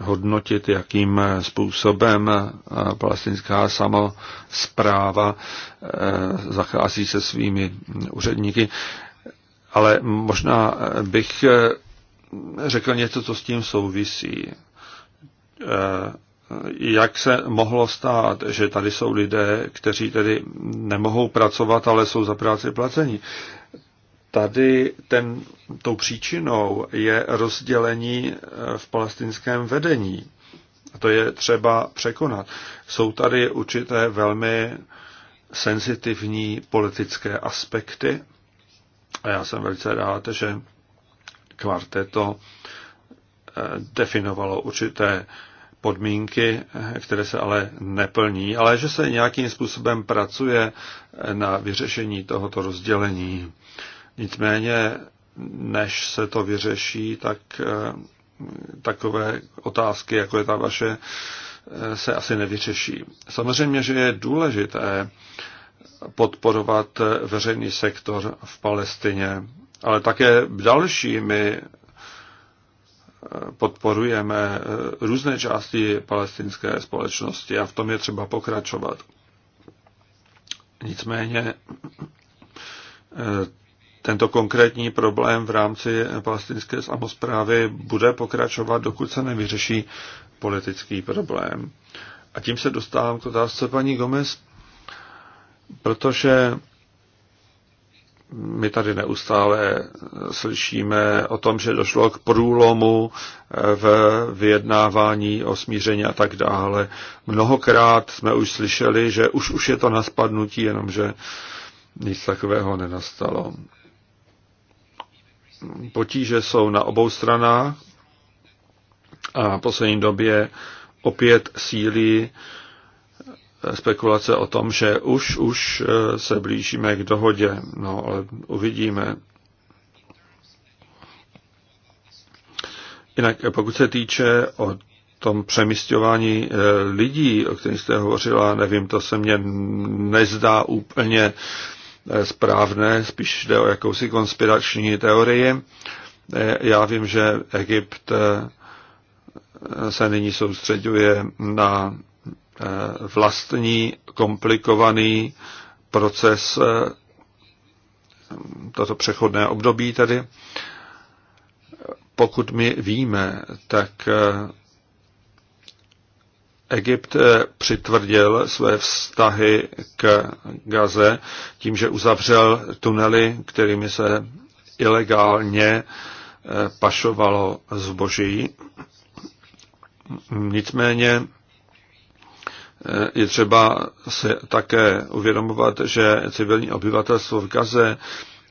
A: hodnotit, jakým eh, způsobem eh, palestinská samozpráva zachází se svými mm, úředníky, ale možná bych řekl něco, co s tím souvisí jak se mohlo stát, že tady jsou lidé, kteří tedy nemohou pracovat, ale jsou za práci placení. Tady ten, tou příčinou je rozdělení eh, v palestinském vedení. A to je třeba překonat. Jsou tady určité velmi senzitivní politické aspekty a já jsem velice rád, že kvarteto eh, definovalo určité podmínky, které se ale neplní, ale že se nějakým způsobem pracuje na vyřešení tohoto rozdělení. Nicméně, než se to vyřeší, tak eh, takové otázky, jako je ta vaše, eh, se asi nevyřeší. Samozřejmě, že je důležité podporovat veřejný sektor v Palestině, ale také dalšími podporujeme eh, různé části palestinské společnosti a v tom je třeba pokračovat. Nicméně eh, tento konkrétní problém v rámci palestinské samozprávy bude pokračovat, dokud se nevyřeší politický problém. A tím se dostávám k otázce paní Gomez, protože my tady neustále slyšíme o tom, že došlo k průlomu eh, v vyjednávání o smíření a tak dále. Mnohokrát jsme už slyšeli, že už, už je to na spadnutí, jenomže nic takového nenastalo. Potíže jsou na obou stranách a v poslední době opět sílí spekulace o tom, že už, už eh, se blížíme k dohodě. No, ale uvidíme. Jinak pokud se týče o tom přemysťování eh, lidí, o kterých jste hovořila, nevím, to se mně nezdá úplně eh, správné, spíš jde o jakousi konspirační teorii. Já vím, že Egypt se nyní soustředuje na Eh, vlastní komplikovaný proces eh, toto přechodné období tedy. Pokud my víme, tak eh, Egypt přitvrdil své vztahy k Gaze tím, že uzavřel tunely, kterými se ilegálně pašovalo zboží. Nicméně je třeba se také uvědomovat, že civilní obyvatelstvo v Gaze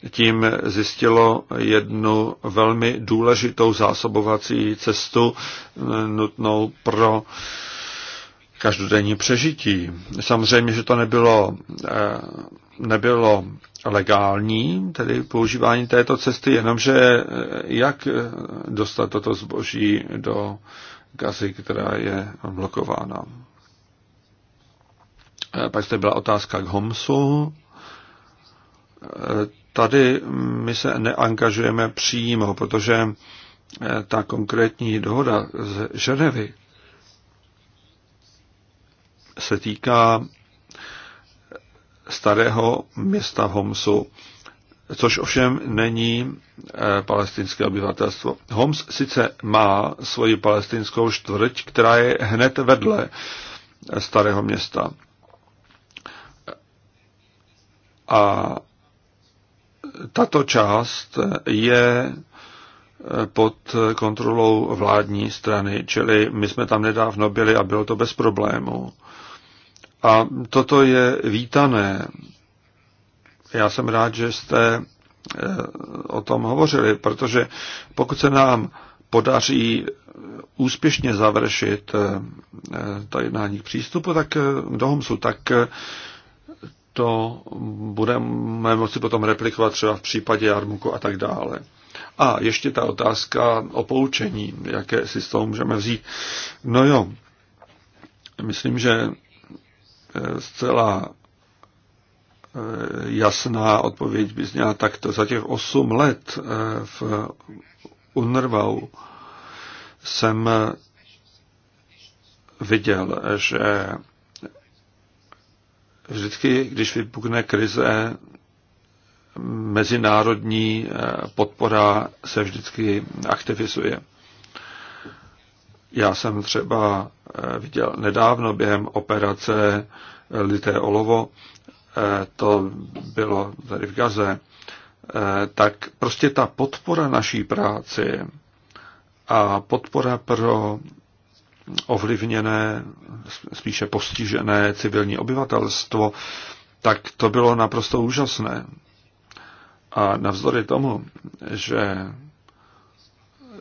A: tím zjistilo jednu velmi důležitou zásobovací cestu eh, nutnou pro každodenní přežití. Samozřejmě, že to nebylo, eh, nebylo legální, tedy používání této cesty, jenomže eh, jak dostat toto zboží do gazy, která je blokována. Eh, pak zde byla otázka k Homsu. Eh, tady my se neangažujeme přímo, protože eh, ta konkrétní dohoda z Ženevy se týká starého města Homsu, což ovšem není palestinské obyvatelstvo. Homs sice má svoji palestinskou čtvrť, která je hned vedle starého města. A tato část je pod kontrolou vládní strany, čili my jsme tam nedávno byli a bylo to bez problémů. A toto je vítané. Já jsem rád, že jste eh, o tom hovořili, protože pokud se nám podaří úspěšně završit eh, eh, ta jednání k přístupu, tak do Homsu, tak to budeme moci potom replikovat třeba v případě Jarmuku a tak dále. A ještě ta otázka o poučení, jaké si z toho můžeme vzít. No jo, myslím, že eh, zcela eh, jasná odpověď by zněla takto. Za těch 8 let eh, v UNRVAU jsem viděl, že Vždycky, když vypukne krize, mezinárodní eh, podpora se vždycky aktivizuje. Já jsem třeba eh, viděl nedávno během operace Lité olovo, eh, to bylo tady v Gaze, tak prostě ta podpora naší práci a podpora pro ovlivněné, spíše postižené civilní obyvatelstvo, tak to bylo naprosto úžasné. A navzdory tomu, že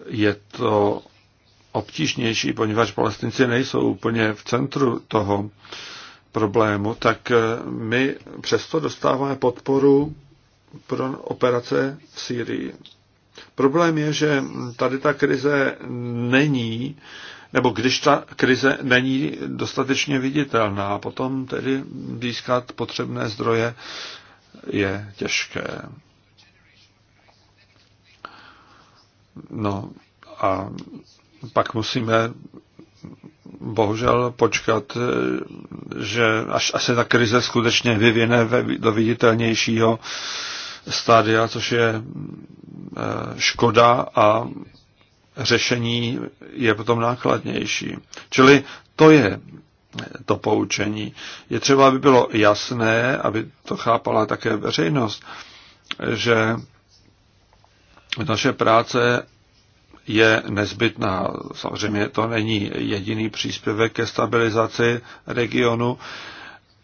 A: je to obtížnější, poněvadž palestinci nejsou úplně v centru toho problému, tak my přesto dostáváme podporu pro operace v Syrii. Problém je, že tady ta krize není, nebo když ta krize není dostatečně viditelná, potom tedy získat potřebné zdroje je těžké. No a pak musíme bohužel počkat, že až, až se ta krize skutečně vyvine ve, do viditelnějšího stádia, což je eh, škoda a řešení je potom nákladnější. Čili to je to poučení. Je třeba, aby bylo jasné, aby to chápala také veřejnost, že naše práce je nezbytná. Samozřejmě to není jediný příspěvek ke stabilizaci regionu,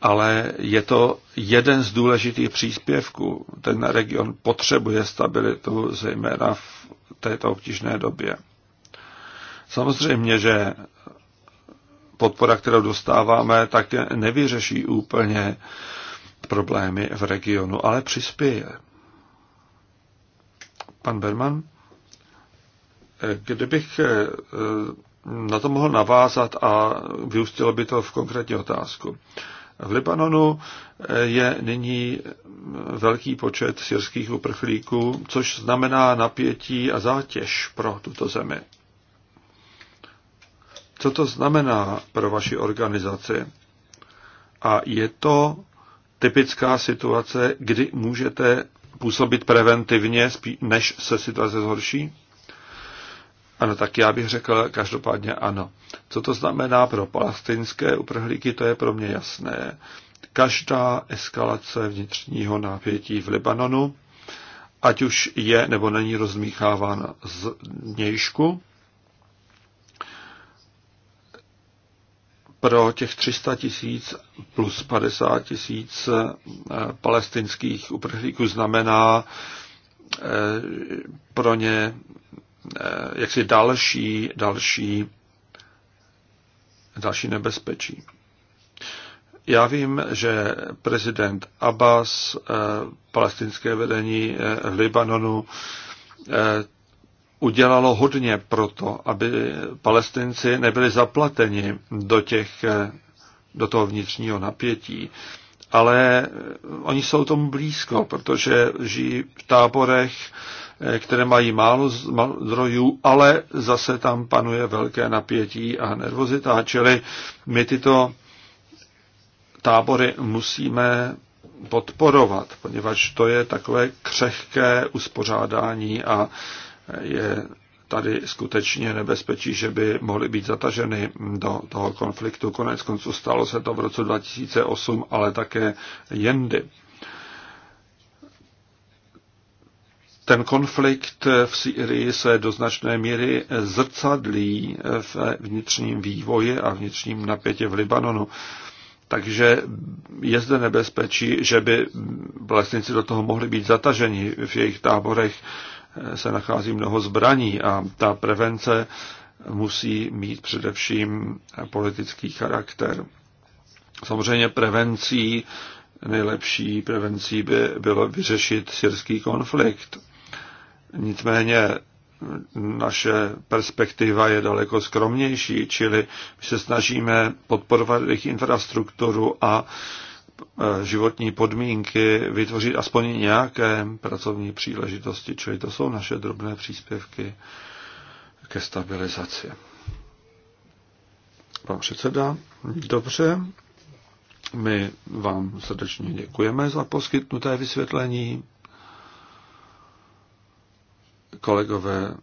A: ale je to jeden z důležitých příspěvků. Ten region potřebuje stabilitu, zejména v této obtížné době. Samozřejmě, že podpora, kterou dostáváme, tak nevyřeší úplně problémy v regionu, ale přispěje. Pan Berman, kdybych eh, na to mohl navázat a vyústilo by to v konkrétní otázku. V Libanonu eh, je nyní velký počet syrských uprchlíků, což znamená napětí a zátěž pro tuto zemi. Co to znamená pro vaši organizaci? A je to typická situace, kdy můžete působit preventivně, než se situace zhorší? Ano, tak já bych řekl každopádně ano. Co to znamená pro palestinské uprchlíky, to je pro mě jasné. Každá eskalace vnitřního napětí v Libanonu, ať už je nebo není rozmícháván z vnějšku, pro těch 300 tisíc plus 50 tisíc eh, palestinských uprchlíků znamená eh, pro ně Eh, jaksi další, další, další nebezpečí. Já vím, že prezident Abbas, eh, palestinské vedení v eh, Libanonu, udělalo hodně proto, aby palestinci nebyli zaplateni do, těch, do toho vnitřního napětí. Ale oni jsou tomu blízko, protože žijí v táborech, Eh, které mají málo zdrojů, ale zase tam panuje velké napětí a nervozita, čili my tyto tábory musíme podporovat, poněvadž to je takové křehké uspořádání a je tady skutečně nebezpečí, že by mohly být zataženy do toho konfliktu. Konec konců stalo se to v roce 2008, ale také jindy. Ten konflikt v Syrii se do značné míry zrcadlí v vnitřním vývoji a vnitřním napětě v Libanonu. Takže je zde nebezpečí, že by vlastníci do toho mohli být zataženi. V jejich táborech se nachází mnoho zbraní a ta prevence musí mít především politický charakter. Samozřejmě prevencí, nejlepší prevencí by bylo vyřešit syrský konflikt. Nicméně naše perspektiva je daleko skromnější, čili my se snažíme podporovat jejich infrastrukturu a e, životní podmínky, vytvořit aspoň nějaké pracovní příležitosti, čili to jsou naše drobné příspěvky ke stabilizaci. Pan předseda, dobře, my vám srdečně děkujeme za poskytnuté vysvětlení kolegové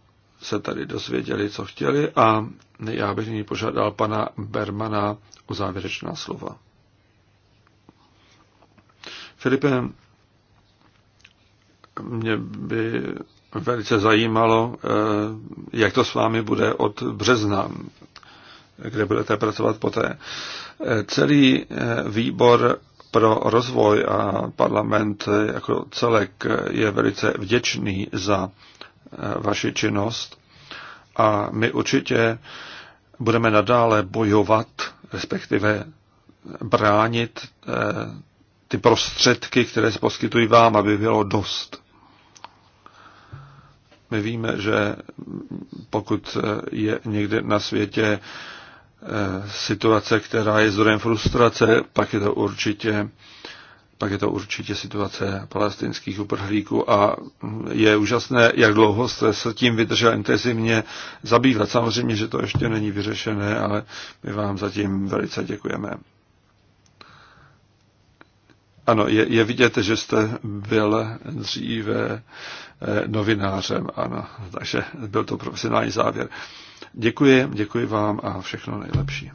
A: se tady dozvěděli, co chtěli a já bych nyní požádal pana Bermana o závěrečná slova. Filipe, mě by velice zajímalo, eh, jak to s vámi bude od března, kde budete pracovat poté. Eh, celý eh, výbor pro rozvoj a parlament jako celek je velice vděčný za Eh, vaši činnost a my určitě budeme nadále bojovat, respektive bránit eh, ty prostředky, které se poskytují vám, aby bylo dost. My víme, že pokud je někde na světě eh, situace, která je zdrojem frustrace, pak je to určitě pak je to určitě situace palestinských uprchlíků a je úžasné, jak dlouho jste se tím vydržel intenzivně zabývat. Samozřejmě, že to ještě není vyřešené, ale my vám zatím velice děkujeme. Ano, je, je vidět, že jste byl dříve eh, novinářem, ano, takže byl to profesionální závěr. Děkuji, děkuji vám a všechno nejlepší.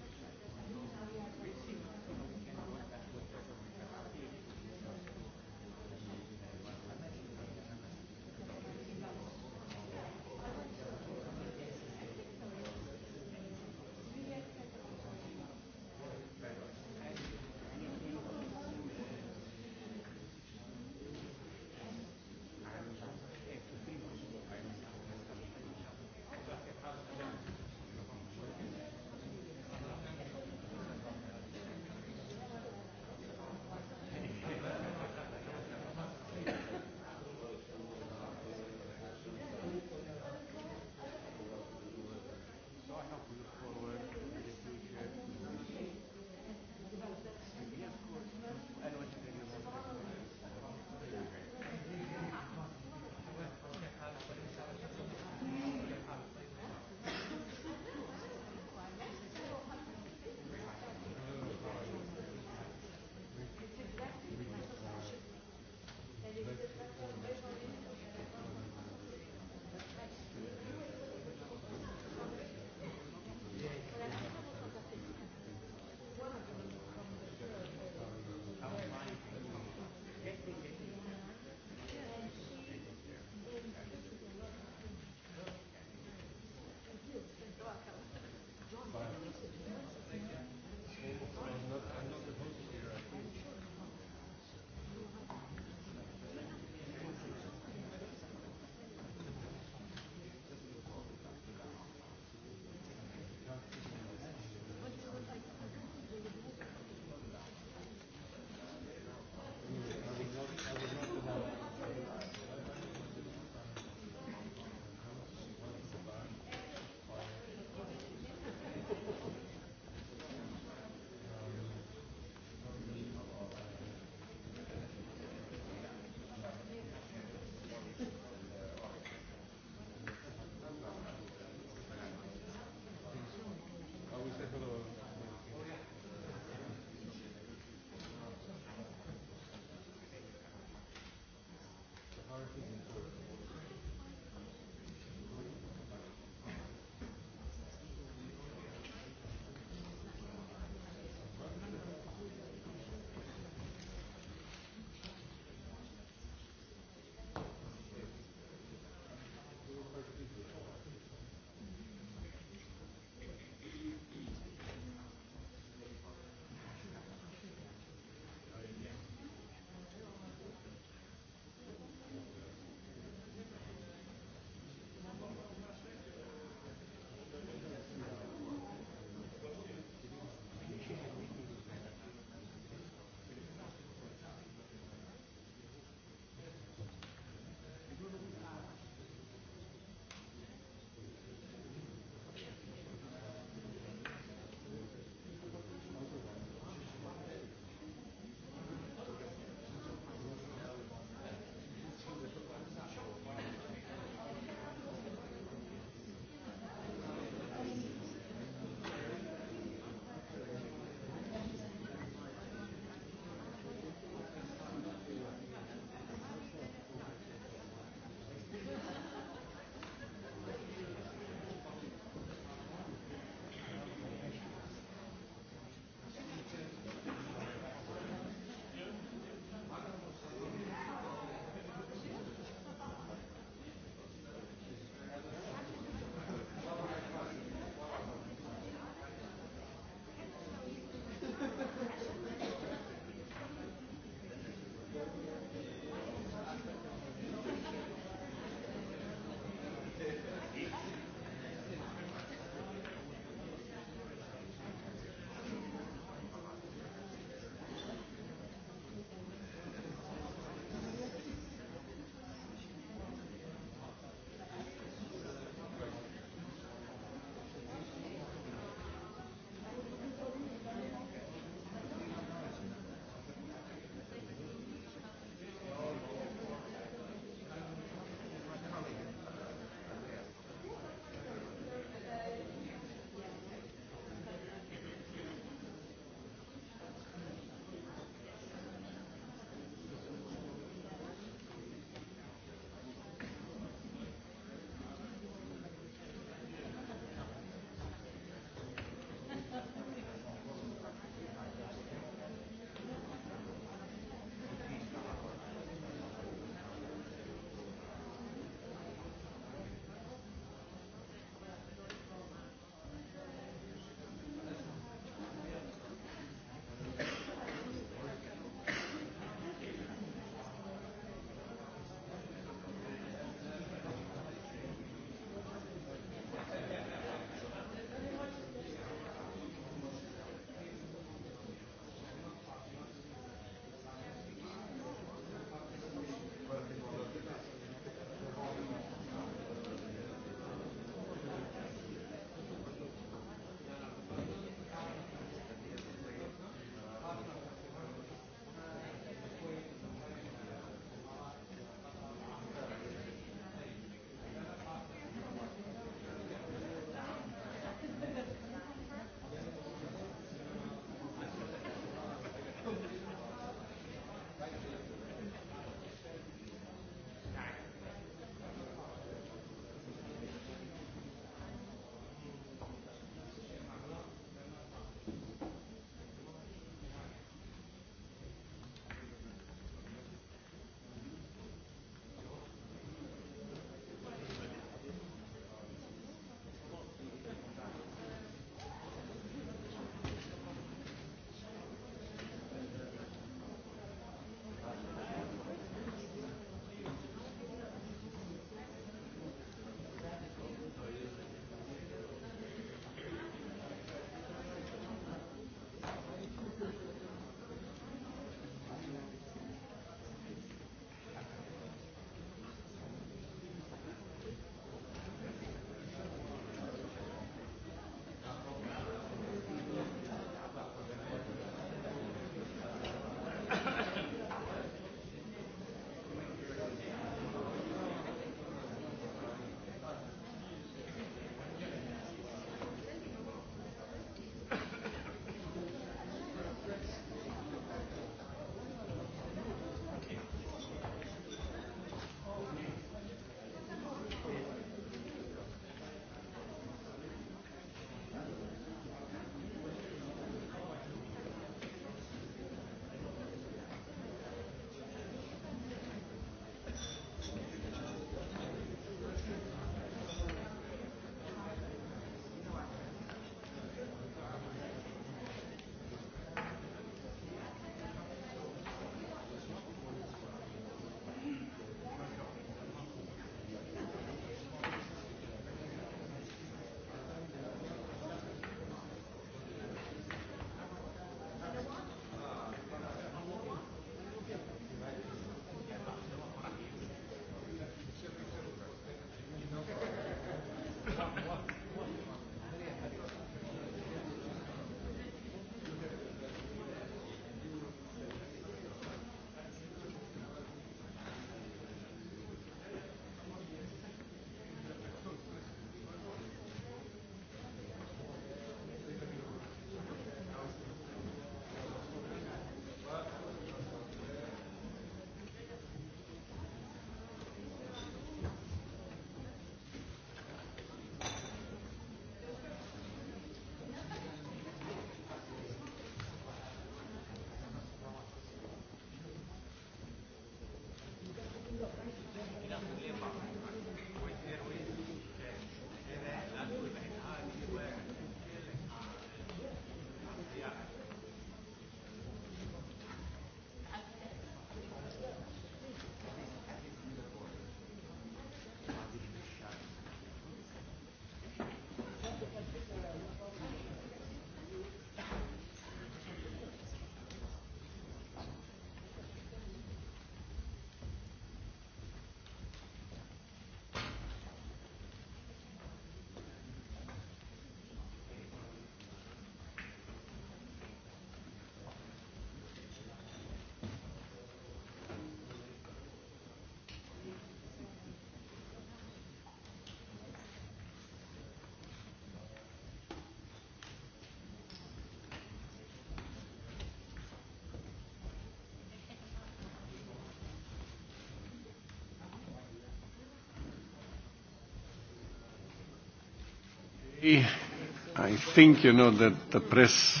B: I think you know that the press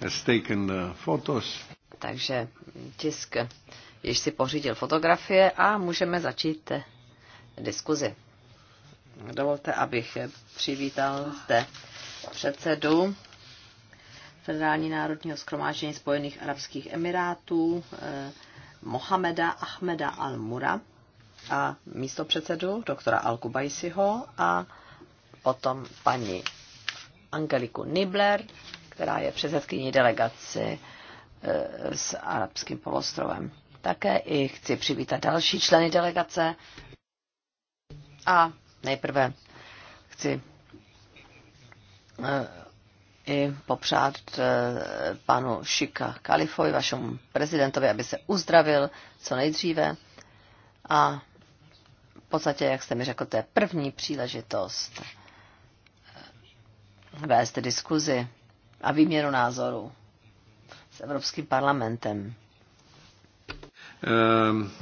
B: has taken the photos. Takže tisk již si pořídil fotografie a můžeme začít diskuzi. Dovolte, abych přivítal zde předsedu Federální národního schromáždění Spojených Arabských Emirátů eh, Mohameda Ahmeda Al-Mura a předsedu doktora Al-Kubajsiho a potom paní Angeliku Nibler, která je předsedkyní delegaci e, s arabským polostrovem. Také i chci přivítat další členy delegace. A nejprve chci e, i popřát e, panu Šika Kalifoj, vašemu prezidentovi, aby se uzdravil co nejdříve. A v podstatě, jak jste mi řekl, to je první příležitost vést diskuzi a výměnu názorů s Evropským parlamentem. Um,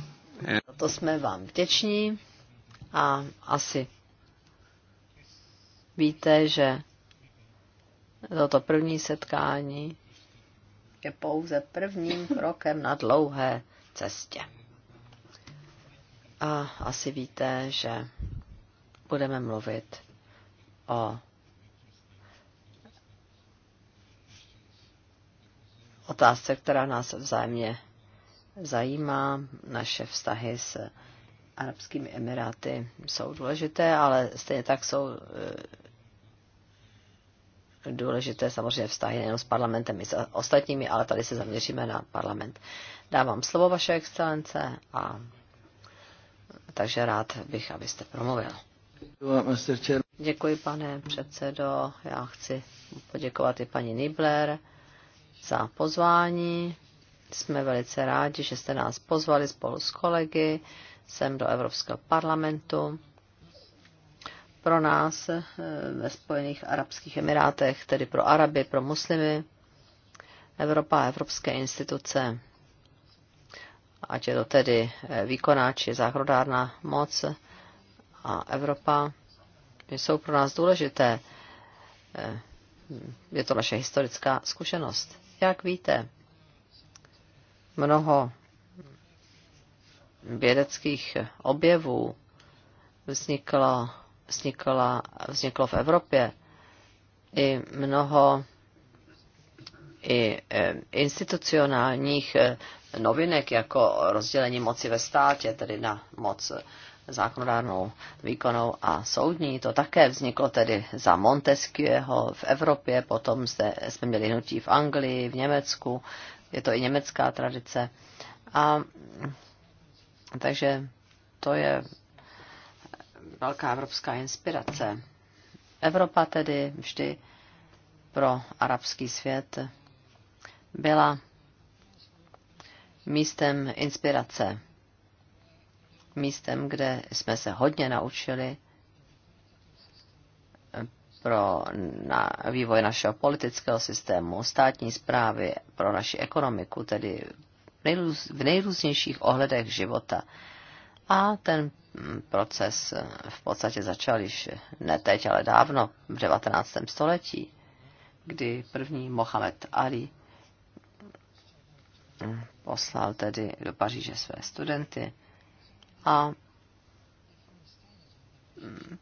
B: ehm, je... Eh. jsme vám vděční a asi víte, že toto první setkání je pouze prvním krokem na dlouhé cestě. A asi víte, že budeme mluvit o otázce, která nás vzájemně zajímá. Naše vztahy s Arabskými Emiráty jsou důležité, ale stejně tak jsou eh, důležité samozřejmě vztahy nejen s parlamentem i s ostatními, ale tady se zaměříme na parlament. Dávám slovo vaše excelence a takže rád bych, abyste promluvil. Děkuji, pane předsedo. Já chci poděkovat i paní Nibler za pozvání. Jsme velice rádi, že jste nás pozvali spolu s kolegy sem do Evropského parlamentu. Pro nás eh, ve Spojených Arabských Emirátech, tedy pro Araby, pro muslimy, Evropa a evropské instituce, ať je to tedy eh, výkonná či zákonodárná moc a Evropa, jsou pro nás důležité. Eh, je to naše historická zkušenost. Jak víte, mnoho vědeckých objevů vzniklo, vzniklo vzniklo v Evropě i mnoho i eh, institucionálních eh, novinek jako rozdělení moci ve státě, tedy na moc zákonodárnou, výkonou a soudní. To také vzniklo tedy za Montesquieho v Evropě, potom zde jsme měli hnutí v Anglii, v Německu, je to i německá tradice. A takže to je velká evropská inspirace. Evropa tedy vždy pro arabský svět byla místem inspirace místem, kde jsme se hodně naučili eh, pro na vývoj našeho politického systému, státní zprávy, pro naši ekonomiku, tedy v, nejrůznějších ohledech života. A ten mm, proces eh, v podstatě začal již ne teď, ale dávno, v 19. století, kdy první Mohamed Ali mm, poslal tedy do Paříže své studenty, a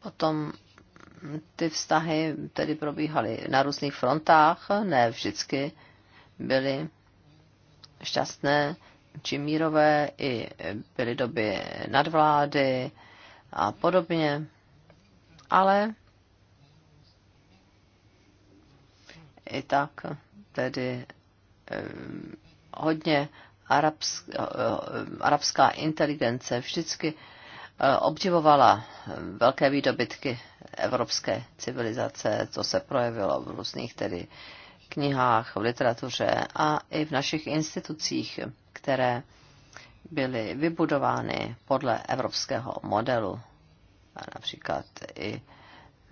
B: potom ty vztahy tedy probíhaly na různých frontách, ne vždycky byly šťastné či mírové, i byly doby nadvlády a podobně. Ale i tak tedy eh, hodně arabsk, eh, eh, arabská inteligence vždycky eh, obdivovala velké výdobytky evropské civilizace, co se projevilo v různých tedy knihách, v literatuře a i v našich institucích, které byly vybudovány podle evropského modelu. A například i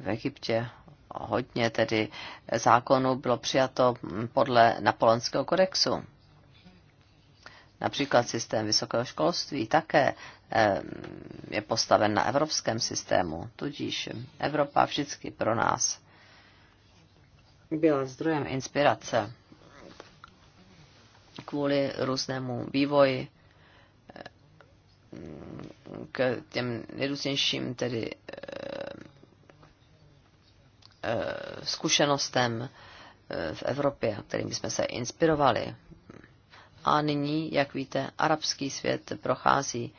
B: v Egyptě hodně tedy zákonů bylo přijato podle Napoleonského kodexu. Například systém vysokého školství také eh, je postaven na evropském systému, tudíž Evropa vždycky pro nás byla zdrojem inspirace kvůli různému vývoji eh, k těm nejrůznějším tedy eh, zkušenostem v Evropě, kterými jsme se inspirovali a nyní, jak víte, arabský svět prochází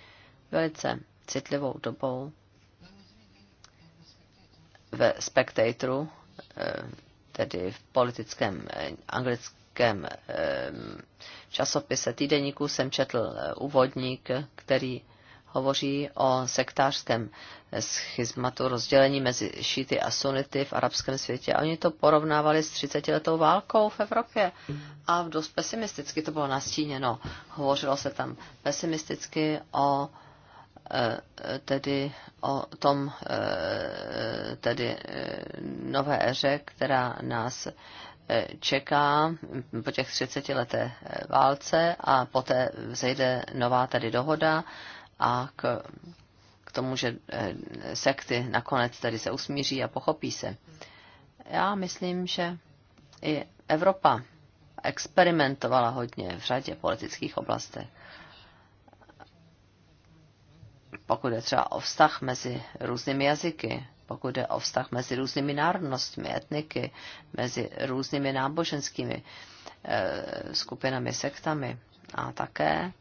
B: velice citlivou dobou. Ve Spectatoru, eh, tedy v politickém eh, anglickém eh, časopise týdeníku, jsem četl úvodník, který hovoří o sektářském schizmatu rozdělení mezi šíty a sunity v arabském světě. Oni to porovnávali s 30-letou válkou v Evropě a dost pesimisticky to bylo nastíněno. Hovořilo se tam pesimisticky o e, tedy o tom e, tedy e, nové éře, která nás čeká po těch 30 leté válce a poté vzejde nová tady dohoda a k, k tomu, že eh, sekty nakonec tady se usmíří a pochopí se. Já myslím, že i Evropa experimentovala hodně v řadě politických oblastech. Pokud je třeba o vztah mezi různými jazyky, pokud je o vztah mezi různými národnostmi, etniky, mezi různými náboženskými e, skupinami, sektami a také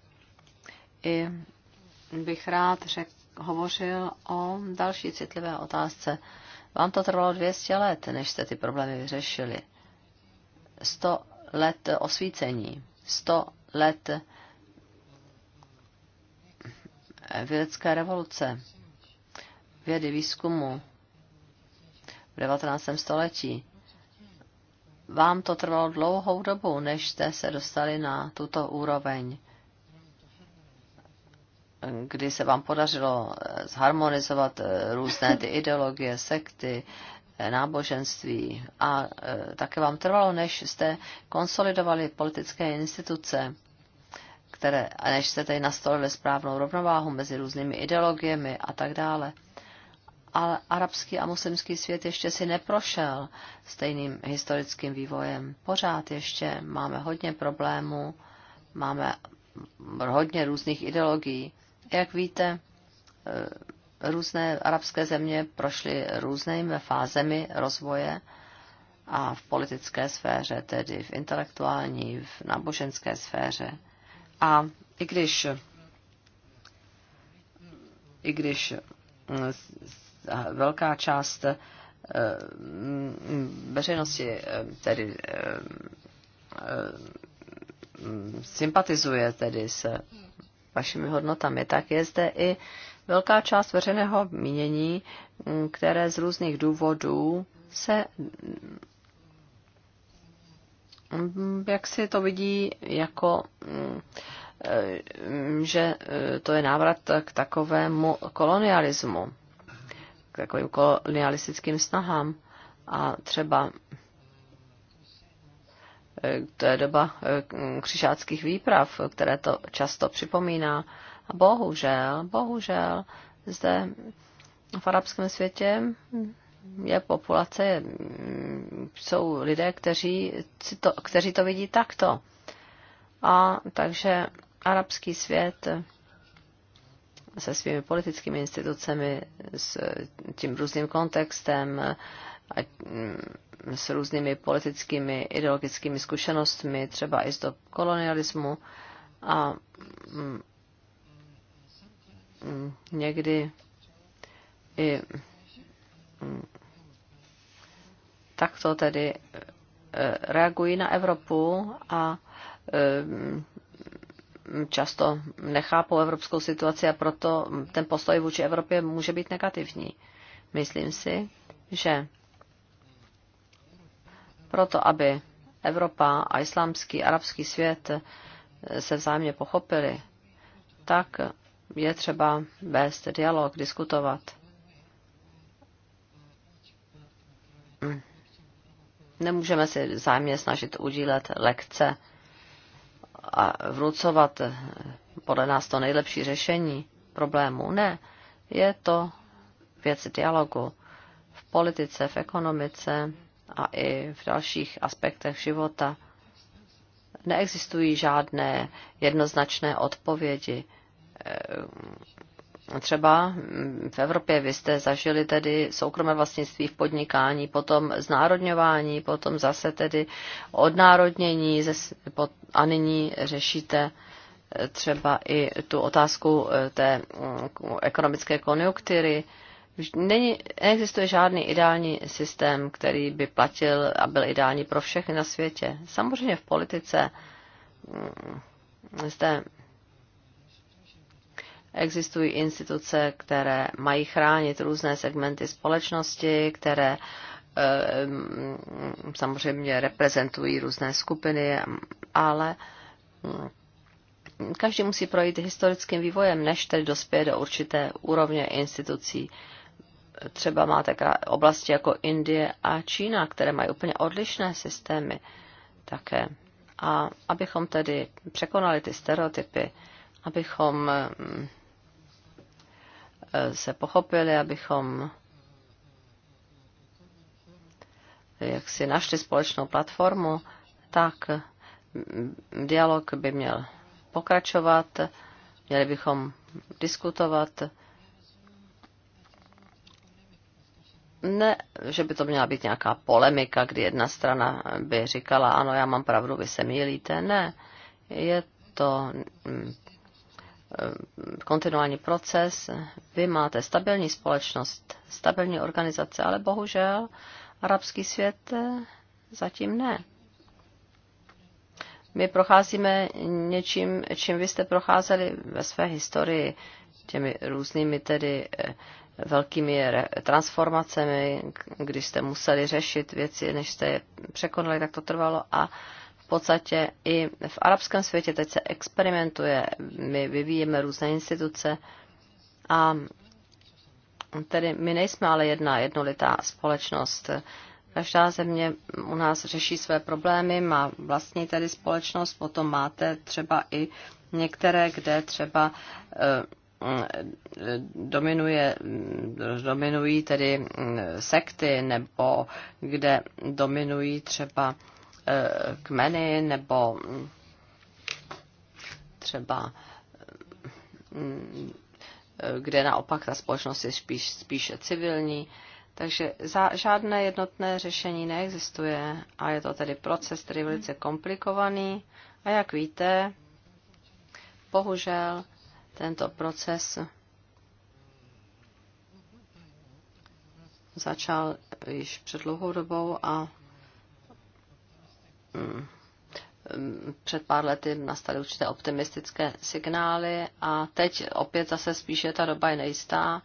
B: i bych rád řek, hovořil o další citlivé otázce. Vám to trvalo 200 let, než jste ty problémy vyřešili. 100 let osvícení, 100 let vědecké revoluce, vědy, výzkumu v 19. století. Vám to trvalo dlouhou dobu, než jste se dostali na tuto úroveň kdy se vám podařilo eh, zharmonizovat eh, různé ty ideologie, sekty, eh, náboženství a také vám trvalo, než jste konsolidovali politické instituce, které, než jste tady nastolili správnou rovnováhu mezi různými ideologiemi a tak dále. Ale arabský a muslimský svět ještě si neprošel stejným historickým vývojem. Pořád ještě máme hodně problémů, máme hodně různých ideologií jak víte, eh, různé arabské země prošly různými fázemi rozvoje a v politické sféře, tedy v intelektuální, v náboženské sféře. A i když, i když eh, velká část eh, mm, veřejnosti tedy mm, sympatizuje tedy s vašimi hodnotami, tak je zde i velká část veřejného mínění, mm, které z různých důvodů se mm, jak si to vidí jako mm, e, že e, to je návrat k takovému kolonialismu, k takovým kolonialistickým snahám. A třeba to je doba eh, křižáckých výprav, které to často připomíná. A bohužel, bohužel, zde v arabském světě je populace, mm, jsou lidé, kteří, to, kteří to vidí takto. A takže arabský svět se svými politickými institucemi, s tím různým kontextem, mm, s různými politickými, ideologickými zkušenostmi, třeba i z do kolonialismu a mm, mm, někdy i mm, takto tedy e, reagují na Evropu a e, často nechápou evropskou situaci a proto ten postoj vůči Evropě může být negativní. Myslím si, že proto aby Evropa a islámský arabský svět eh, se vzájemně pochopili, tak je třeba vést dialog, diskutovat. Nemůžeme si vzájemně snažit udílet lekce a vrucovat eh, podle nás to nejlepší řešení problému. Ne, je to věc dialogu v politice, v ekonomice, a i v dalších aspektech života. Neexistují žádné jednoznačné odpovědi. Ehm, třeba hm, v Evropě vy jste zažili tedy soukromé vlastnictví v podnikání, potom znárodňování, potom zase tedy odnárodnění a nyní řešíte eh, třeba i tu otázku eh, té hm, ekonomické konjunktury Není, neexistuje žádný ideální systém, který by platil a byl ideální pro všechny na světě. Samozřejmě v politice mm, zde existují instituce, které mají chránit různé segmenty společnosti, které e, mm, samozřejmě reprezentují různé skupiny, ale mm, každý musí projít historickým vývojem, než tedy dospěje do určité úrovně institucí třeba máte oblasti jako Indie a Čína, které mají úplně odlišné systémy také. A abychom tedy překonali ty stereotypy, abychom mm, eh, se pochopili, abychom eh, jak si našli společnou platformu, tak mm, dialog by měl pokračovat, měli bychom diskutovat ne, že by to měla být nějaká polemika, kdy jedna strana by říkala, ano, já mám pravdu, vy se mýlíte. Ne, je to mm, mm, kontinuální proces. Vy máte stabilní společnost, stabilní organizace, ale bohužel arabský svět eh, zatím ne. My procházíme něčím, čím vy jste procházeli ve své historii, těmi různými tedy eh, velkými transformacemi, když jste museli řešit věci, než jste je překonali, tak to trvalo a v podstatě i v arabském světě teď se experimentuje, my vyvíjíme různé instituce a tedy my nejsme ale jedna jednolitá společnost. Každá země u nás řeší své problémy, má vlastní tedy společnost, potom máte třeba i některé, kde třeba eh, dominuje, dominují tedy sekty nebo kde dominují třeba eh, kmeny nebo třeba eh, kde naopak ta společnost je spíš, spíše civilní. Takže za, žádné jednotné řešení neexistuje a je to tedy proces, který je velice komplikovaný. A jak víte, bohužel tento proces začal již před dlouhou dobou a mm, mm, před pár lety nastaly určité optimistické signály a teď opět zase spíše ta doba je nejistá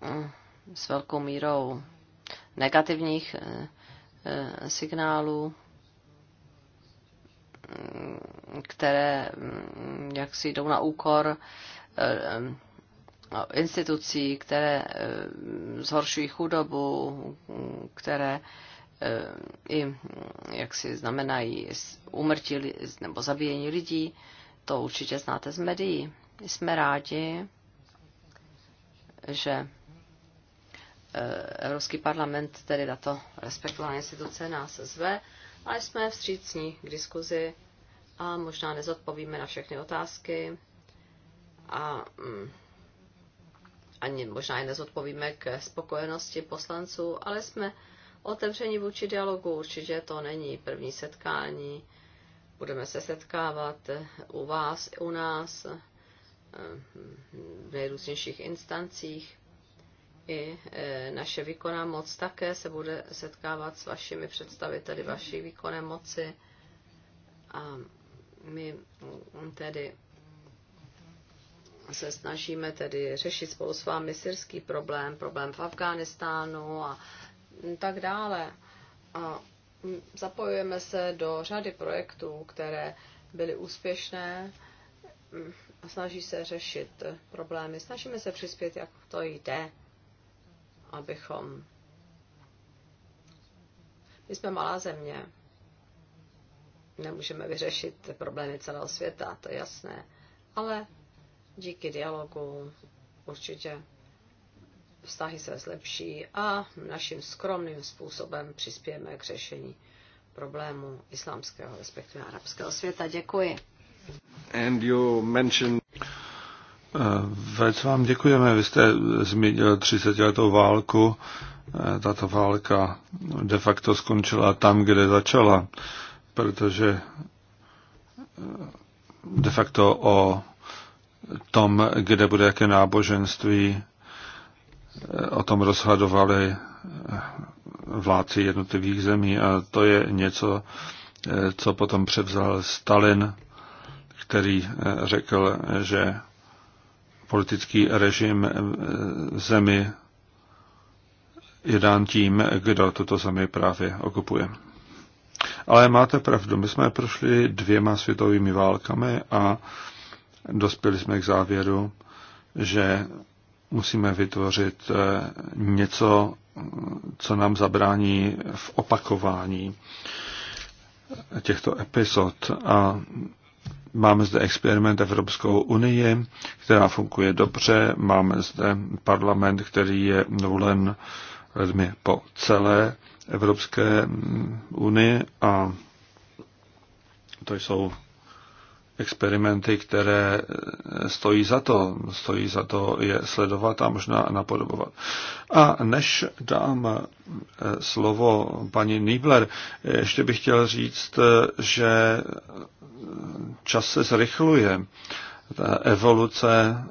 B: mm, s velkou mírou negativních eh, eh, signálů které mm, jak si jdou na úkor eh, eh, institucí, které eh, zhoršují chudobu, které i jak si znamenají umrtí nebo zabíjení lidí, to určitě znáte z médií. Jsme rádi, že Evropský parlament, tedy tato respektovaná instituce, nás zve ale jsme vstřícní k diskuzi a možná nezodpovíme na všechny otázky a mm, ani možná je nezodpovíme k spokojenosti poslanců, ale jsme otevření vůči dialogu. Určitě to není první setkání. Budeme se setkávat u vás, u nás, eh, v nejrůznějších instancích i e, naše výkonná moc také se bude setkávat s vašimi představiteli vaší výkonné moci a my tedy se snažíme tedy řešit spolu s vámi syrský problém, problém v Afghánistánu a tak dále. A zapojujeme se do řady projektů, které byly úspěšné a snaží se řešit problémy. Snažíme se přispět, jak to jde abychom. My jsme malá země. Nemůžeme vyřešit problémy celého světa, to je jasné. Ale díky dialogu určitě vztahy se zlepší a naším skromným způsobem přispějeme k řešení problému islámského, respektive arabského světa. Děkuji.
A: And you mentioned... Velice vám děkujeme. Vy jste zmínil 30 letou válku. Tato válka de facto skončila tam, kde začala, protože de facto o tom, kde bude jaké náboženství, o tom rozhodovali vládci jednotlivých zemí a to je něco, co potom převzal Stalin, který řekl, že politický režim zemi je dán tím, kdo tuto zemi právě okupuje. Ale máte pravdu, my jsme prošli dvěma světovými válkami a dospěli jsme k závěru, že musíme vytvořit eh, něco, co nám zabrání v opakování těchto epizod. A Máme zde experiment Evropskou unii, která funguje dobře. Máme zde parlament, který je volen lidmi po celé Evropské unii a to jsou experimenty, které stojí za to, stojí za to je sledovat a možná napodobovat. A než dám eh, slovo paní Niebler, ještě bych chtěl říct, eh, že čas se zrychluje. Ta evoluce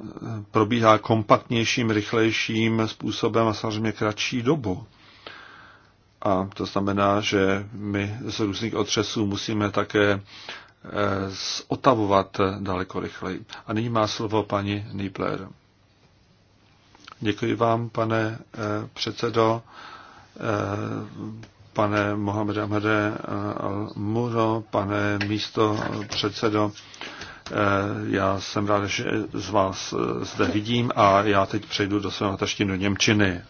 A: probíhá kompaktnějším, rychlejším způsobem a samozřejmě kratší dobu. A to znamená, že my z různých otřesů musíme také eh, zotavovat daleko rychleji. A nyní má slovo paní Niebler. Děkuji vám, pane eh, předsedo. Eh, pane Mohamed Amade Al-Muro, pane místo předsedo. Eh, já jsem rád, že z vás eh, zde vidím a já teď přejdu do svého do Němčiny.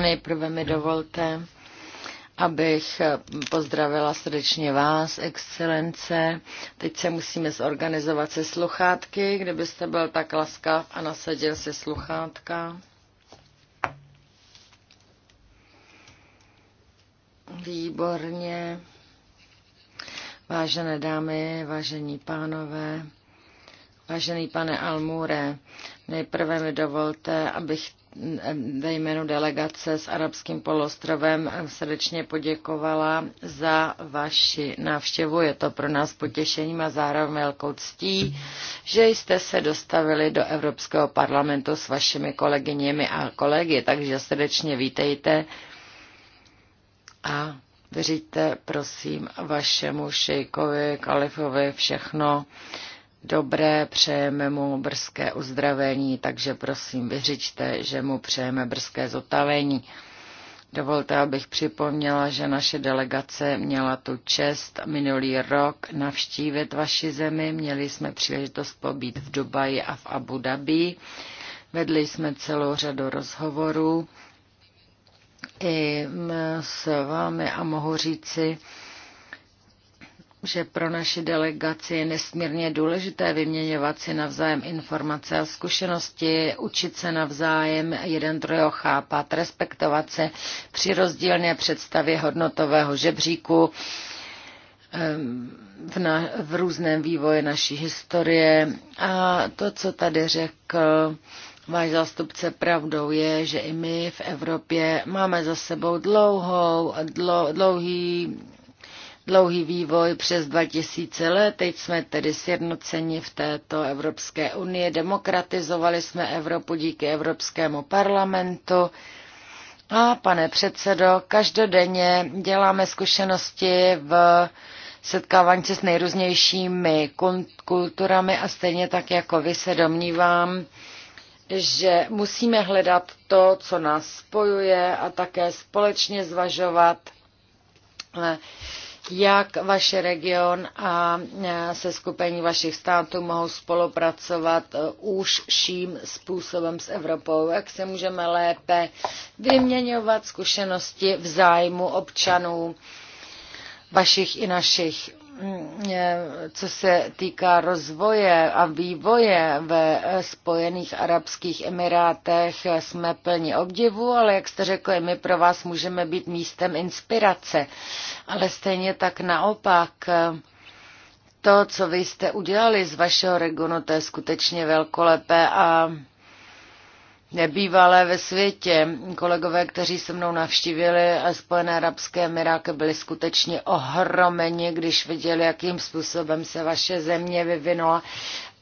C: Nejprve mi dovolte, abych eh, pozdravila srdečně vás, excelence. Teď se musíme zorganizovat se sluchátky, kdybyste byl tak laskav a nasadil si sluchátka. Výborně. Vážené dámy, vážení pánové, vážený pane Almure, nejprve mi dovolte, abych ve jménu delegace s arabským polostrovem srdečně poděkovala za vaši návštěvu. Je to pro nás potěšením a zároveň velkou ctí, že jste se dostavili do Evropského parlamentu s vašimi kolegyněmi a kolegy, takže srdečně vítejte a věříte, prosím, vašemu šejkovi, kalifovi všechno dobré, přejeme mu brzké uzdravení, takže prosím, vyřiďte, že mu přejeme brzké zotavení. Dovolte, abych připomněla, že naše delegace měla tu čest minulý rok navštívit vaši zemi. Měli jsme příležitost pobít v Dubaji a v Abu Dhabi. Vedli jsme celou řadu rozhovorů i s vámi a mohu říci, že pro naši delegaci je nesmírně důležité vyměňovat si navzájem informace a zkušenosti, učit se navzájem, jeden druhého chápat, respektovat se při rozdílné představě hodnotového žebříku ehm, v, na, v různém vývoji naší historie. A to, co tady řekl Váš zástupce pravdou je, že i my v Evropě máme za sebou dlouhou, dlo, dlouhý, dlouhý vývoj přes 2000 let. Teď jsme tedy sjednoceni v této Evropské unii. Demokratizovali jsme Evropu díky Evropskému parlamentu. A pane předsedo, každodenně děláme zkušenosti v setkávání se s nejrůznějšími kulturami a stejně tak jako vy se domnívám, že musíme hledat to, co nás spojuje a také společně zvažovat, eh, jak vaše region a eh, se skupení vašich států mohou spolupracovat eh, ším způsobem s Evropou, jak se můžeme lépe vyměňovat zkušenosti v zájmu občanů vašich i našich. Mm, co se týká rozvoje a vývoje ve Spojených Arabských Emirátech, jsme plni obdivu, ale jak jste řekl, my pro vás můžeme být místem inspirace. Ale stejně tak naopak, to, co vy jste udělali z vašeho regionu, to je skutečně velkolepé a nebývalé ve světě. Kolegové, kteří se mnou navštívili Spojené arabské Emiráty, byli skutečně ohromeni, když viděli, jakým způsobem se vaše země vyvinula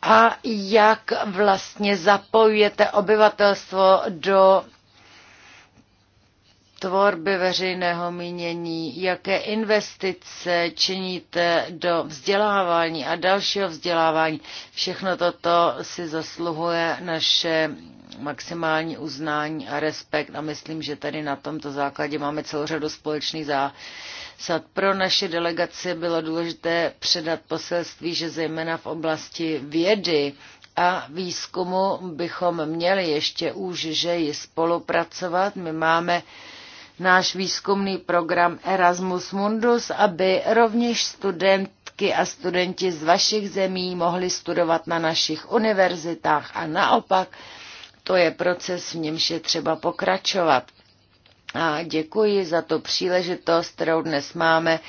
C: a jak vlastně zapojujete obyvatelstvo do tvorby veřejného mínění, jaké investice činíte do vzdělávání a dalšího vzdělávání. Všechno toto si zasluhuje naše maximální uznání a respekt a myslím, že tady na tomto základě máme celou řadu společných zásad. Pro naše delegaci bylo důležité předat poselství, že zejména v oblasti vědy a výzkumu bychom měli ještě už, že ji spolupracovat. My máme náš výzkumný program Erasmus Mundus, aby rovněž studentky a studenti z vašich zemí mohli studovat na našich univerzitách a naopak. To je proces, v němž je třeba pokračovat. A děkuji za tu příležitost, kterou dnes máme,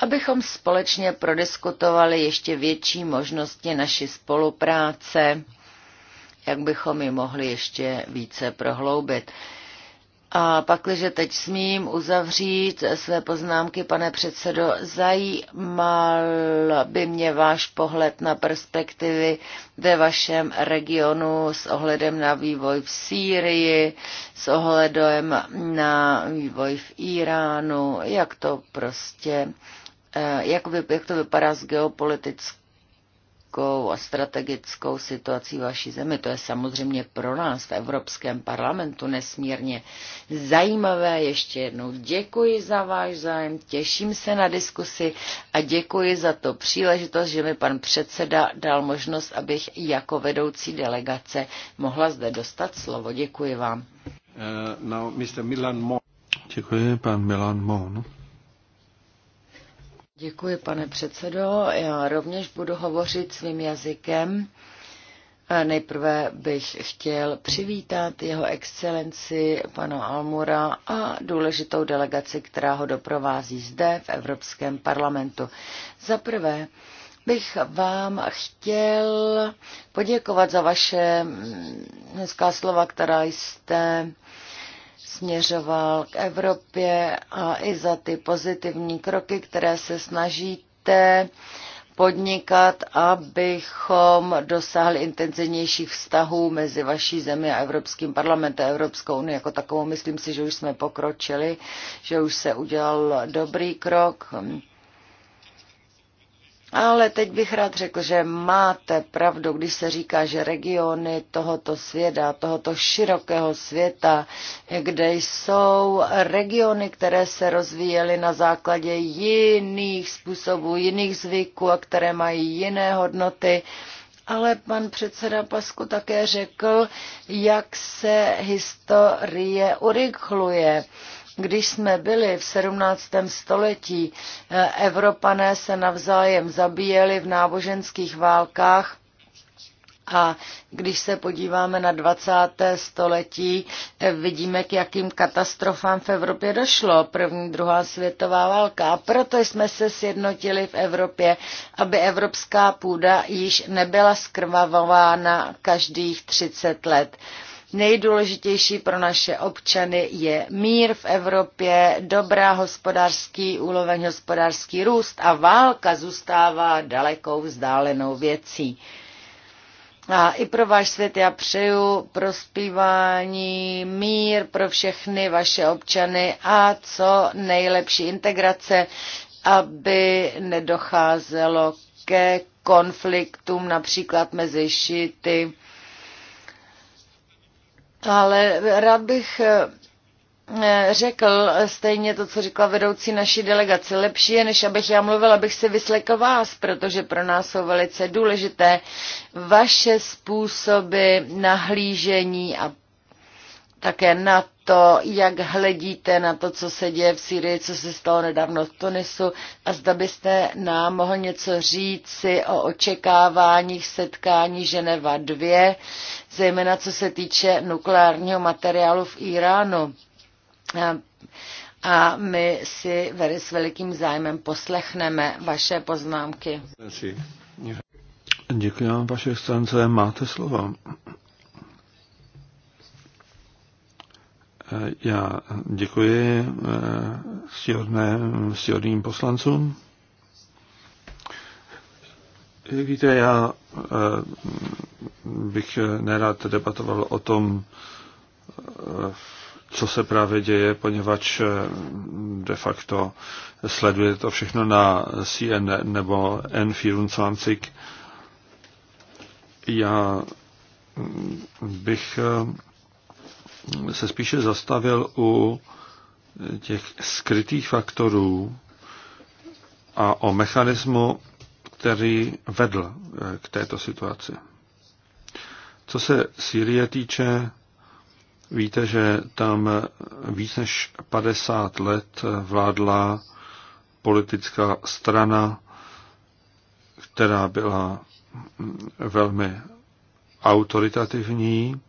C: abychom společně prodiskutovali ještě větší možnosti naší spolupráce, jak bychom ji mohli ještě více prohloubit. A pak, pakliže teď smím uzavřít své poznámky, pane předsedo, zajímal by mě váš pohled na perspektivy ve vašem regionu s ohledem na vývoj v Sýrii, s ohledem na vývoj v Iránu, jak to prostě, eh, jak, vy, jak to vypadá z geopolitického politickou a strategickou situací vaší zemi. To je samozřejmě pro nás v Evropském parlamentu nesmírně zajímavé. Ještě jednou děkuji za váš zájem, těším se na diskusi a děkuji za to příležitost, že mi pan předseda dal možnost, abych jako vedoucí delegace mohla zde dostat slovo. Děkuji vám. Uh,
A: now Mr. Milan Mon. Děkuji, pan Milan Mon.
C: Děkuji, pane předsedo. Já rovněž budu hovořit svým jazykem. Nejprve bych chtěl přivítat jeho excelenci pana Almura a důležitou delegaci, která ho doprovází zde v Evropském parlamentu. Za prvé bych vám chtěl poděkovat za vaše mm, hezká slova, která jste směřoval k Evropě a i za ty pozitivní kroky, které se snažíte podnikat, abychom dosáhli intenzivnějších vztahů mezi vaší zemi a Evropským parlamentem a Evropskou unii jako takovou. Myslím si, že už jsme pokročili, že už se udělal dobrý krok. Ale teď bych rád řekl, že máte pravdu, když se říká, že regiony tohoto světa, tohoto širokého světa, kde jsou regiony, které se rozvíjely na základě jiných způsobů, jiných zvyků a které mají jiné hodnoty, ale pan předseda Pasku také řekl, jak se historie urychluje když jsme byli v 17. století, eh, Evropané se navzájem zabíjeli v náboženských válkách a když se podíváme na 20. století, eh, vidíme, k jakým katastrofám v Evropě došlo. První, druhá světová válka. A proto jsme se sjednotili v Evropě, aby evropská půda již nebyla skrvavována každých 30 let. Nejdůležitější pro naše občany je mír v Evropě, dobrá hospodářský úloveň, hospodářský růst a válka zůstává dalekou vzdálenou věcí. A i pro váš svět já přeju prospívání, mír pro všechny vaše občany a co nejlepší integrace, aby nedocházelo ke konfliktům například mezi šity ale rád bych eh, eh, řekl stejně to, co říkala vedoucí naší delegace. Lepší je, než abych já mluvil, abych se vyslekl vás, protože pro nás jsou velice důležité vaše způsoby nahlížení a také na to, jak hledíte na to, co se děje v Syrii, co se stalo nedávno v Tunisu a zda byste nám mohl něco říct si o očekáváních setkání Ženeva 2, zejména co se týče nukleárního materiálu v Iránu. A, a my si veli s velikým zájmem poslechneme vaše poznámky.
A: Děkuji vám, vaše excelence. Máte slovo. Já děkuji stěhodným eh, poslancům. Jak víte, já eh, bych nerad debatoval o tom, eh, co se právě děje, poněvadž de facto sleduje to všechno na CNN nebo N24. Já bych se spíše zastavil u těch skrytých faktorů a o mechanismu, který vedl eh, k této situaci. Co se Sýrie týče, víte, že tam víc než 50 let vládla politická strana, která byla mm, velmi autoritativní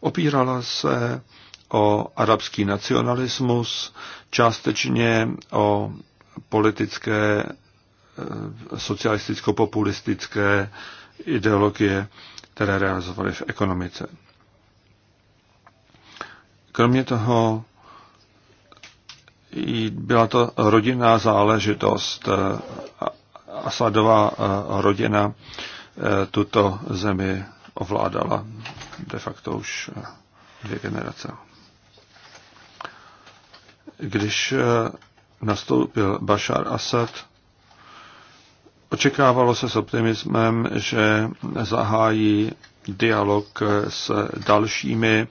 A: Opírala se o arabský nacionalismus, částečně o politické eh, socialisticko-populistické ideologie, které realizovaly v ekonomice. Kromě toho byla to rodinná záležitost. Eh, Asadová eh, rodina tuto zemi ovládala de facto už eh, dvě generace. Když eh, nastoupil Bashar Assad, očekávalo se s optimismem, že zahájí dialog eh, s dalšími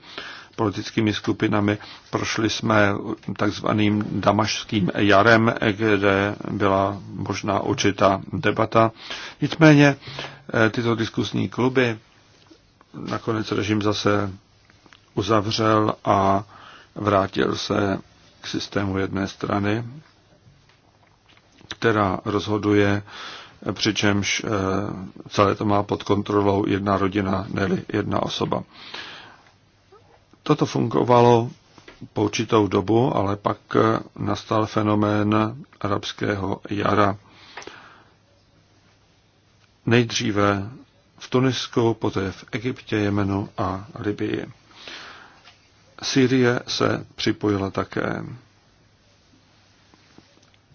A: politickými skupinami. Prošli jsme takzvaným damašským jarem, kde byla možná určitá debata. Nicméně tyto diskusní kluby nakonec režim zase uzavřel a vrátil se k systému jedné strany, která rozhoduje, přičemž eh, celé to má pod kontrolou jedna rodina, ne jedna osoba. Toto fungovalo po určitou dobu, ale pak eh, nastal fenomén arabského jara. Nejdříve v Tunisku, poté v Egyptě, Jemenu a Libii. Sýrie se připojila také.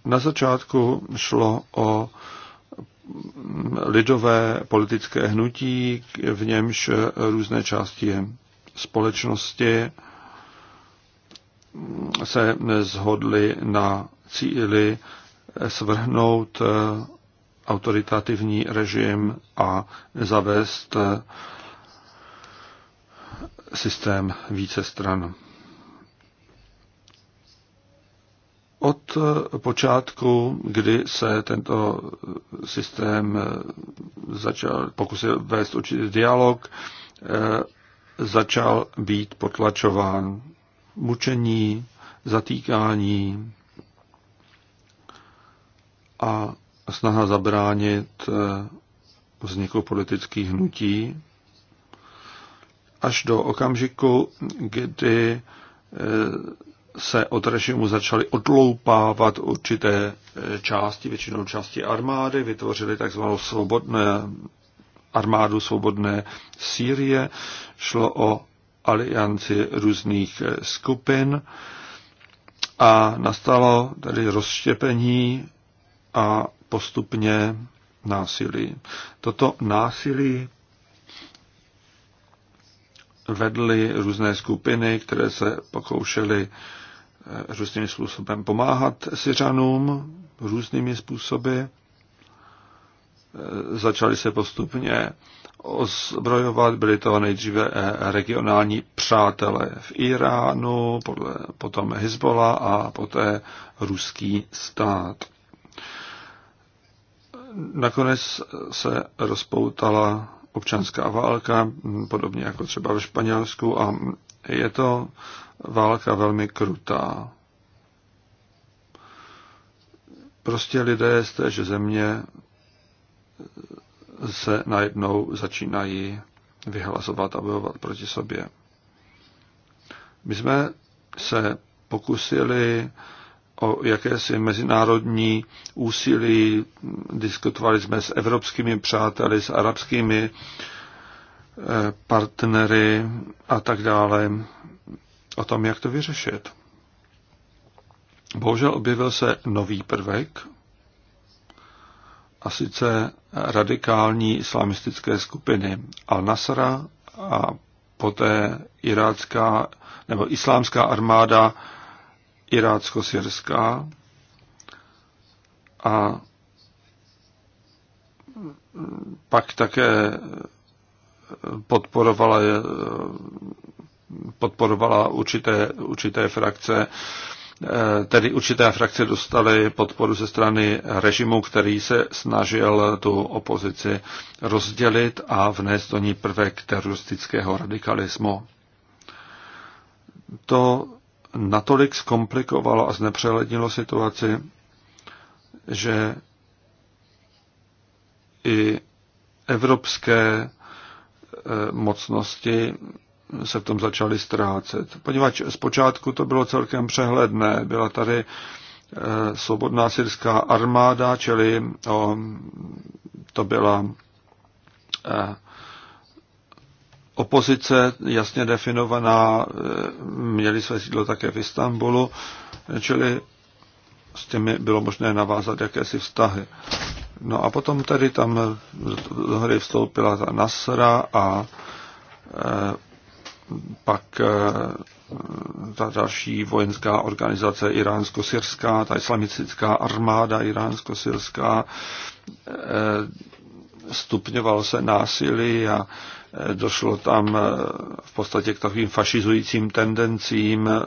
A: Na začátku šlo o lidové politické hnutí, v němž různé části společnosti se zhodly na cíli svrhnout autoritativní režim a zavést eh, systém více stran. Od počátku, kdy se tento systém eh, začal pokusil vést určitý dialog, eh, začal být potlačován mučení, zatýkání a snaha zabránit eh, vzniku politických hnutí až do okamžiku, kdy eh, se od režimu začaly odloupávat určité eh, části, většinou části armády, vytvořili takzvanou svobodné armádu svobodné Sýrie, šlo o alianci různých skupin a nastalo tedy rozštěpení a postupně násilí. Toto násilí vedly různé skupiny, které se pokoušely eh, různým způsobem pomáhat Syřanům, různými způsoby. Eh, začaly se postupně ozbrojovat, byly to nejdříve eh, regionální přátelé v Iránu, potom Hezbollah a poté ruský stát nakonec se rozpoutala občanská válka, podobně jako třeba ve Španělsku, a je to válka velmi krutá. Prostě lidé z téže země se najednou začínají vyhlazovat a bojovat proti sobě. My jsme se pokusili o jakési mezinárodní úsilí. Diskutovali jsme s evropskými přáteli, s arabskými eh, partnery a tak dále o tom, jak to vyřešit. Bohužel objevil se nový prvek, a sice radikální islamistické skupiny Al-Nasra a poté irácká nebo islámská armáda irácko-syrská a pak také podporovala, podporovala určité, určité frakce, tedy určité frakce dostaly podporu ze strany režimu, který se snažil tu opozici rozdělit a vnést do ní prvek teroristického radikalismu. To natolik zkomplikovalo a znepřehlednilo situaci, že i evropské e, mocnosti se v tom začaly ztrácet. Poněvadž zpočátku to bylo celkem přehledné. Byla tady e, svobodná syrská armáda, čili to byla e, opozice, jasně definovaná, eh, měli své sídlo také v Istanbulu, eh, čili s těmi bylo možné navázat jakési vztahy. No a potom tedy tam do hry vstoupila ta Nasra a eh, pak ta další vojenská organizace iránsko-syrská, ta islamistická armáda iránsko-syrská, stupňoval se násilí a Došlo tam eh, v podstatě k takovým fašizujícím tendencím eh,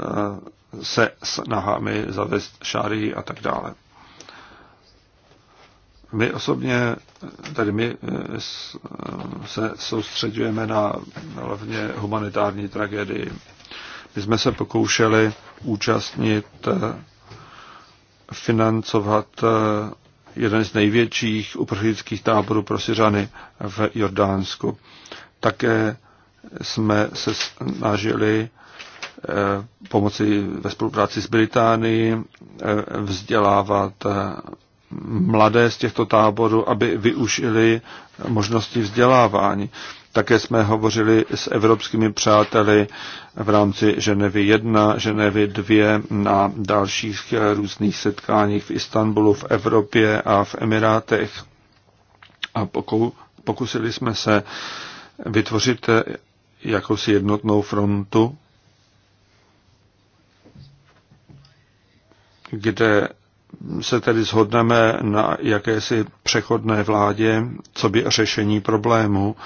A: se snahami zavést šáry a tak dále. My osobně, tady my eh, se soustředujeme na hlavně humanitární tragédii. My jsme se pokoušeli účastnit, financovat jeden z největších uprchlických táborů pro Syřany v Jordánsku. Také jsme se snažili eh, pomoci ve spolupráci s Británií eh, vzdělávat eh, mladé z těchto táborů, aby využili možnosti vzdělávání. Také jsme hovořili s evropskými přáteli v rámci Ženevy 1, Ženevy 2 na dalších různých setkáních v Istanbulu, v Evropě a v Emirátech. A pokusili jsme se vytvořit eh, jakousi jednotnou frontu, kde se tedy shodneme na jakési přechodné vládě, co by řešení problému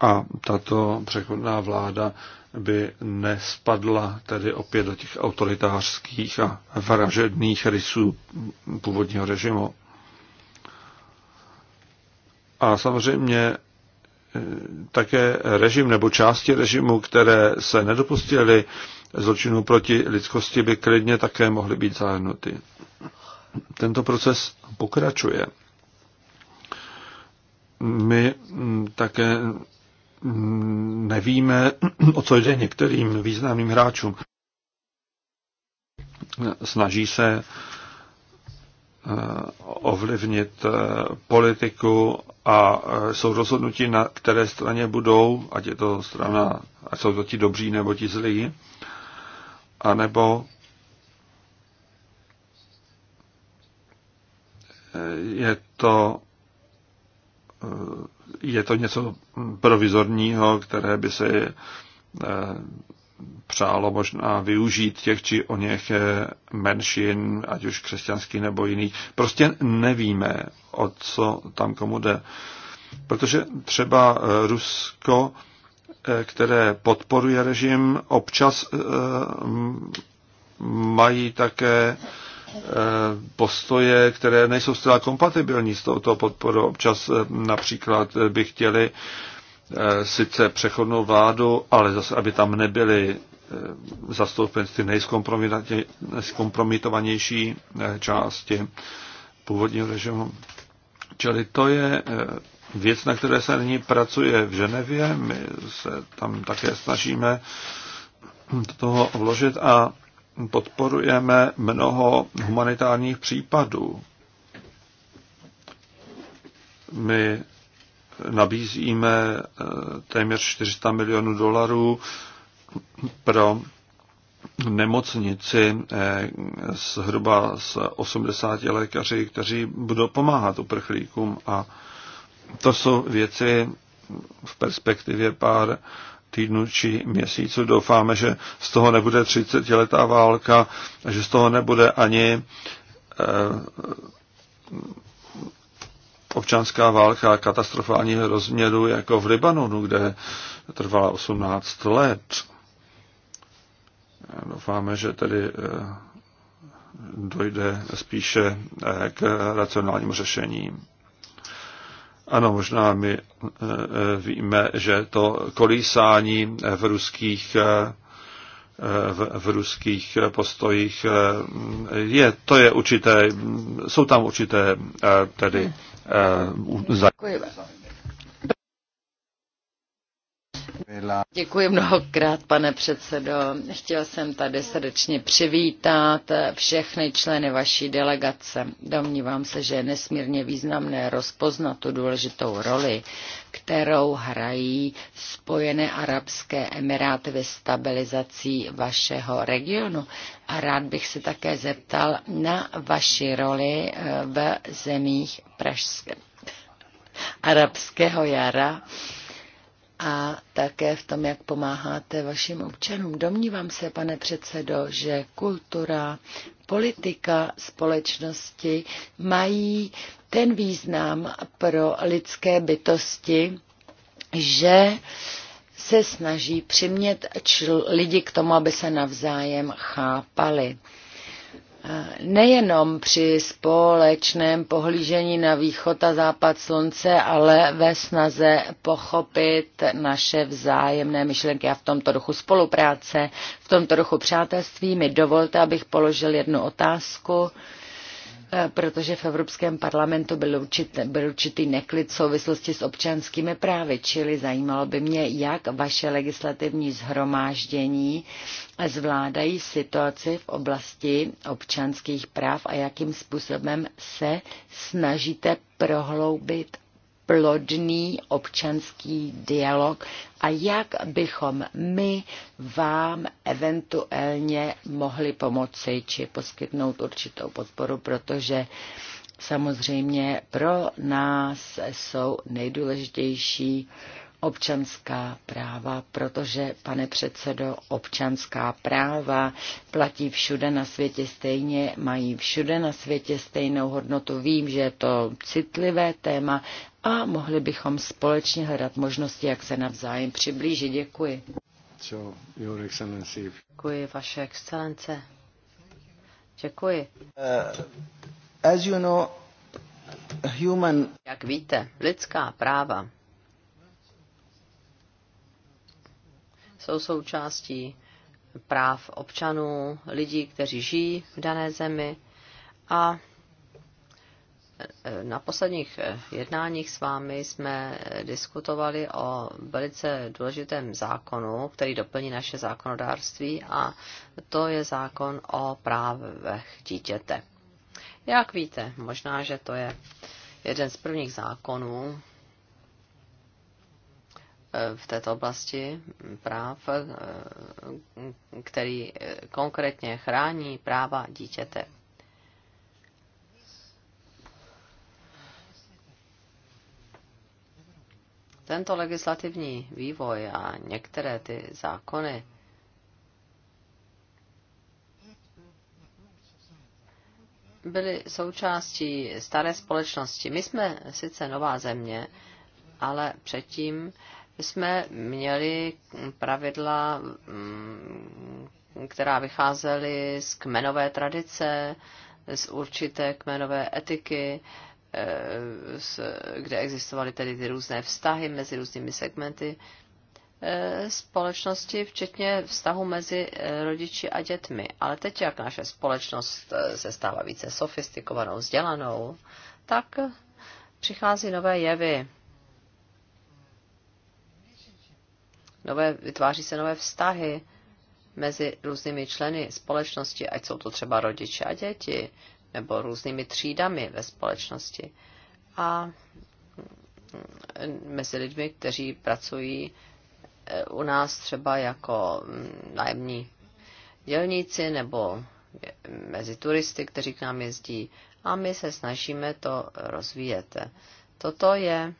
A: a tato přechodná vláda by nespadla tedy opět do těch autoritářských a vražedných rysů původního režimu. A samozřejmě také režim nebo části režimu, které se nedopustily zločinů proti lidskosti, by klidně také mohly být zahrnuty. Tento proces pokračuje. My také nevíme, o co jde některým významným hráčům. Snaží se Eh, ovlivnit eh, politiku a eh, jsou rozhodnutí, na které straně budou, ať je to strana, ať jsou to ti dobří nebo ti zlí, anebo je to, je to něco provizorního, které by se přálo možná využít těch či o něch eh, menšin, ať už křesťanský nebo jiný. Prostě nevíme, o co tam komu jde. Protože třeba eh, Rusko, eh, které podporuje režim, občas mají také postoje, které nejsou zcela kompatibilní s touto podporou. Občas například by chtěli Eh, sice přechodnou vládu, ale zase, aby tam nebyly eh, zastoupeny ty nejskompromitovanější eh, části původního režimu. Čili to je věc, na které se nyní pracuje v Ženevě. My se tam také snažíme do toho vložit a podporujeme mnoho humanitárních případů. My nabízíme eh, téměř 400 milionů dolarů pro nemocnici zhruba z 80 lékaři, kteří budou pomáhat uprchlíkům a to jsou věci v perspektivě pár týdnů či měsíců. Doufáme, že z toho nebude 30-letá válka, že z toho nebude ani eh, občanská válka katastrofálního rozměru jako v Libanonu, kde trvala 18 let. Doufáme, že tedy eh, dojde spíše eh, k racionálnímu řešení. Ano, možná my eh, víme, že to kolísání v ruských v, v ruských postojích je, to je určité, jsou tam určité tedy Eh, Děkuji.
C: Děkuji mnohokrát, pane předsedo. Chtěl jsem tady srdečně přivítat všechny členy vaší delegace. Domnívám se, že je nesmírně významné rozpoznat tu důležitou roli, kterou hrají Spojené arabské emiráty ve stabilizací vašeho regionu. A rád bych se také zeptal na vaši roli eh, v zemích pražské, arabského jara a také v tom, jak pomáháte vašim občanům. Domnívám se, pane předsedo, že kultura, politika společnosti mají ten význam pro lidské bytosti, že se snaží přimět lidi k tomu, aby se navzájem chápali nejenom při společném pohlížení na východ a západ slunce, ale ve snaze pochopit naše vzájemné myšlenky a v tomto duchu spolupráce, v tomto duchu přátelství mi dovolte, abych položil jednu otázku Eh, protože v Evropském parlamentu byl určitý, byl určitý neklid v souvislosti s občanskými právy, čili zajímalo by mě, jak vaše legislativní zhromáždění zvládají situaci v oblasti občanských práv a jakým způsobem se snažíte prohloubit plodný občanský dialog a jak bychom my vám eventuálně mohli pomoci či poskytnout určitou podporu, protože samozřejmě pro nás jsou nejdůležitější uh, občanská práva, protože, pane předsedo, občanská práva platí všude na světě stejně, mají všude na světě stejnou hodnotu. Vím, že je to citlivé téma a mohli bychom společně hledat možnosti, jak se navzájem přiblížit. Děkuji. So, your excellency.
B: Děkuji, vaše excelence. Děkuji. Uh, as you know, human... Jak víte, lidská práva jsou součástí práv občanů, lidí, kteří žijí v dané zemi. A e, na posledních e, jednáních s vámi jsme diskutovali o velice důležitém zákonu, který doplní naše zákonodárství a to je zákon o právech dítěte. Jak víte, možná, že to je jeden z prvních zákonů, v této oblasti práv, který konkrétně chrání práva dítěte. Tento legislativní vývoj a některé ty zákony byly součástí staré společnosti. My jsme sice nová země, ale předtím jsme měli pravidla, mm, která vycházely z kmenové tradice, z určité kmenové etiky, eh, kde existovaly tedy ty různé vztahy mezi různými segmenty eh, společnosti, včetně vztahu mezi eh, rodiči a dětmi. Ale teď, jak naše společnost se stává více sofistikovanou, vzdělanou, tak přichází nové jevy, nové, vytváří se nové vztahy mezi různými členy společnosti, ať jsou to třeba rodiče a děti, nebo různými třídami ve společnosti. A mm, mezi lidmi, kteří pracují e, u nás třeba jako mm, nájemní dělníci nebo mezi turisty, kteří k nám jezdí. A my se snažíme to rozvíjet. Toto je,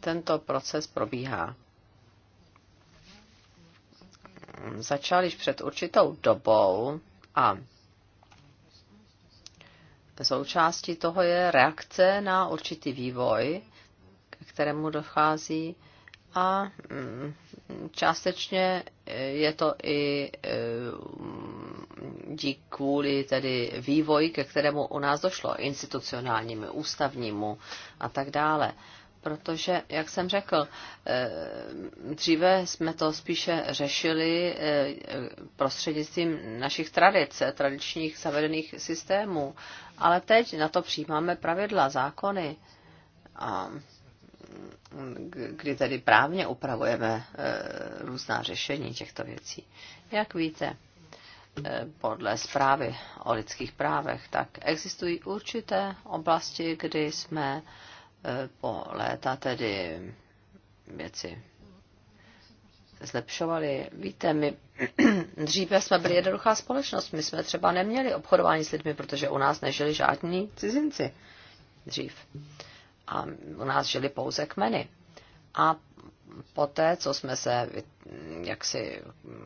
B: tento proces probíhá začal již před určitou dobou a součástí toho je reakce na určitý vývoj, k kterému dochází a mm, částečně je to i mm, díky kvůli tedy vývoji, ke kterému u nás došlo, institucionálnímu, ústavnímu a tak dále protože, jak jsem řekl, eh, dříve jsme to spíše řešili eh, prostřednictvím našich tradic, tradičních zavedených systémů, ale teď na to přijímáme pravidla, zákony, a kdy tedy právně upravujeme eh, různá řešení těchto věcí. Jak víte, podle zprávy o lidských právech, tak existují určité oblasti, kdy jsme po léta tedy věci zlepšovaly. Víte, my dříve jsme byli jednoduchá společnost. My jsme třeba neměli obchodování s lidmi, protože u nás nežili žádní cizinci dřív. A u nás žili pouze kmeny. A poté, co jsme se jaksi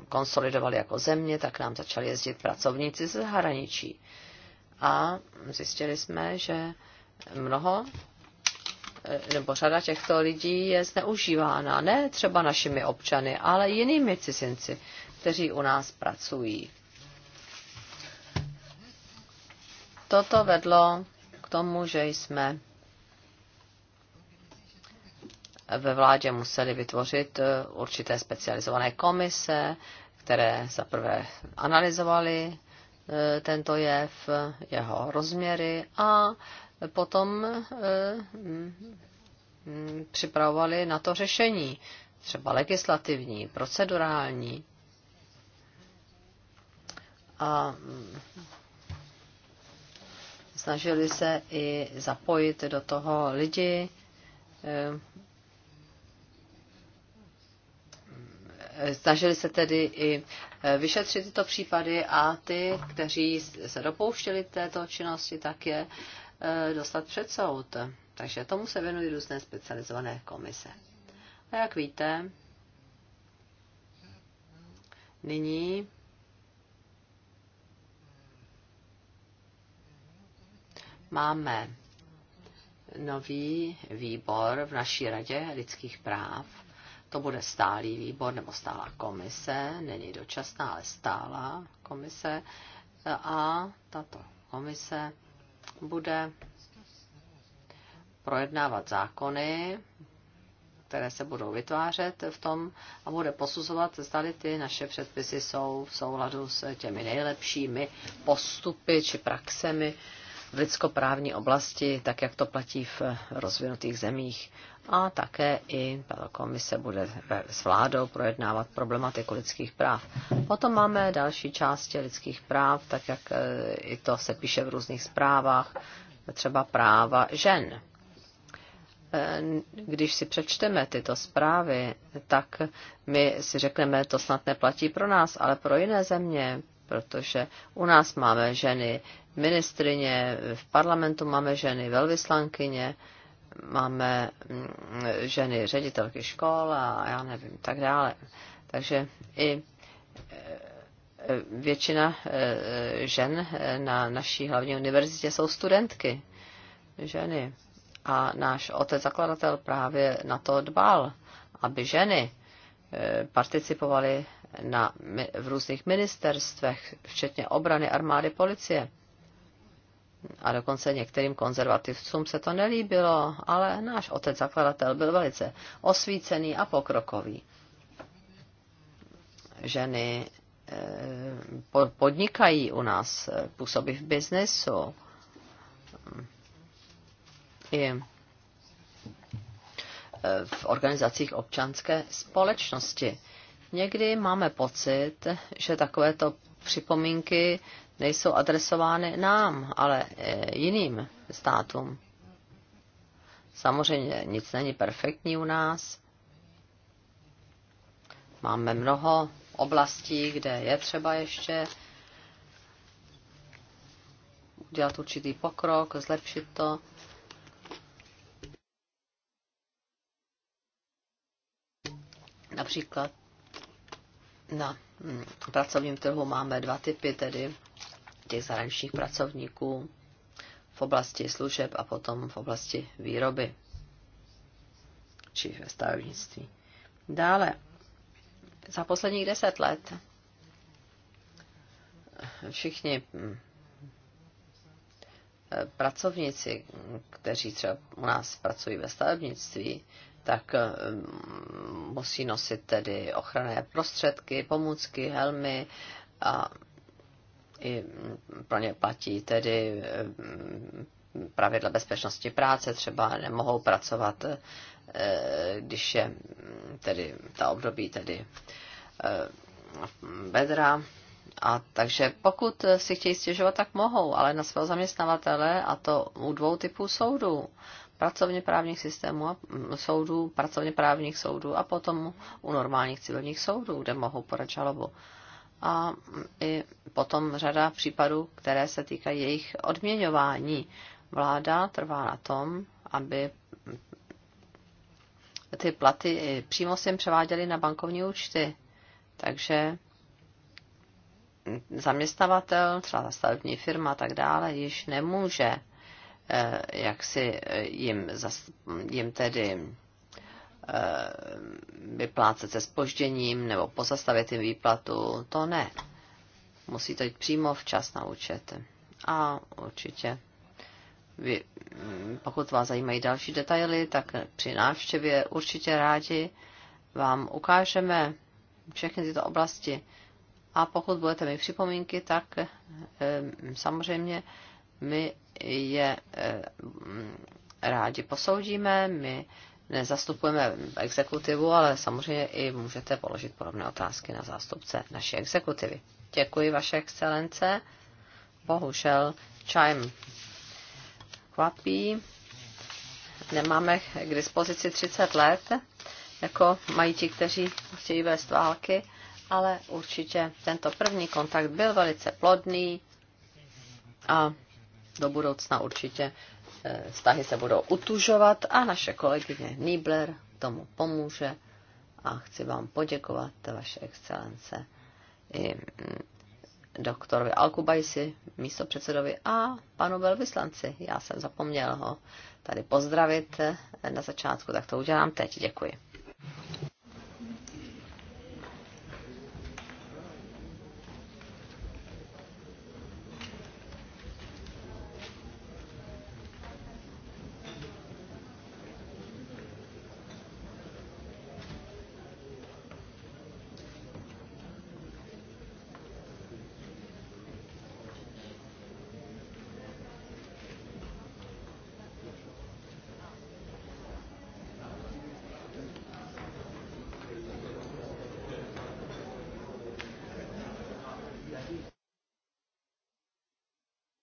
B: konsolidovali jako země, tak nám začali jezdit pracovníci ze zahraničí. A zjistili jsme, že mnoho nebo řada těchto lidí je zneužívána, ne třeba našimi občany, ale jinými cizinci, kteří u nás pracují. Toto vedlo k tomu, že jsme ve vládě museli vytvořit eh, určité specializované komise, které zaprvé analyzovaly Eh, tento jev, eh, jeho rozměry a potom eh, mm, mm, připravovali na to řešení, třeba legislativní, procedurální. A mm, snažili se i zapojit do toho lidi, Snažili se tedy i e, vyšetřit tyto případy a ty, kteří se dopouštěli této činnosti, tak je e, dostat před soud. Takže tomu se věnují různé specializované komise. A jak víte, nyní máme nový výbor v naší radě lidských práv to bude stálý výbor nebo stálá komise, není dočasná, ale stálá komise. A tato komise bude projednávat zákony, které se budou vytvářet v tom a bude posuzovat, zda ty naše předpisy jsou v souladu s těmi nejlepšími postupy či praxemi v lidskoprávní oblasti, tak jak to platí v rozvinutých zemích. A také i komise bude s vládou projednávat problematiku lidských práv. Potom máme další části lidských práv, tak jak e, i to se píše v různých zprávách, třeba práva žen. E, když si přečteme tyto zprávy, tak my si řekneme, to snad neplatí pro nás, ale pro jiné země, protože u nás máme ženy ministrině, v parlamentu máme ženy velvyslankyně, máme mm, ženy ředitelky škol a já nevím, tak dále. Takže i e, většina e, žen na naší hlavní univerzitě jsou studentky, ženy. A náš otec zakladatel právě na to dbal, aby ženy e, participovaly na, v různých ministerstvech, včetně obrany, armády, policie. A dokonce některým konzervativcům se to nelíbilo, ale náš otec zakladatel byl velice osvícený a pokrokový. Ženy eh, podnikají u nás, eh, působí v biznesu. I eh, v organizacích občanské společnosti Někdy máme pocit, že takovéto připomínky nejsou adresovány nám, ale e, jiným státům. Samozřejmě nic není perfektní u nás. Máme mnoho oblastí, kde je třeba ještě udělat určitý pokrok, zlepšit to. Například na mm, pracovním trhu máme dva typy, tedy těch zahraničních pracovníků v oblasti služeb a potom v oblasti výroby či ve stavebnictví. Dále, za posledních deset let všichni mm, pracovníci, kteří třeba u nás pracují ve stavebnictví, tak eh, mm, musí nosit tedy ochranné prostředky, pomůcky, helmy a i mm, pro ně platí tedy eh, pravidla bezpečnosti práce, třeba nemohou pracovat, eh, když je mm, tedy ta období tedy bedra. A takže pokud si chtějí stěžovat, tak mohou, ale na svého zaměstnavatele a to u dvou typů soudů pracovně právních systémů a mm, soudů, pracovně právních soudů a potom u normálních civilních soudů, kde mohou podat žalobu. A mm, i potom řada případů, které se týkají jejich odměňování. Vláda trvá na tom, aby mm, ty platy přímo si jim převáděly na bankovní účty. Takže zaměstnavatel, třeba stavební firma a tak dále, již nemůže Eh, jak si eh, jim, zas, jim tedy eh, vyplácet se spožděním nebo pozastavit jim výplatu, to ne. Musí to jít přímo včas na účet. A určitě, vy, hm, pokud vás zajímají další detaily, tak při návštěvě určitě rádi vám ukážeme všechny tyto oblasti. A pokud budete mít připomínky, tak samozřejmě my je eh, mm, rádi posoudíme, my nezastupujeme exekutivu, ale samozřejmě i můžete položit podobné otázky na zástupce naší exekutivy. Děkuji, vaše excelence. Bohužel čajem kvapí. Nemáme k dispozici 30 let, jako mají ti, kteří chtějí vést války, ale určitě tento první kontakt byl velice plodný a do budoucna určitě e, vztahy se budou utužovat a naše kolegyně Nibler tomu pomůže a chci vám poděkovat, vaše excelence, i mm, doktorovi Alkubajsi, místopředsedovi a panu velvyslanci. Já jsem zapomněl ho tady pozdravit e, na začátku, tak to udělám teď. Děkuji.